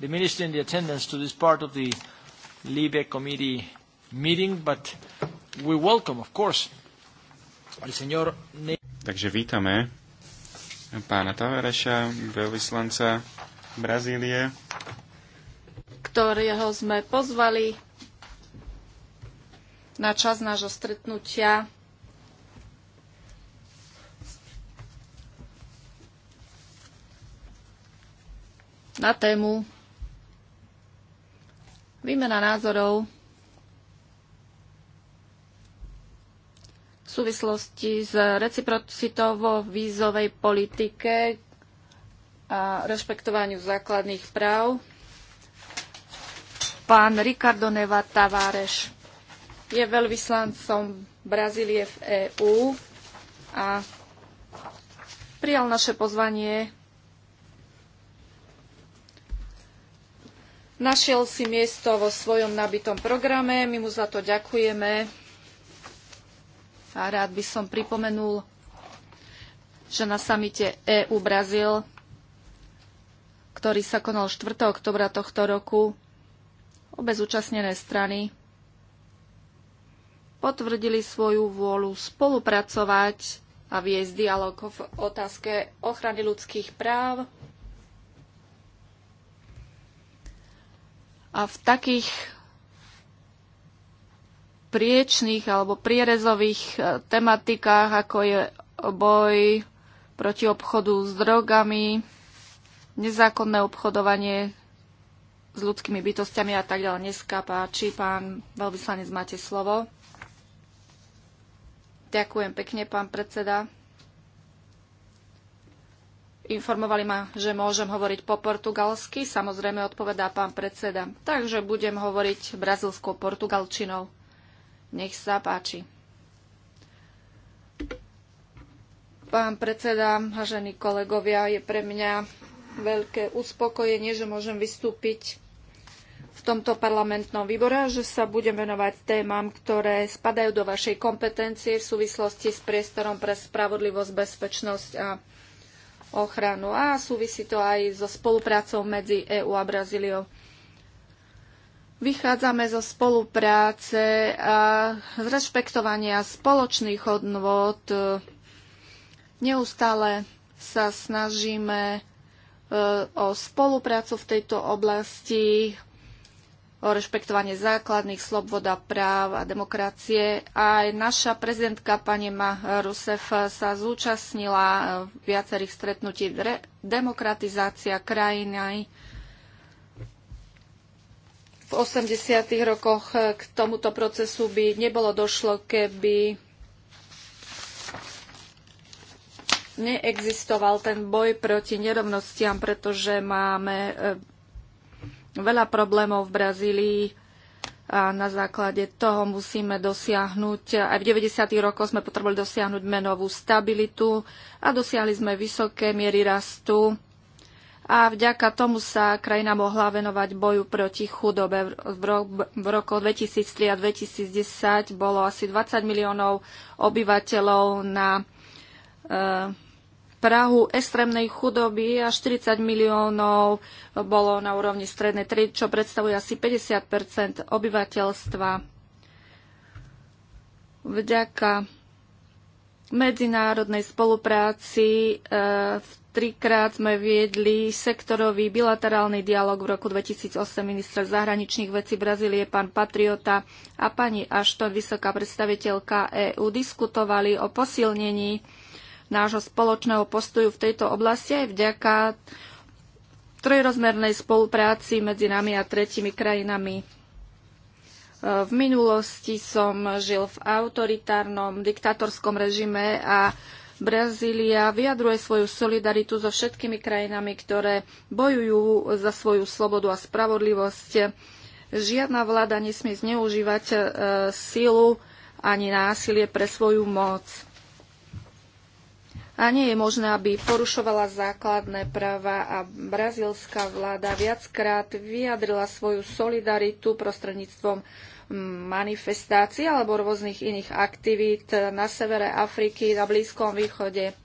the minister in the attendance to this part of the Libe committee meeting, but we welcome, of course, the señor... Takže vítame pána Tavareša, veľvyslanca Brazílie, ktorého sme pozvali na čas nášho stretnutia. na tému výmena názorov v súvislosti s reciprocitou vo vízovej politike a rešpektovaniu základných práv. Pán Ricardo Neva Tavares je veľvyslancom Brazílie v EÚ a prijal naše pozvanie Našiel si miesto vo svojom nabitom programe, my mu za to ďakujeme. A rád by som pripomenul, že na samite eu Brazil, ktorý sa konal 4. oktobra tohto roku, obe zúčastnené strany potvrdili svoju vôľu spolupracovať a viesť dialog v otázke ochrany ľudských práv A v takých priečných alebo prierezových e, tematikách, ako je boj proti obchodu s drogami, nezákonné obchodovanie s ľudskými bytostiami a tak ďalej. Dneska páči, pán veľvyslanec, máte slovo. Ďakujem pekne, pán predseda. Informovali ma, že môžem hovoriť po portugalsky, samozrejme odpovedá pán predseda. Takže budem hovoriť brazilskou portugalčinou. Nech sa páči. Pán predseda, vážení kolegovia, je pre mňa veľké uspokojenie, že môžem vystúpiť v tomto parlamentnom výbore, že sa budem venovať témam, ktoré spadajú do vašej kompetencie v súvislosti s priestorom pre spravodlivosť, bezpečnosť a ochranu a súvisí to aj so spoluprácou medzi EÚ a Brazíliou. Vychádzame zo spolupráce a z rešpektovania spoločných hodnôt. Neustále sa snažíme e, o spoluprácu v tejto oblasti, o rešpektovanie základných slobod a práv a demokracie. Aj naša prezidentka pani Ma Rusev sa zúčastnila v viacerých stretnutí re- demokratizácia krajiny v 80. rokoch k tomuto procesu by nebolo došlo, keby neexistoval ten boj proti nerovnostiam, pretože máme e, veľa problémov v Brazílii a na základe toho musíme dosiahnuť, aj v 90. rokoch sme potrebovali dosiahnuť menovú stabilitu a dosiahli sme vysoké miery rastu a vďaka tomu sa krajina mohla venovať boju proti chudobe. V, ro- v roku 2003 a 2010 bolo asi 20 miliónov obyvateľov na e, prahu extrémnej chudoby a 40 miliónov bolo na úrovni strednej triedy, čo predstavuje asi 50 obyvateľstva. Vďaka medzinárodnej spolupráci e, v trikrát sme viedli sektorový bilaterálny dialog v roku 2008 minister zahraničných vecí Brazílie pán Patriota a pani Ashton, vysoká predstaviteľka EÚ, diskutovali o posilnení nášho spoločného postoju v tejto oblasti aj vďaka trojrozmernej spolupráci medzi nami a tretimi krajinami. E, v minulosti som žil v autoritárnom diktatorskom režime a Brazília vyjadruje svoju solidaritu so všetkými krajinami, ktoré bojujú za svoju slobodu a spravodlivosť. Žiadna vláda nesmie zneužívať e, silu ani násilie pre svoju moc a nie je možné, aby porušovala základné práva a brazílska vláda viackrát vyjadrila svoju solidaritu prostredníctvom mm, manifestácií alebo rôznych iných aktivít na severe Afriky, na Blízkom východe.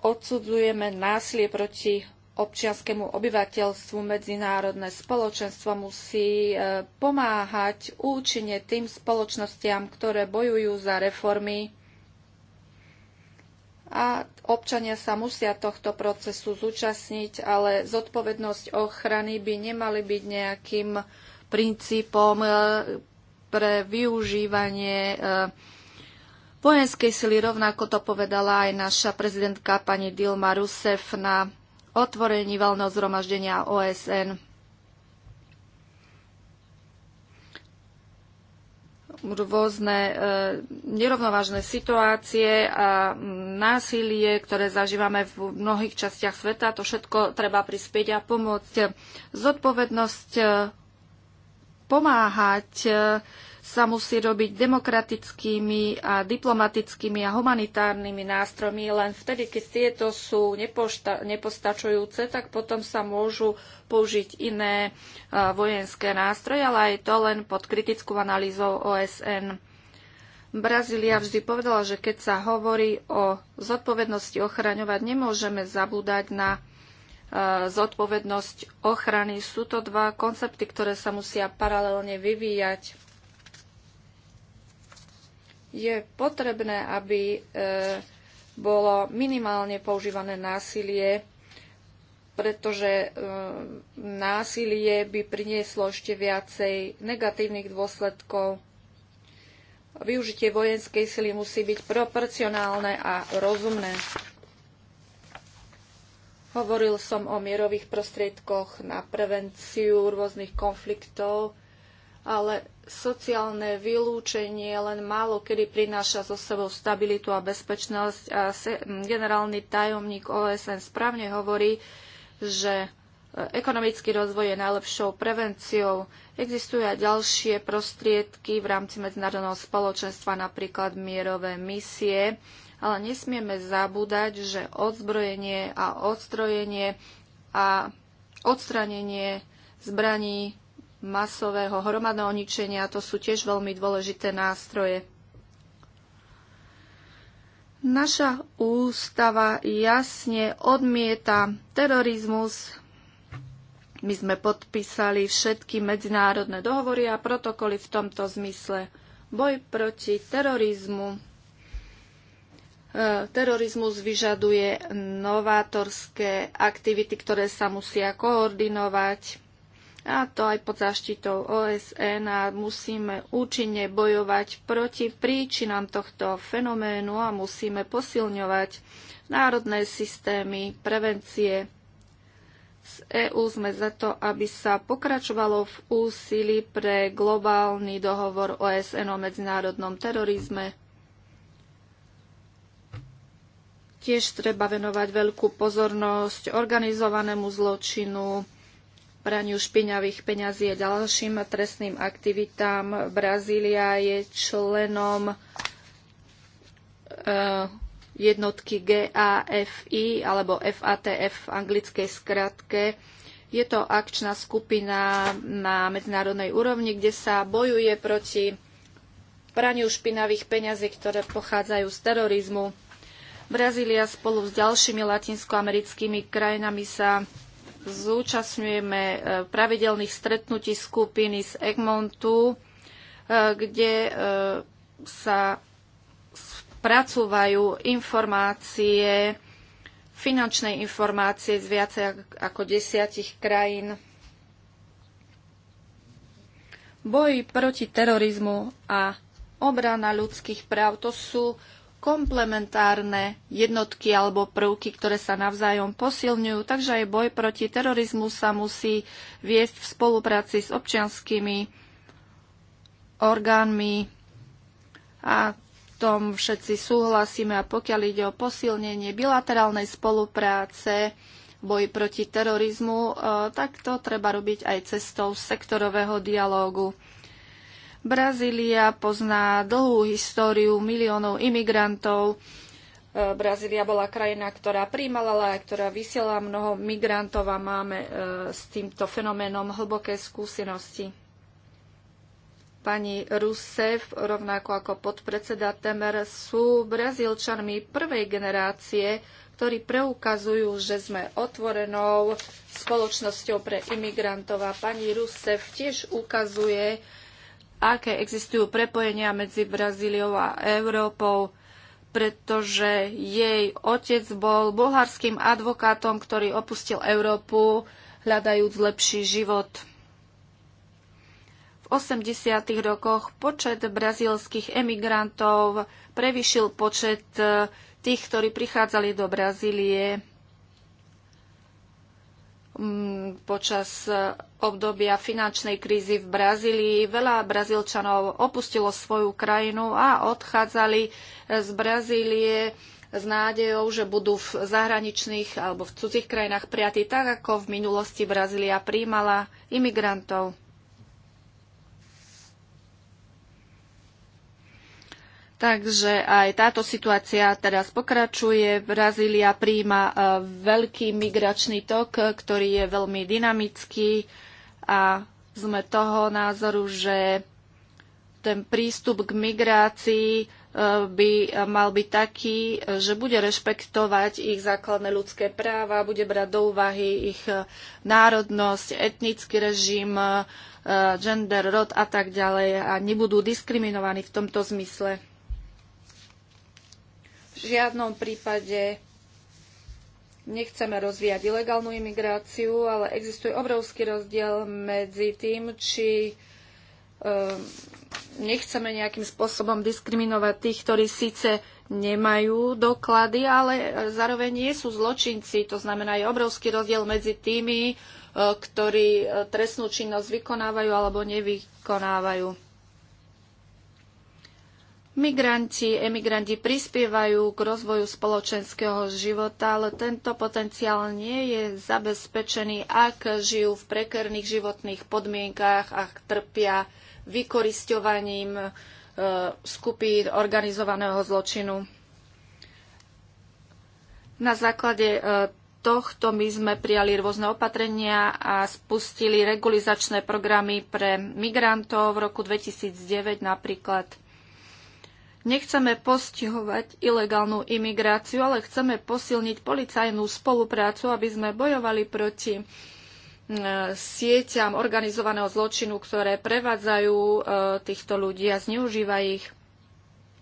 Odsudzujeme násilie proti občianskému obyvateľstvu medzinárodné spoločenstvo musí e, pomáhať účinne tým spoločnostiam, ktoré bojujú za reformy a občania sa musia tohto procesu zúčastniť, ale zodpovednosť ochrany by nemali byť nejakým princípom e, pre využívanie e, vojenskej sily. Rovnako to povedala aj naša prezidentka pani Dilma Rousseff na otvorení valného zhromaždenia OSN. rôzne e, nerovnovážne situácie a násilie, ktoré zažívame v mnohých častiach sveta. To všetko treba prispieť a pomôcť. Zodpovednosť e, pomáhať e, sa musí robiť demokratickými a diplomatickými a humanitárnymi nástrojmi. Len vtedy, keď tieto sú nepostačujúce, tak potom sa môžu použiť iné vojenské nástroje, ale aj to len pod kritickou analýzou OSN. Brazília vždy povedala, že keď sa hovorí o zodpovednosti ochraňovať, nemôžeme zabúdať na zodpovednosť ochrany. Sú to dva koncepty, ktoré sa musia paralelne vyvíjať je potrebné, aby e, bolo minimálne používané násilie, pretože e, násilie by prinieslo ešte viacej negatívnych dôsledkov. Využitie vojenskej sily musí byť proporcionálne a rozumné. Hovoril som o mierových prostriedkoch na prevenciu rôznych konfliktov, ale sociálne vylúčenie len málo kedy prináša so sebou stabilitu a bezpečnosť. A generálny tajomník OSN správne hovorí, že e, ekonomický rozvoj je najlepšou prevenciou. Existujú aj ďalšie prostriedky v rámci medzinárodného spoločenstva, napríklad mierové misie, ale nesmieme zabúdať, že odzbrojenie a odstrojenie a odstranenie zbraní masového hromadného ničenia. To sú tiež veľmi dôležité nástroje. Naša ústava jasne odmieta terorizmus. My sme podpísali všetky medzinárodné dohovory a protokoly v tomto zmysle. Boj proti terorizmu. E, terorizmus vyžaduje novátorské aktivity, ktoré sa musia koordinovať a to aj pod záštitou OSN a musíme účinne bojovať proti príčinám tohto fenoménu a musíme posilňovať národné systémy prevencie. Z EÚ sme za to, aby sa pokračovalo v úsilí pre globálny dohovor OSN o medzinárodnom terorizme. Tiež treba venovať veľkú pozornosť organizovanému zločinu, praniu špiňavých peňazí a ďalším trestným aktivitám. Brazília je členom e, jednotky GAFI alebo FATF v anglickej skratke. Je to akčná skupina na medzinárodnej úrovni, kde sa bojuje proti praniu špinavých peňazí, ktoré pochádzajú z terorizmu. Brazília spolu s ďalšími latinskoamerickými krajinami sa zúčastňujeme e, pravidelných stretnutí skupiny z Egmontu, e, kde e, sa spracúvajú informácie, finančné informácie z viacej ako desiatich krajín. Boj proti terorizmu a obrana ľudských práv to sú komplementárne jednotky alebo prvky, ktoré sa navzájom posilňujú, takže aj boj proti terorizmu sa musí viesť v spolupráci s občianskými orgánmi a tom všetci súhlasíme a pokiaľ ide o posilnenie bilaterálnej spolupráce boj boji proti terorizmu, e, tak to treba robiť aj cestou sektorového dialógu. Brazília pozná dlhú históriu miliónov imigrantov. E, Brazília bola krajina, ktorá príjmala, ale aj ktorá vysiela mnoho migrantov a máme e, s týmto fenoménom hlboké skúsenosti. Pani Rousseff, rovnako ako podpredseda Temer, sú Brazílčanmi prvej generácie, ktorí preukazujú, že sme otvorenou spoločnosťou pre imigrantov. A pani Rousseff tiež ukazuje, aké existujú prepojenia medzi Brazíliou a Európou, pretože jej otec bol bulharským advokátom, ktorý opustil Európu, hľadajúc lepší život. V 80. rokoch počet brazílskych emigrantov prevýšil počet eh, tých, ktorí prichádzali do Brazílie počas e, obdobia finančnej krízy v Brazílii. Veľa Brazílčanov opustilo svoju krajinu a odchádzali e, z Brazílie s nádejou, že budú v zahraničných alebo v cudzích krajinách prijatí tak, ako v minulosti Brazília príjmala imigrantov. Takže aj táto situácia teraz pokračuje. Brazília príjma e, veľký migračný tok, ktorý je veľmi dynamický a sme toho názoru, že ten prístup k migrácii e, by mal byť taký, že bude rešpektovať ich základné ľudské práva, bude brať do úvahy ich e, národnosť, etnický režim, gender, rod a tak ďalej a nebudú diskriminovaní v tomto zmysle žiadnom prípade nechceme rozvíjať ilegálnu imigráciu, ale existuje obrovský rozdiel medzi tým, či ehm, nechceme nejakým spôsobom diskriminovať tých, ktorí síce nemajú doklady, ale zároveň nie sú zločinci. To znamená, je obrovský rozdiel medzi tými, e, ktorí e, trestnú činnosť vykonávajú alebo nevykonávajú. Migranti, emigranti prispievajú k rozvoju spoločenského života, ale tento potenciál nie je zabezpečený, ak žijú v prekerných životných podmienkách, ak trpia vykoristovaním e, skupín organizovaného zločinu. Na základe e, tohto my sme prijali rôzne opatrenia a spustili regulizačné programy pre migrantov v roku 2009 napríklad Nechceme postihovať ilegálnu imigráciu, ale chceme posilniť policajnú spoluprácu, aby sme bojovali proti e, sieťam organizovaného zločinu, ktoré prevádzajú e, týchto ľudí a zneužíva ich.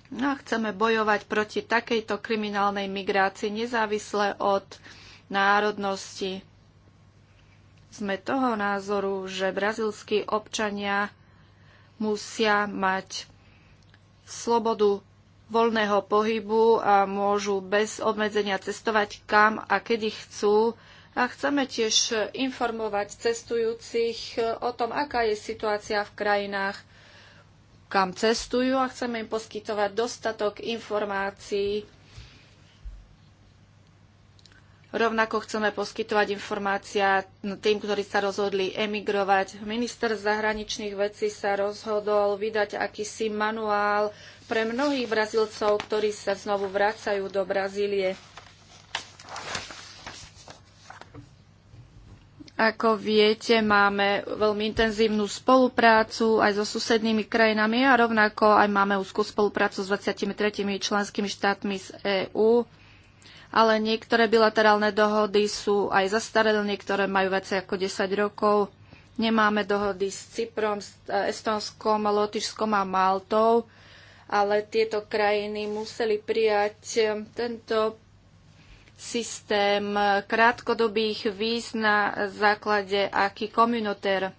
No a chceme bojovať proti takejto kriminálnej migrácii nezávisle od národnosti. Sme toho názoru, že brazilskí občania musia mať slobodu voľného pohybu a môžu bez obmedzenia cestovať kam a kedy chcú. A chceme tiež informovať cestujúcich o tom, aká je situácia v krajinách, kam cestujú a chceme im poskytovať dostatok informácií Rovnako chceme poskytovať informácia tým, ktorí sa rozhodli emigrovať. Minister zahraničných vecí sa rozhodol vydať akýsi manuál pre mnohých Brazílcov, ktorí sa znovu vracajú do Brazílie. Ako viete, máme veľmi intenzívnu spoluprácu aj so susednými krajinami a rovnako aj máme úzkú spoluprácu s 23 členskými štátmi z EÚ ale niektoré bilaterálne dohody sú aj zastarelé, niektoré majú veci ako 10 rokov. Nemáme dohody s Cyprom, s e, Estonskom, Lotyšskom a Maltou, ale tieto krajiny museli prijať e, tento systém krátkodobých víz na základe aký komunitér.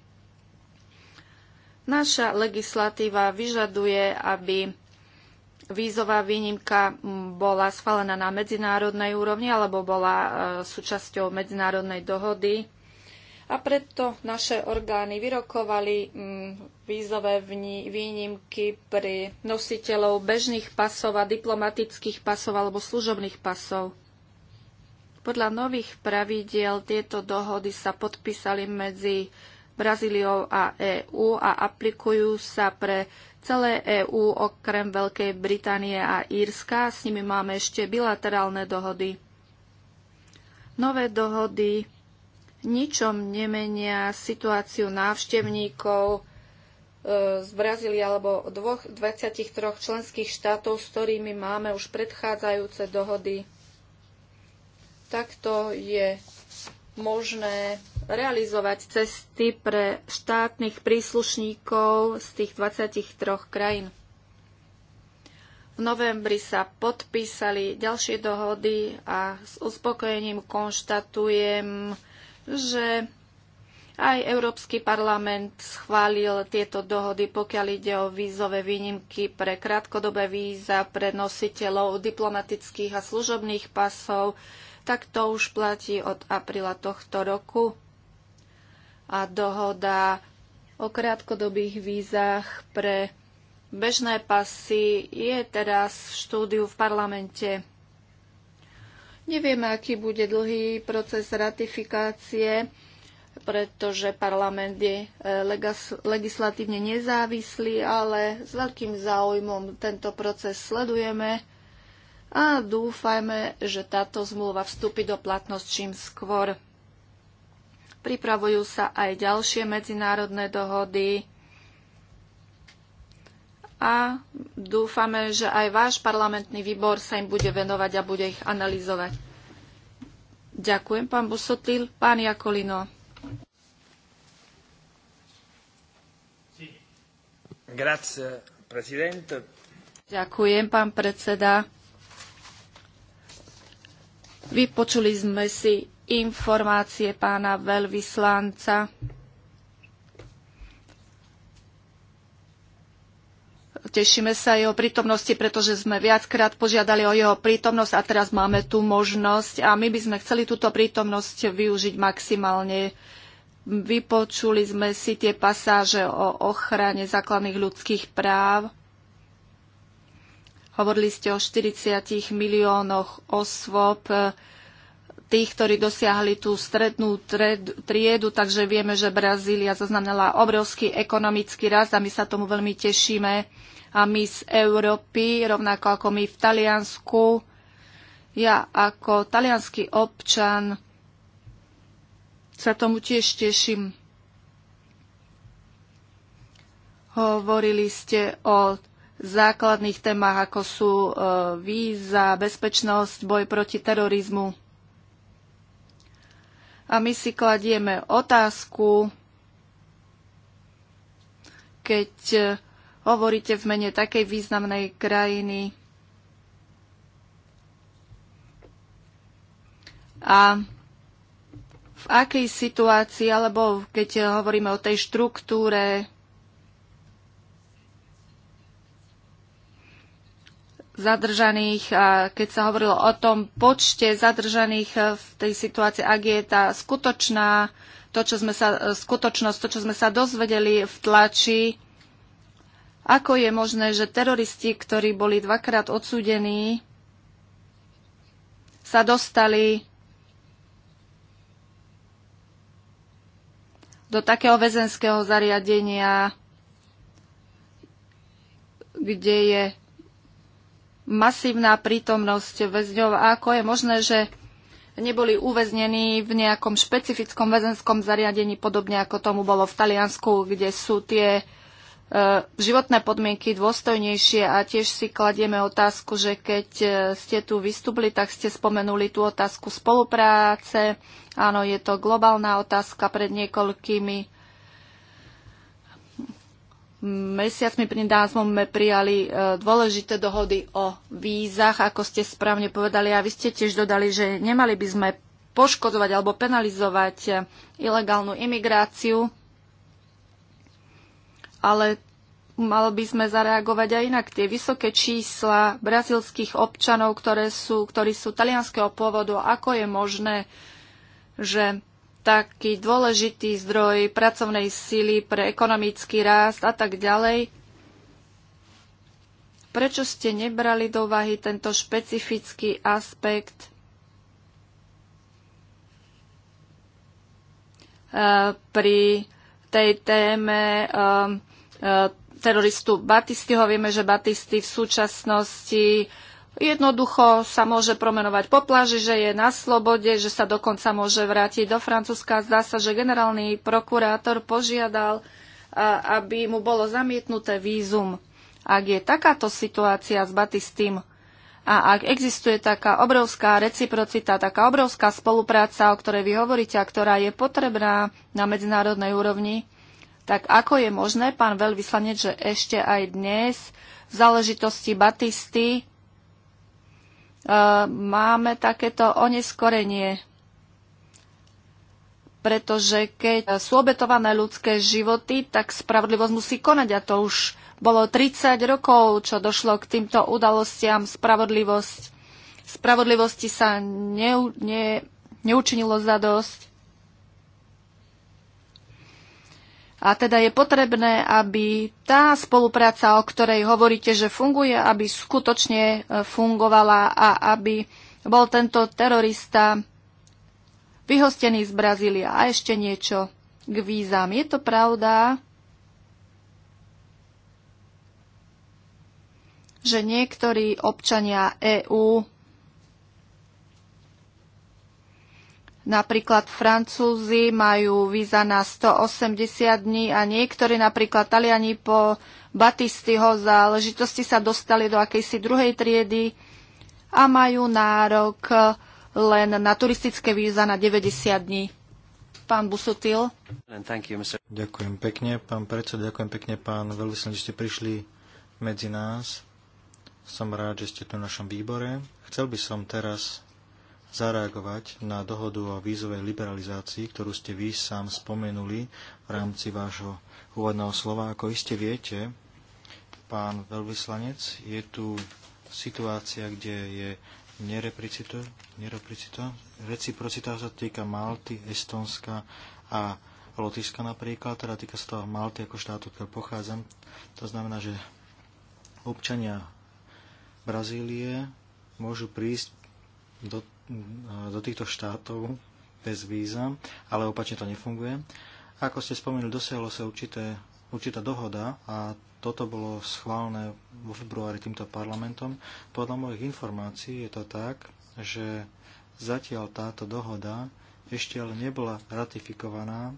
Naša legislatíva vyžaduje, aby vízová výnimka mm, bola schválená na medzinárodnej úrovni alebo bola e, súčasťou medzinárodnej dohody. A preto naše orgány vyrokovali mm, vízové výnimky pri nositeľov bežných pasov a diplomatických pasov alebo služobných pasov. Podľa nových pravidiel tieto dohody sa podpísali medzi Brazíliou a EÚ a aplikujú sa pre celé EÚ okrem Veľkej Británie a Írska. S nimi máme ešte bilaterálne dohody. Nové dohody ničom nemenia situáciu návštevníkov e, z Brazílie alebo dvoch, 23 členských štátov, s ktorými máme už predchádzajúce dohody. Takto je možné realizovať cesty pre štátnych príslušníkov z tých 23 krajín. V novembri sa podpísali ďalšie dohody a s uspokojením konštatujem, že aj Európsky parlament schválil tieto dohody, pokiaľ ide o vízové výnimky pre krátkodobé víza pre nositeľov diplomatických a služobných pasov, tak to už platí od apríla tohto roku a dohoda o krátkodobých vízach pre bežné pasy je teraz v štúdiu v parlamente. Nevieme, aký bude dlhý proces ratifikácie, pretože parlament je e, legislatívne nezávislý, ale s veľkým záujmom tento proces sledujeme a dúfajme, že táto zmluva vstúpi do platnosť čím skôr. Pripravujú sa aj ďalšie medzinárodné dohody a dúfame, že aj váš parlamentný výbor sa im bude venovať a bude ich analyzovať. Ďakujem, pán Busotil. Pán Jakolino. Grazie, Ďakujem, pán predseda. Vypočuli sme si informácie pána veľvyslanca. Tešíme sa jeho prítomnosti, pretože sme viackrát požiadali o jeho prítomnosť a teraz máme tú možnosť a my by sme chceli túto prítomnosť využiť maximálne. Vypočuli sme si tie pasáže o ochrane základných ľudských práv. Hovorili ste o 40 miliónoch osôb, tých, ktorí dosiahli tú strednú triedu, takže vieme, že Brazília zaznamenala obrovský ekonomický rast a my sa tomu veľmi tešíme. A my z Európy, rovnako ako my v Taliansku, ja ako talianský občan sa tomu tiež teším. Hovorili ste o základných témach, ako sú e, víza, bezpečnosť, boj proti terorizmu. A my si kladieme otázku, keď e, hovoríte v mene takej významnej krajiny. A v akej situácii, alebo keď e, hovoríme o tej štruktúre zadržaných a keď sa hovorilo o tom počte zadržaných e, v tej situácii, ak je tá skutočná, to, čo sme sa, e, skutočnosť, to, čo sme sa dozvedeli v tlači, ako je možné, že teroristi, ktorí boli dvakrát odsúdení, sa dostali do takého väzenského zariadenia, kde je masívna prítomnosť väzňov a ako je možné, že neboli uväznení v nejakom špecifickom väzenskom zariadení, podobne ako tomu bolo v Taliansku, kde sú tie e, životné podmienky dôstojnejšie a tiež si kladieme otázku, že keď e, ste tu vystúpili, tak ste spomenuli tú otázku spolupráce. Áno, je to globálna otázka pred niekoľkými mesiacmi pri názvom sme prijali e, dôležité dohody o vízach, ako ste správne povedali a vy ste tiež dodali, že nemali by sme poškodovať alebo penalizovať e, ilegálnu imigráciu, ale malo by sme zareagovať aj inak. Tie vysoké čísla brazilských občanov, ktoré sú, ktorí sú talianského pôvodu, ako je možné, že taký dôležitý zdroj pracovnej síly pre ekonomický rast a tak ďalej. Prečo ste nebrali do váhy tento špecifický aspekt e, pri tej téme e, e, teroristu Batistyho? Vieme, že Batisty v súčasnosti Jednoducho sa môže promenovať po pláži, že je na slobode, že sa dokonca môže vrátiť do Francúzska. Zdá sa, že generálny prokurátor požiadal, aby mu bolo zamietnuté vízum. Ak je takáto situácia s Batistým a ak existuje taká obrovská reciprocita, taká obrovská spolupráca, o ktorej vy hovoríte a ktorá je potrebná na medzinárodnej úrovni, tak ako je možné, pán veľvyslanec, že ešte aj dnes v záležitosti Batisty Eh, máme takéto oneskorenie pretože keď sú obetované ľudské životy, tak spravodlivosť musí konať a to už bolo 30 rokov, čo došlo k týmto udalostiam. Spravodlivosť, spravodlivosti sa neu, ne, neučinilo za dosť. A teda je potrebné, aby tá spolupráca, o ktorej hovoríte, že funguje, aby skutočne e, fungovala a aby bol tento terorista vyhostený z Brazília. A ešte niečo k vízam. Je to pravda, že niektorí občania EÚ Napríklad Francúzi majú víza na 180 dní a niektorí, napríklad Taliani po Batistyho záležitosti sa dostali do akejsi druhej triedy a majú nárok len na turistické víza na 90 dní. Pán Busutil. Ďakujem pekne, pán predseda, ďakujem pekne, pán veľvyslanec, že ste prišli medzi nás. Som rád, že ste tu v našom výbore. Chcel by som teraz zareagovať na dohodu o vízovej liberalizácii, ktorú ste vy sám spomenuli v rámci vášho úvodného slova. Ako iste viete, pán veľvyslanec, je tu situácia, kde je nereplicito, nereprecito. reciprocita sa týka Malty, Estonska a Lotyšska napríklad, teda týka sa toho Malty ako štátu, odkiaľ pochádzam. To znamená, že občania Brazílie môžu prísť do Mm, do týchto štátov bez víza, ale opačne to nefunguje. Ako ste spomenuli, dosiahlo sa určité, určitá dohoda a toto bolo schválené vo februári týmto parlamentom. Podľa mojich informácií je to tak, že zatiaľ táto dohoda ešte ale nebola ratifikovaná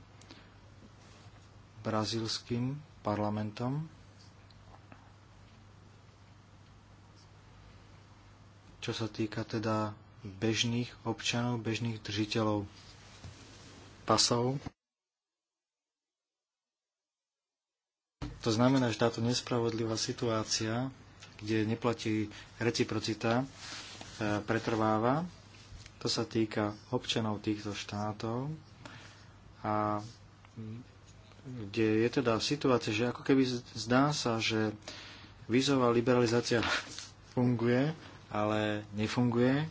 brazílským parlamentom. Čo sa týka teda bežných občanov, bežných držiteľov pasov. To znamená, že táto nespravodlivá situácia, kde neplatí reciprocita, e, pretrváva. To sa týka občanov týchto štátov a mm, kde je teda situácia, že ako keby zdá sa, že vízová liberalizácia funguje, ale nefunguje.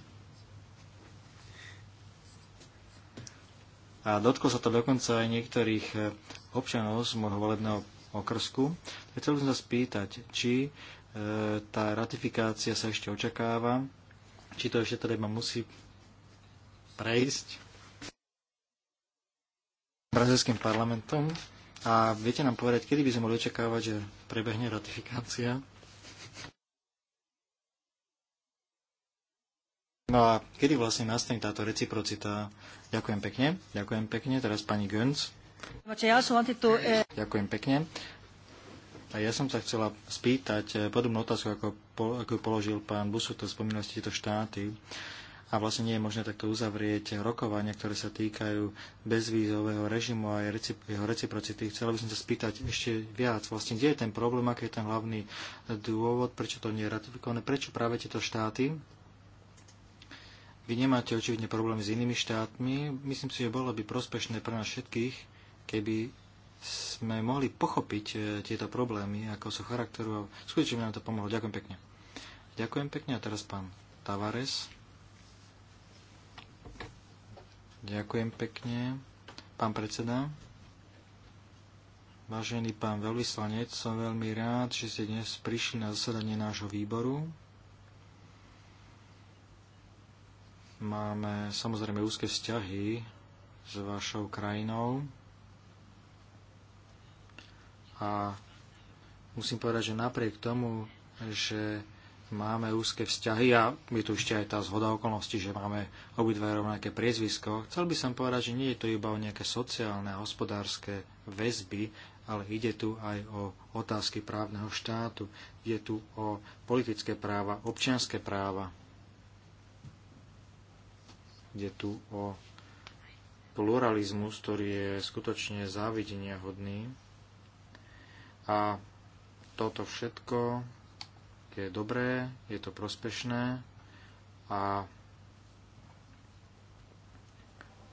a dotklo sa to dokonca aj niektorých eh, občanov z môjho volebného okrsku. Tak chcel by som sa spýtať, či eh, tá ratifikácia sa ešte očakáva, či to ešte teda musí prejsť brazilským parlamentom. A viete nám povedať, kedy by sme mohli očakávať, že prebehne ratifikácia? No a kedy vlastne nastane táto reciprocita? Ďakujem pekne. Ďakujem pekne. Teraz pani Gönc. Ďakujem pekne. A ja som sa chcela spýtať eh, podobnú otázku, ako, ako položil pán Busuto to spomínali ste tieto štáty. A vlastne nie je možné takto uzavrieť rokovania, ktoré sa týkajú bezvízového režimu a jeho reciprocity. Chcela by som sa spýtať ešte viac. Vlastne, kde je ten problém, aký je ten hlavný dôvod, prečo to nie je ratifikované, prečo práve tieto štáty vy nemáte očividne problémy s inými štátmi. Myslím si, že bolo by prospešné pre nás všetkých, keby sme mohli pochopiť e, tieto problémy, ako sú charakteru a skutočne nám to pomohlo. Ďakujem pekne. Ďakujem pekne a teraz pán Tavares. Ďakujem pekne. Pán predseda, vážený pán veľvyslanec, som veľmi rád, že ste dnes prišli na zasadanie nášho výboru. Máme samozrejme úzke vzťahy s vašou krajinou a musím povedať, že napriek tomu, že máme úzke vzťahy a je tu ešte aj tá zhoda okolností, že máme obidva rovnaké priezvisko. Chcel by som povedať, že nie je to iba o nejaké sociálne a hospodárske väzby, ale ide tu aj o otázky právneho štátu, ide tu o politické práva, občianské práva. Ide tu o pluralizmus, ktorý je skutočne závidenia hodný. A toto všetko je dobré, je to prospešné a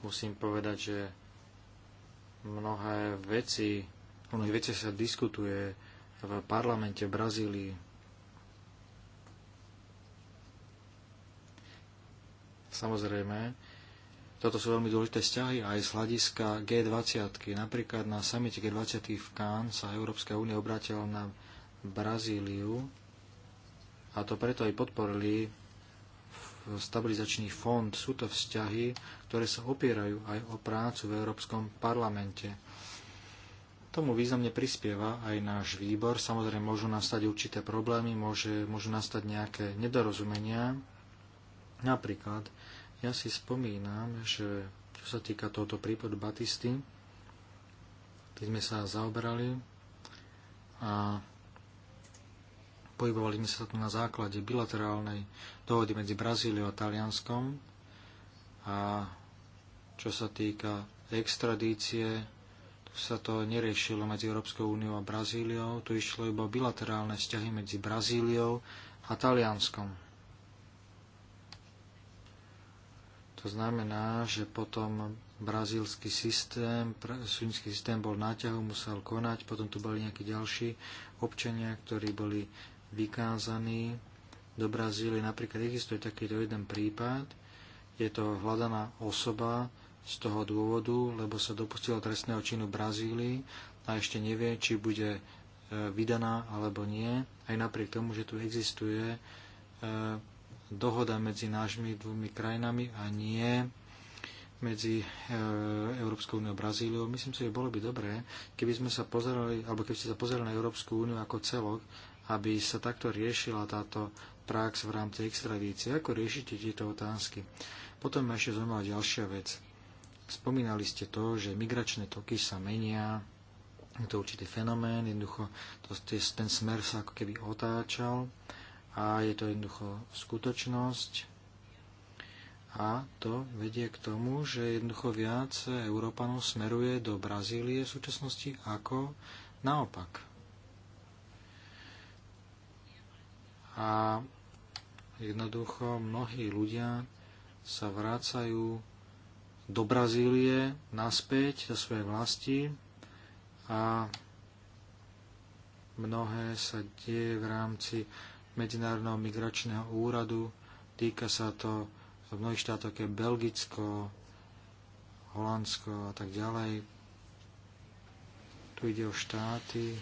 musím povedať, že mnohé veci, mnohé veci sa diskutuje v parlamente Brazílii. Samozrejme, toto sú veľmi dôležité vzťahy aj z hľadiska G20. -ky. Napríklad na samite G20 v Kán sa Európska únia obrátila na Brazíliu a to preto aj podporili stabilizačný fond. Sú to vzťahy, ktoré sa opierajú aj o prácu v Európskom parlamente. Tomu významne prispieva aj náš výbor. Samozrejme, môžu nastať určité problémy, môže, môžu nastať nejaké nedorozumenia, Napríklad, ja si spomínam, že čo sa týka tohoto prípadu Batisty, keď sme sa zaoberali a pohybovali sme sa tu na základe bilaterálnej dohody medzi Brazíliou a Talianskom a čo sa týka extradície, tu sa to neriešilo medzi Európskou úniou a Brazíliou, tu išlo iba bilaterálne vzťahy medzi Brazíliou a Talianskom. To znamená, že potom brazílsky systém, súdnický systém bol náťahu, musel konať, potom tu boli nejakí ďalší občania, ktorí boli vykázaní do Brazílie. Napríklad existuje takýto jeden prípad, je to hľadaná osoba z toho dôvodu, lebo sa dopustila trestného činu Brazílii a ešte nevie, či bude e, vydaná alebo nie, aj napriek tomu, že tu existuje e, dohoda medzi nášmi dvomi krajinami a nie medzi e, Európskou úniou a Brazíliou. Myslím si, že bolo by dobré, keby sme sa pozerali, alebo keby ste sa pozerali na Európsku úniu ako celok, aby sa takto riešila táto prax v rámci extradície. Ako riešite tieto otázky? Potom ma ešte zaujímavá ďalšia vec. Spomínali ste to, že migračné toky sa menia, je to určitý fenomén, jednoducho to, ten smer sa ako keby otáčal a je to jednoducho skutočnosť a to vedie k tomu, že jednoducho viac Európanov smeruje do Brazílie v súčasnosti ako naopak. A jednoducho mnohí ľudia sa vrácajú do Brazílie naspäť do svojej vlasti a mnohé sa deje v rámci Medzinárodného migračného úradu. Týka sa to v mnohých štátoch je Belgicko, Holandsko a tak ďalej. Tu ide o štáty,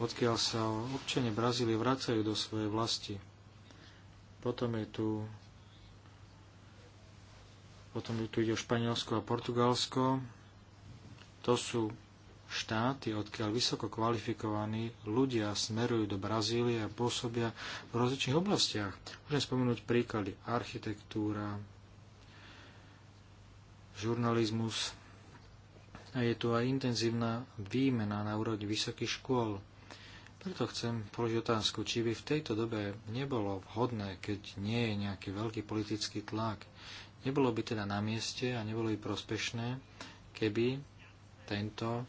odkiaľ sa občania Brazílie vracajú do svojej vlasti. Potom je tu potom tu ide o Španielsko a Portugalsko. To sú štáty, odkiaľ vysoko kvalifikovaní ľudia smerujú do Brazílie a pôsobia v rozličných oblastiach. Môžem spomenúť príklady architektúra, žurnalizmus a je tu aj intenzívna výmena na úrovni vysokých škôl. Preto chcem položiť otázku, či by v tejto dobe nebolo vhodné, keď nie je nejaký veľký politický tlak. Nebolo by teda na mieste a nebolo by prospešné, keby tento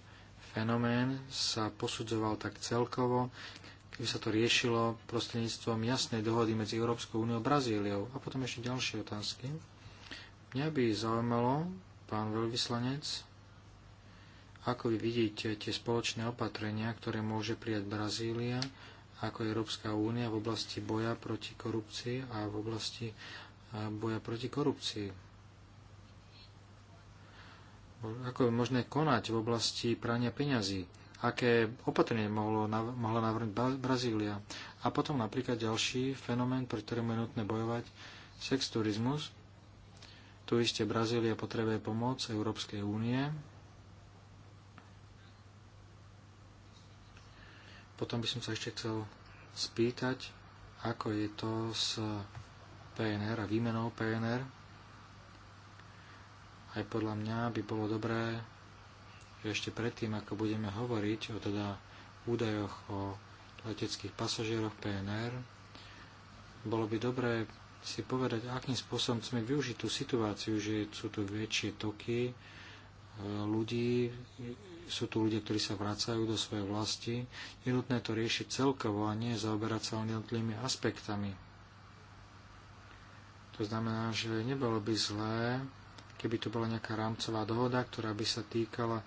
fenomén sa posudzoval tak celkovo, keby sa to riešilo prostredníctvom jasnej dohody medzi Európskou úniou a Brazíliou. A potom ešte ďalšie otázky. Mňa by zaujímalo, pán veľvyslanec, ako vy vidíte tie spoločné opatrenia, ktoré môže prijať Brazília ako Európska únia v oblasti boja proti korupcii a v oblasti eh, boja proti korupcii ako je možné konať v oblasti prania peňazí, aké opatrenie mohlo, mohla navrhnúť Brazília. A potom napríklad ďalší fenomén, pre ktorým je nutné bojovať, sex turizmus. Tu iste Brazília potrebuje pomoc Európskej únie. Potom by som sa ešte chcel spýtať, ako je to s PNR a výmenou PNR aj podľa mňa by bolo dobré, že ešte predtým, ako budeme hovoriť o teda údajoch o leteckých pasažieroch PNR, bolo by dobré si povedať, akým spôsobom sme využiť tú situáciu, že sú tu väčšie toky e, ľudí, sú tu ľudia, ktorí sa vracajú do svojej vlasti. Je nutné to riešiť celkovo a nie zaoberať sa len jednotlivými aspektami. To znamená, že nebolo by zlé keby to bola nejaká rámcová dohoda, ktorá by sa týkala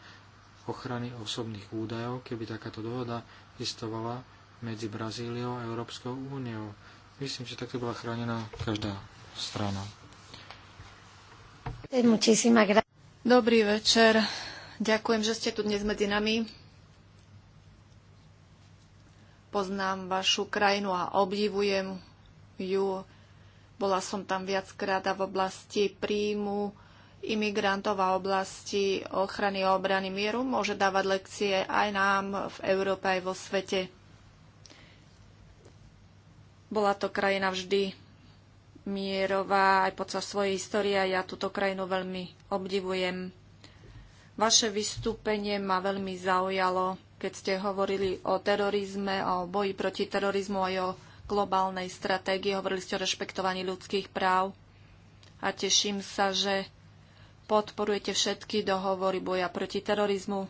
ochrany osobných údajov, keby takáto dohoda existovala medzi Brazíliou a Európskou úniou. Myslím, že takto bola chránená každá strana. Dobrý večer. Ďakujem, že ste tu dnes medzi nami. Poznám vašu krajinu a obdivujem ju. Bola som tam viackrát a v oblasti príjmu imigrantov a oblasti ochrany a obrany mieru môže dávať lekcie aj nám v Európe, aj vo svete. Bola to krajina vždy mierová aj počas svojej histórie a ja túto krajinu veľmi obdivujem. Vaše vystúpenie ma veľmi zaujalo, keď ste hovorili o terorizme, o boji proti terorizmu a o globálnej stratégii. Hovorili ste o rešpektovaní ľudských práv a teším sa, že podporujete všetky dohovory boja proti terorizmu.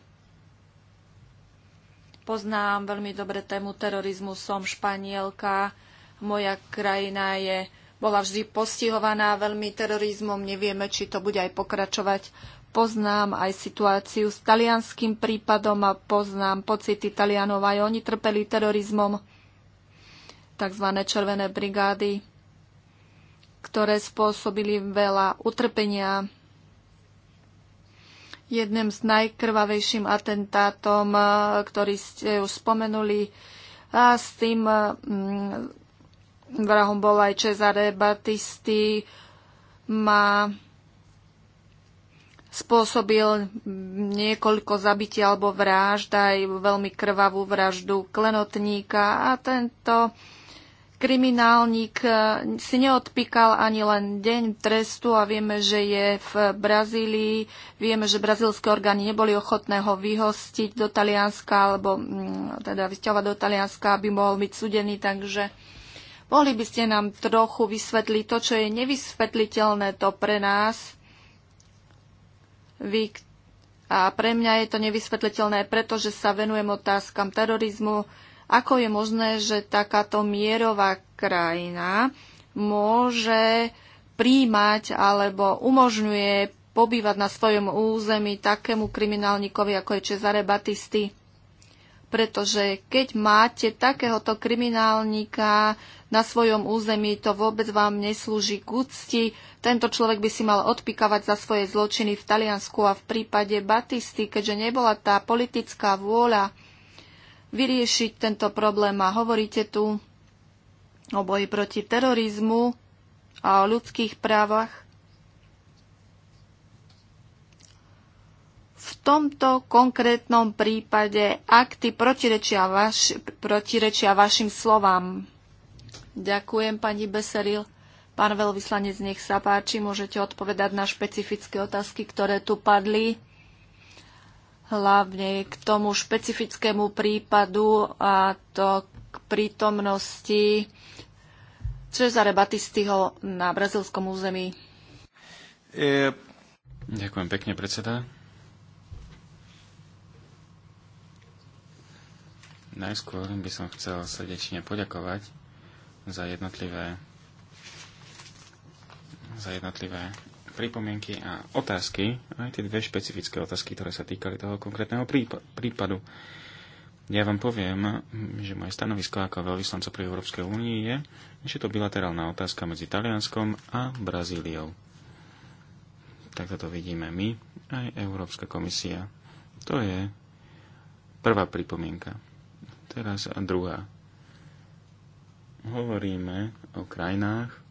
Poznám veľmi dobre tému terorizmu, som španielka, moja krajina je, bola vždy postihovaná veľmi terorizmom, nevieme, či to bude aj pokračovať. Poznám aj situáciu s talianským prípadom a poznám pocity Talianov, aj oni trpeli terorizmom, tzv. červené brigády, ktoré spôsobili veľa utrpenia jedným z najkrvavejším atentátom, e, ktorý ste už spomenuli. A s tým e, mm, vrahom bol aj Cezare Batisti. Má spôsobil niekoľko zabití alebo vražd, aj veľmi krvavú vraždu klenotníka a tento kriminálnik e, si neodpíkal ani len deň trestu a vieme, že je v Brazílii. Vieme, že brazílske orgány neboli ochotné ho vyhostiť do Talianska alebo mm, teda vysťahovať do Talianska, aby mohol byť súdený. Takže mohli by ste nám trochu vysvetliť to, čo je nevysvetliteľné to pre nás. Vy, a pre mňa je to nevysvetliteľné, pretože sa venujem otázkam terorizmu, ako je možné, že takáto mierová krajina môže príjmať alebo umožňuje pobývať na svojom území takému kriminálnikovi, ako je Cesare Batisti? pretože keď máte takéhoto kriminálnika na svojom území, to vôbec vám neslúži k úcti. Tento človek by si mal odpikavať za svoje zločiny v Taliansku a v prípade Batisty, keďže nebola tá politická vôľa vyriešiť tento problém a hovoríte tu o boji proti terorizmu a o ľudských právach. V tomto konkrétnom prípade akty protirečia, vaš, protirečia vašim slovám. Ďakujem, pani Beseril. Pán veľvyslanec, nech sa páči, môžete odpovedať na špecifické otázky, ktoré tu padli hlavne k tomu špecifickému prípadu a to k prítomnosti Cezare Batistyho na brazilskom území. E... Ďakujem pekne, predseda. Najskôr by som chcel srdečne poďakovať za jednotlivé za jednotlivé pripomienky a otázky, aj tie dve špecifické otázky, ktoré sa týkali toho konkrétneho prípadu. Ja vám poviem, že moje stanovisko ako veľvyslanca pri Európskej únii je, že to bilaterálna otázka medzi Talianskom a Brazíliou. Takto to vidíme my, aj Európska komisia. To je prvá pripomienka. Teraz druhá. Hovoríme o krajinách,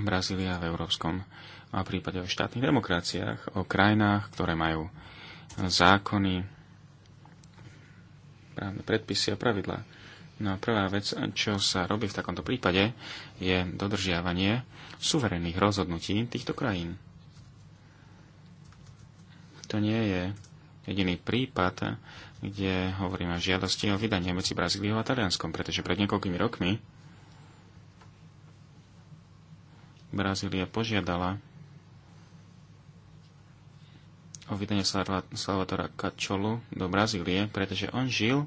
Brazília v európskom a prípade o štátnych demokraciách, o krajinách, ktoré majú zákony, právne predpisy a pravidlá. No a prvá vec, čo sa robí v takomto prípade, je dodržiavanie suverénnych rozhodnutí týchto krajín. To nie je jediný prípad, kde hovoríme o žiadosti o vydanie medzi Brazíliou a Talianskom, pretože pred niekoľkými rokmi Brazília požiadala o vydanie Salvatora Kačolu do Brazílie, pretože on žil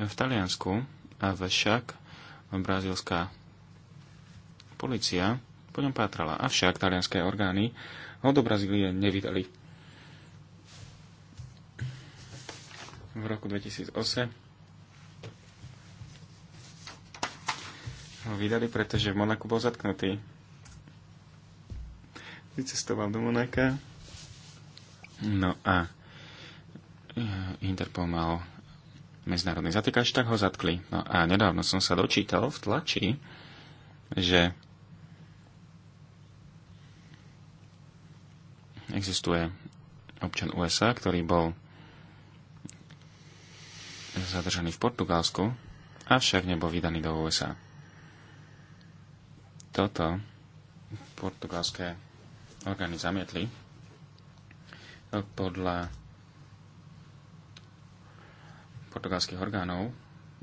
v Taliansku, avšak brazílska policia po ňom pátrala. Avšak talianské orgány ho do Brazílie nevydali. V roku 2008 ho vydali, pretože v Monaku bol zatknutý vycestoval do Monaka. No a e, Interpol mal medzinárodný zatýkač, tak ho zatkli. No a nedávno som sa dočítal v tlači, že existuje občan USA, ktorý bol zadržaný v Portugalsku, avšak nebol vydaný do USA. Toto portugalské orgány zamietli podľa portugalských orgánov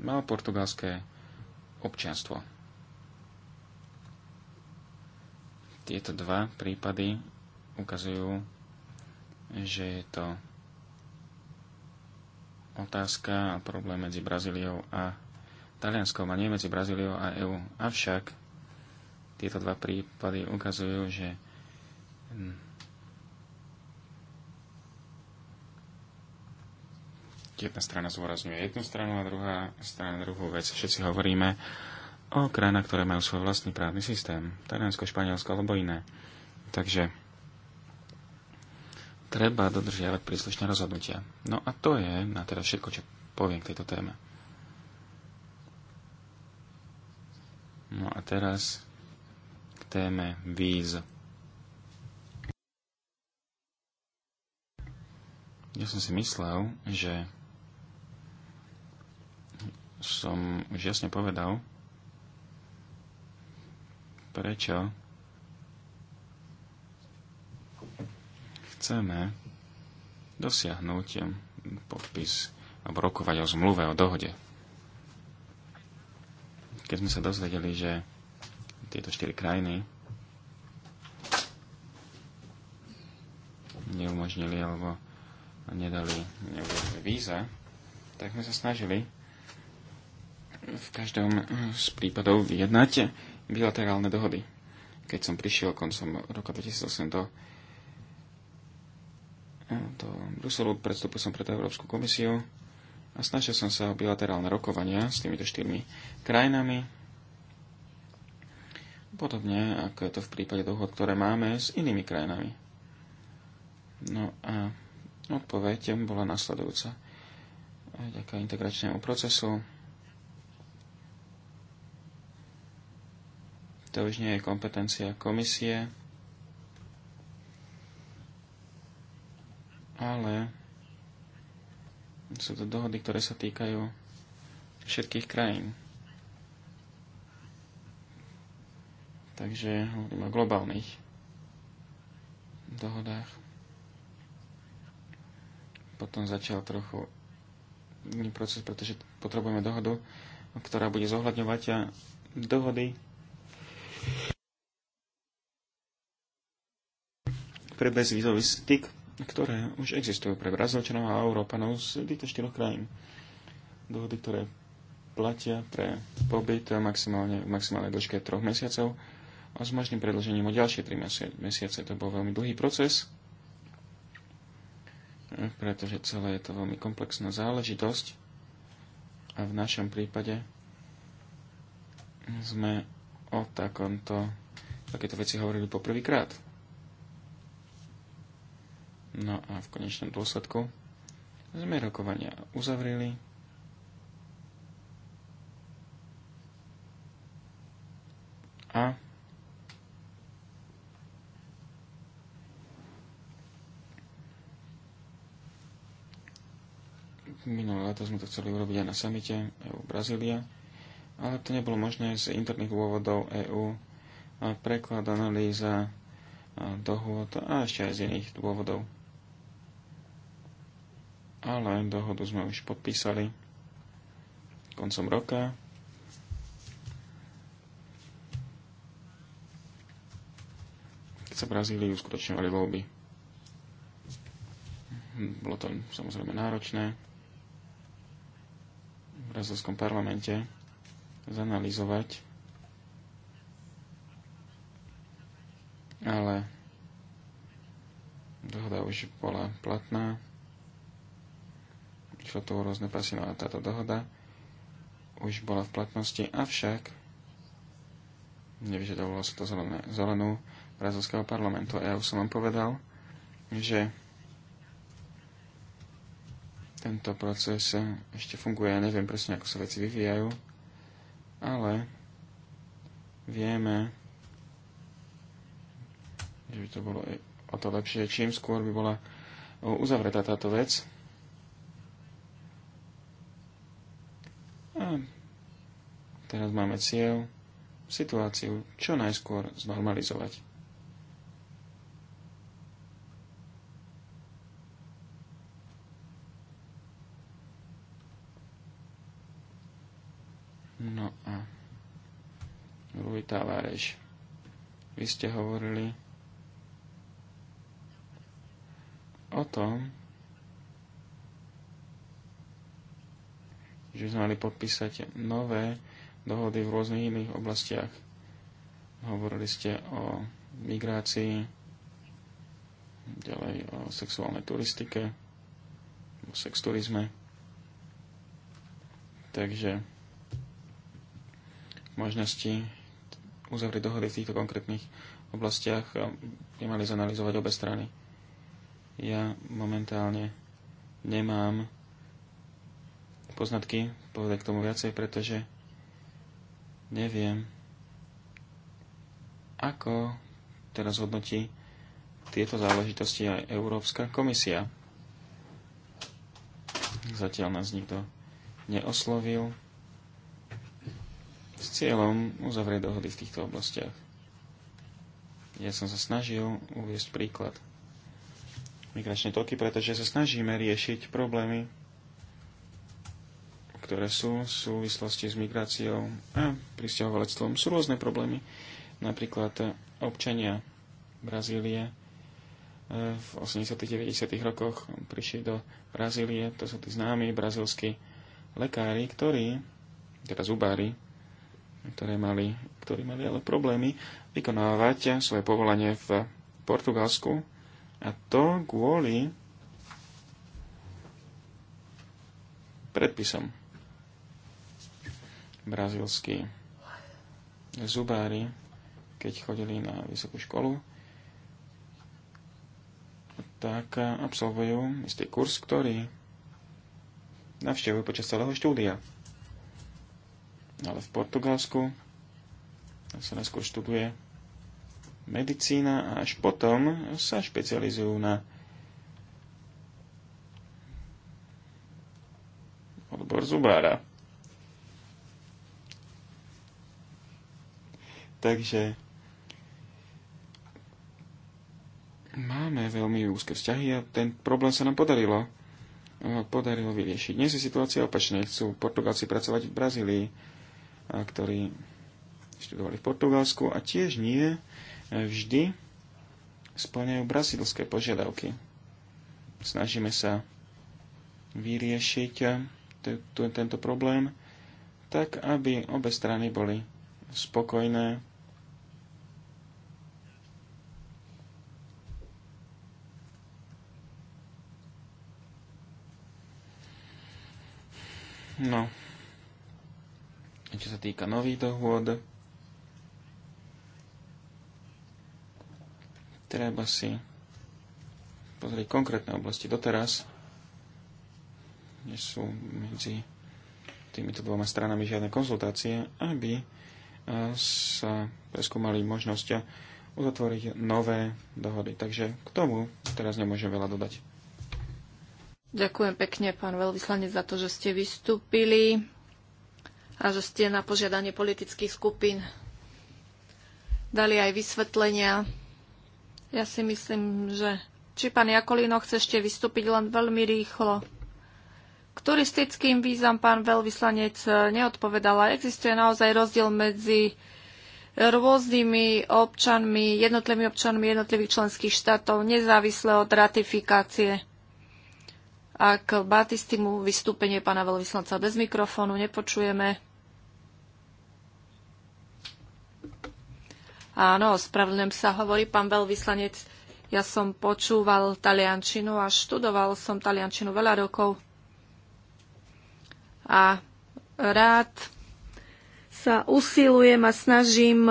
mal portugalské občianstvo. Tieto dva prípady ukazujú, že je to otázka a problém medzi Brazíliou a Talianskom a nie medzi Brazíliou a EÚ. Avšak tieto dva prípady ukazujú, že Hm. Jedna strana zúrazňuje jednu stranu a druhá strana druhú vec. Všetci hovoríme o krajinách, ktoré majú svoj vlastný právny systém. Taliansko, Španielsko alebo iné. Takže treba dodržiavať príslušné rozhodnutia. No a to je na teda všetko, čo poviem k tejto téme. No a teraz k téme víz. Ja som si myslel, že som už jasne povedal, prečo chceme dosiahnuť podpis alebo rokovať o zmluve, o dohode. Keď sme sa dozvedeli, že tieto štyri krajiny neumožnili alebo nedali neudelili víza, tak sme sa snažili v každom z prípadov vyjednať bilaterálne dohody. Keď som prišiel koncom roka 2008 do, do Bruselu, predstúpil som pred Európsku komisiu a snažil som sa o bilaterálne rokovania s týmito štyrmi krajinami. Podobne ako je to v prípade dohod, ktoré máme s inými krajinami. No a Odpoveď bola nasledujúca. Ďaká integračnému procesu. To už nie je kompetencia komisie, ale sú to dohody, ktoré sa týkajú všetkých krajín. Takže hovorím o globálnych dohodách potom začal trochu iný proces, pretože potrebujeme dohodu, ktorá bude zohľadňovať a dohody pre bezvízový styk, ktoré už existujú pre Brazílčanov a Európanov z týchto štyroch krajín. Dohody, ktoré platia pre pobyt maximálne, v maximálnej dĺžke troch mesiacov a s možným predlžením o ďalšie 3 mesiace. To bol veľmi dlhý proces pretože celé je to veľmi komplexná záležitosť a v našom prípade sme o takomto takéto veci hovorili poprvýkrát. No a v konečnom dôsledku sme rokovania uzavreli. A minulé leto sme to chceli urobiť aj na samite EU-Brazília, ale to nebolo možné z interných dôvodov EU, preklad, analýza, dohôd a ešte aj z iných dôvodov. Ale dohodu sme už podpísali koncom roka. Keď sa Brazílii uskutočňovali voľby. Bolo to samozrejme náročné brazilskom parlamente zanalizovať, ale dohoda už bola platná, išlo to o rôzne pasy, no táto dohoda už bola v platnosti, avšak nevyžadovalo sa to zelenú brazilského parlamentu. Ja už som vám povedal, že tento proces eh, ešte funguje. Ja neviem presne, ako sa veci vyvíjajú, ale vieme, že by to bolo o to lepšie, čím skôr by bola eh, uzavretá táto vec. A teraz máme cieľ situáciu čo najskôr znormalizovať. No a Luj Taváreš, vy ste hovorili o tom, že sme mali podpísať nové dohody v rôznych iných oblastiach. Hovorili ste o migrácii, ďalej o sexuálnej turistike, o sexturizme. Takže možnosti uzavrieť dohody v týchto konkrétnych oblastiach a nemali zanalizovať obe strany. Ja momentálne nemám poznatky povedať k tomu viacej, pretože neviem, ako teraz hodnotí tieto záležitosti aj Európska komisia. Zatiaľ nás nikto neoslovil s cieľom uzavrieť dohody v týchto oblastiach. Ja som sa snažil uviesť príklad migračné toky, pretože sa snažíme riešiť problémy, ktoré sú v súvislosti s migráciou a pristahovalectvom. Sú rôzne problémy, napríklad občania Brazílie eh, v 80. 90. rokoch prišli do Brazílie, to sú tí známi brazilskí lekári, ktorí, teda zubári, ktoré mali, ktorí mali ale problémy vykonávať svoje povolanie v Portugalsku a to kvôli predpisom. Brazílsky zubári, keď chodili na vysokú školu, tak absolvujú istý kurz, ktorý navštevujú počas celého štúdia ale v Portugalsku sa neskôr študuje medicína a až potom sa špecializujú na odbor zubára. Takže máme veľmi úzke vzťahy a ten problém sa nám podarilo podarilo vyriešiť. Dnes je situácia opačná. Chcú Portugálci pracovať v Brazílii ktorí študovali v Portugalsku a tiež nie e, vždy splňajú brazilské požiadavky. Snažíme sa vyriešiť e, tento problém tak, aby obe strany boli spokojné No, čo sa týka nových dohôd, treba si pozrieť konkrétne oblasti doteraz, kde sú medzi týmito dvoma stranami žiadne konzultácie, aby e, sa preskúmali možnosť uzatvoriť nové dohody. Takže k tomu teraz nemôžem veľa dodať. Ďakujem pekne, pán veľvyslanec, za to, že ste vystúpili a že ste na požiadanie politických skupín dali aj vysvetlenia. Ja si myslím, že či pán Jakolino chce ešte vystúpiť len veľmi rýchlo. K turistickým vízam pán veľvyslanec neodpovedala. Existuje naozaj rozdiel medzi rôznymi občanmi, jednotlivými občanmi jednotlivých členských štátov, nezávisle od ratifikácie. Ak Batistimu vystúpenie pána veľvyslanca bez mikrofónu nepočujeme. Áno, spravedlňujem sa, hovorí pán veľvyslanec. Ja som počúval taliančinu a študoval som taliančinu veľa rokov. A rád sa usilujem a snažím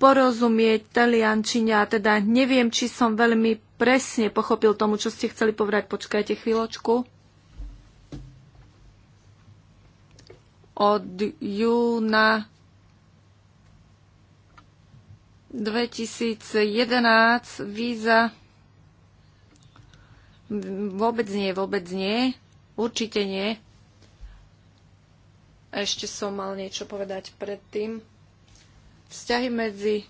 porozumieť taliančine a teda neviem, či som veľmi presne pochopil tomu, čo ste chceli povedať. Počkajte chvíľočku. Od júna 2011 víza vôbec nie, vôbec nie. Určite nie. Ešte som mal niečo povedať predtým. Vzťahy medzi e,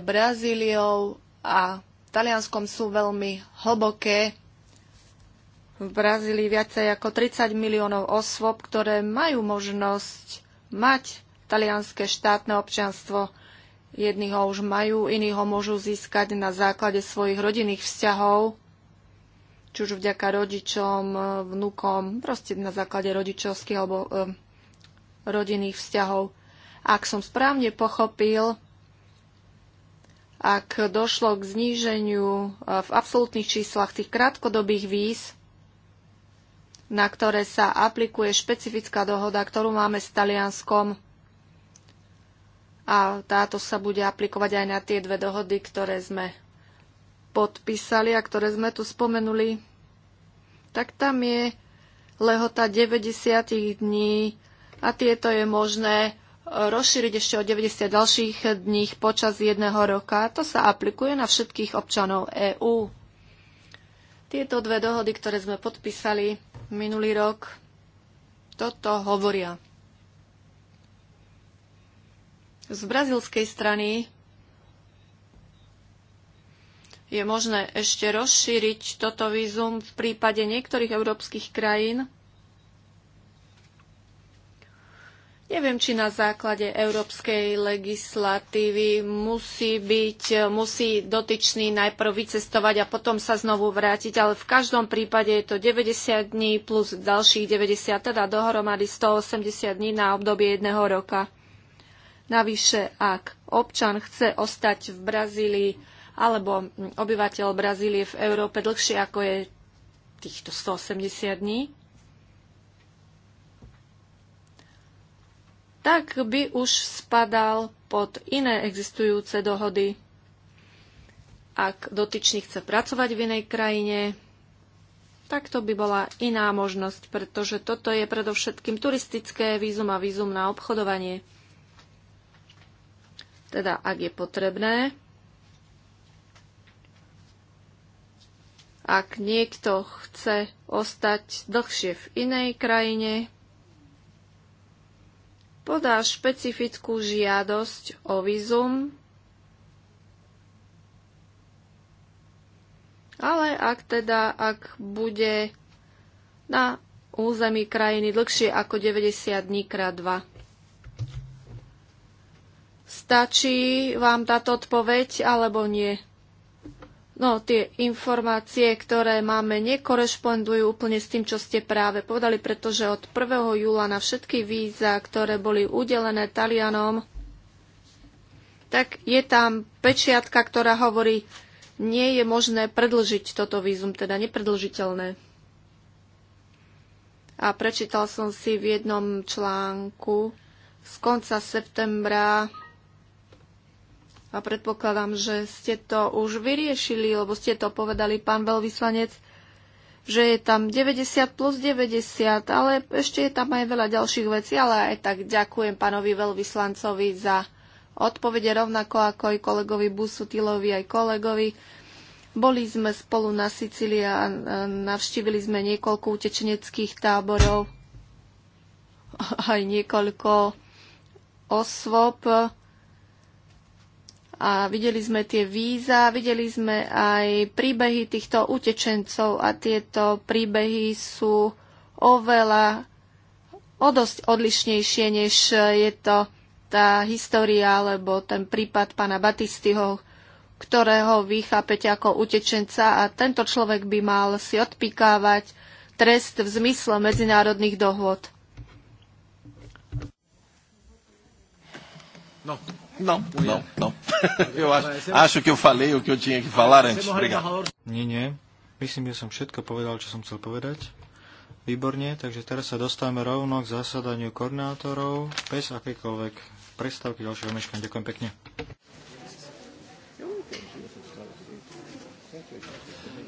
Brazíliou a Talianskom sú veľmi hlboké. V Brazílii viacej ako 30 miliónov osôb, ktoré majú možnosť mať talianské štátne občianstvo. Jedni ho už majú, iní ho môžu získať na základe svojich rodinných vzťahov, či už vďaka rodičom, e, vnúkom, proste na základe rodičovských alebo e, rodinných vzťahov. Ak som správne pochopil, ak došlo k zníženiu e, v absolútnych číslach tých krátkodobých víz, na ktoré sa aplikuje špecifická dohoda, ktorú máme s Talianskom. A táto sa bude aplikovať aj na tie dve dohody, ktoré sme podpísali a ktoré sme tu spomenuli. Tak tam je lehota 90 dní a tieto je možné rozšíriť ešte o 90 ďalších dní počas jedného roka. To sa aplikuje na všetkých občanov EÚ. Tieto dve dohody, ktoré sme podpísali minulý rok, toto hovoria. Z brazilskej strany je možné ešte rozšíriť toto vízum v prípade niektorých európskych krajín, Neviem, či na základe európskej legislatívy musí byť, musí dotyčný najprv vycestovať a potom sa znovu vrátiť, ale v každom prípade je to 90 dní plus ďalších 90, teda dohromady 180 dní na obdobie jedného roka. Navyše, ak občan chce ostať v Brazílii alebo obyvateľ Brazílie v Európe dlhšie ako je týchto 180 dní, tak by už spadal pod iné existujúce dohody. Ak dotyčný chce pracovať v inej krajine, tak to by bola iná možnosť, pretože toto je predovšetkým turistické vízum a vízum na obchodovanie. Teda, ak je potrebné, ak niekto chce ostať dlhšie v inej krajine, podá špecifickú žiadosť o vízum, ale ak teda, ak bude na území krajiny dlhšie ako 90 dní krát 2. Stačí vám táto odpoveď alebo nie? No, tie informácie, ktoré máme, nekorešpondujú úplne s tým, čo ste práve povedali, pretože od 1. júla na všetky víza, ktoré boli udelené Talianom, tak je tam pečiatka, ktorá hovorí, nie je možné predlžiť toto vízum, teda nepredlžiteľné. A prečítal som si v jednom článku z konca septembra a predpokladám, že ste to už vyriešili, lebo ste to povedali, pán veľvyslanec, že je tam 90 plus 90, ale ešte je tam aj veľa ďalších vecí, ale aj tak ďakujem pánovi veľvyslancovi za odpovede, rovnako ako aj kolegovi Busutilovi, aj kolegovi. Boli sme spolu na Sicílii a navštívili sme niekoľko utečeneckých táborov, aj niekoľko osôb, a videli sme tie víza, videli sme aj príbehy týchto utečencov a tieto príbehy sú oveľa o dosť odlišnejšie, než je to tá história alebo ten prípad pána Batistyho, ktorého vy chápete ako utečenca a tento človek by mal si odpikávať trest v zmysle medzinárodných dohôd. No, Não, não, não. Eu acho, acho que eu falei o que eu tinha que falar antes. Obrigado. Nie, nie. Myslím, že som všetko povedal, čo som chcel povedať. Výborne, takže teraz sa dostávame rovno k zasadaniu koordinátorov bez akékoľvek prestávky ďalšieho meškania. Ďakujem pekne.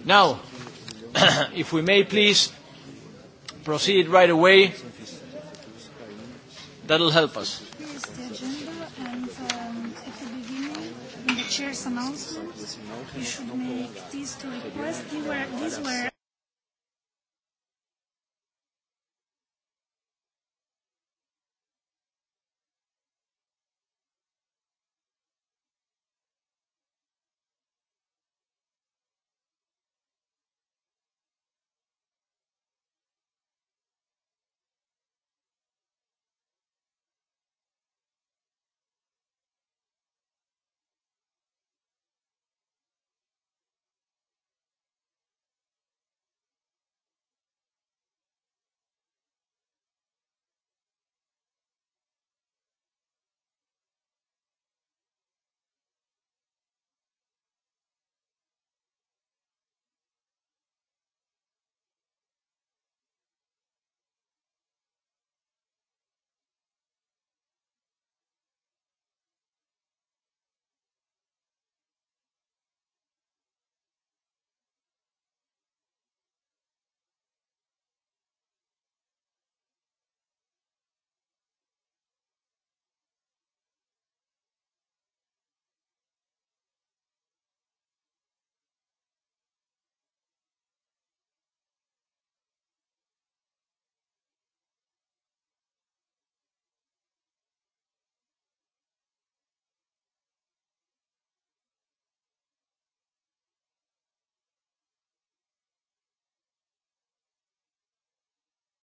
Now, if we may please proceed right away, that'll help us. chair's announcement, you should make these two requests. These were, these were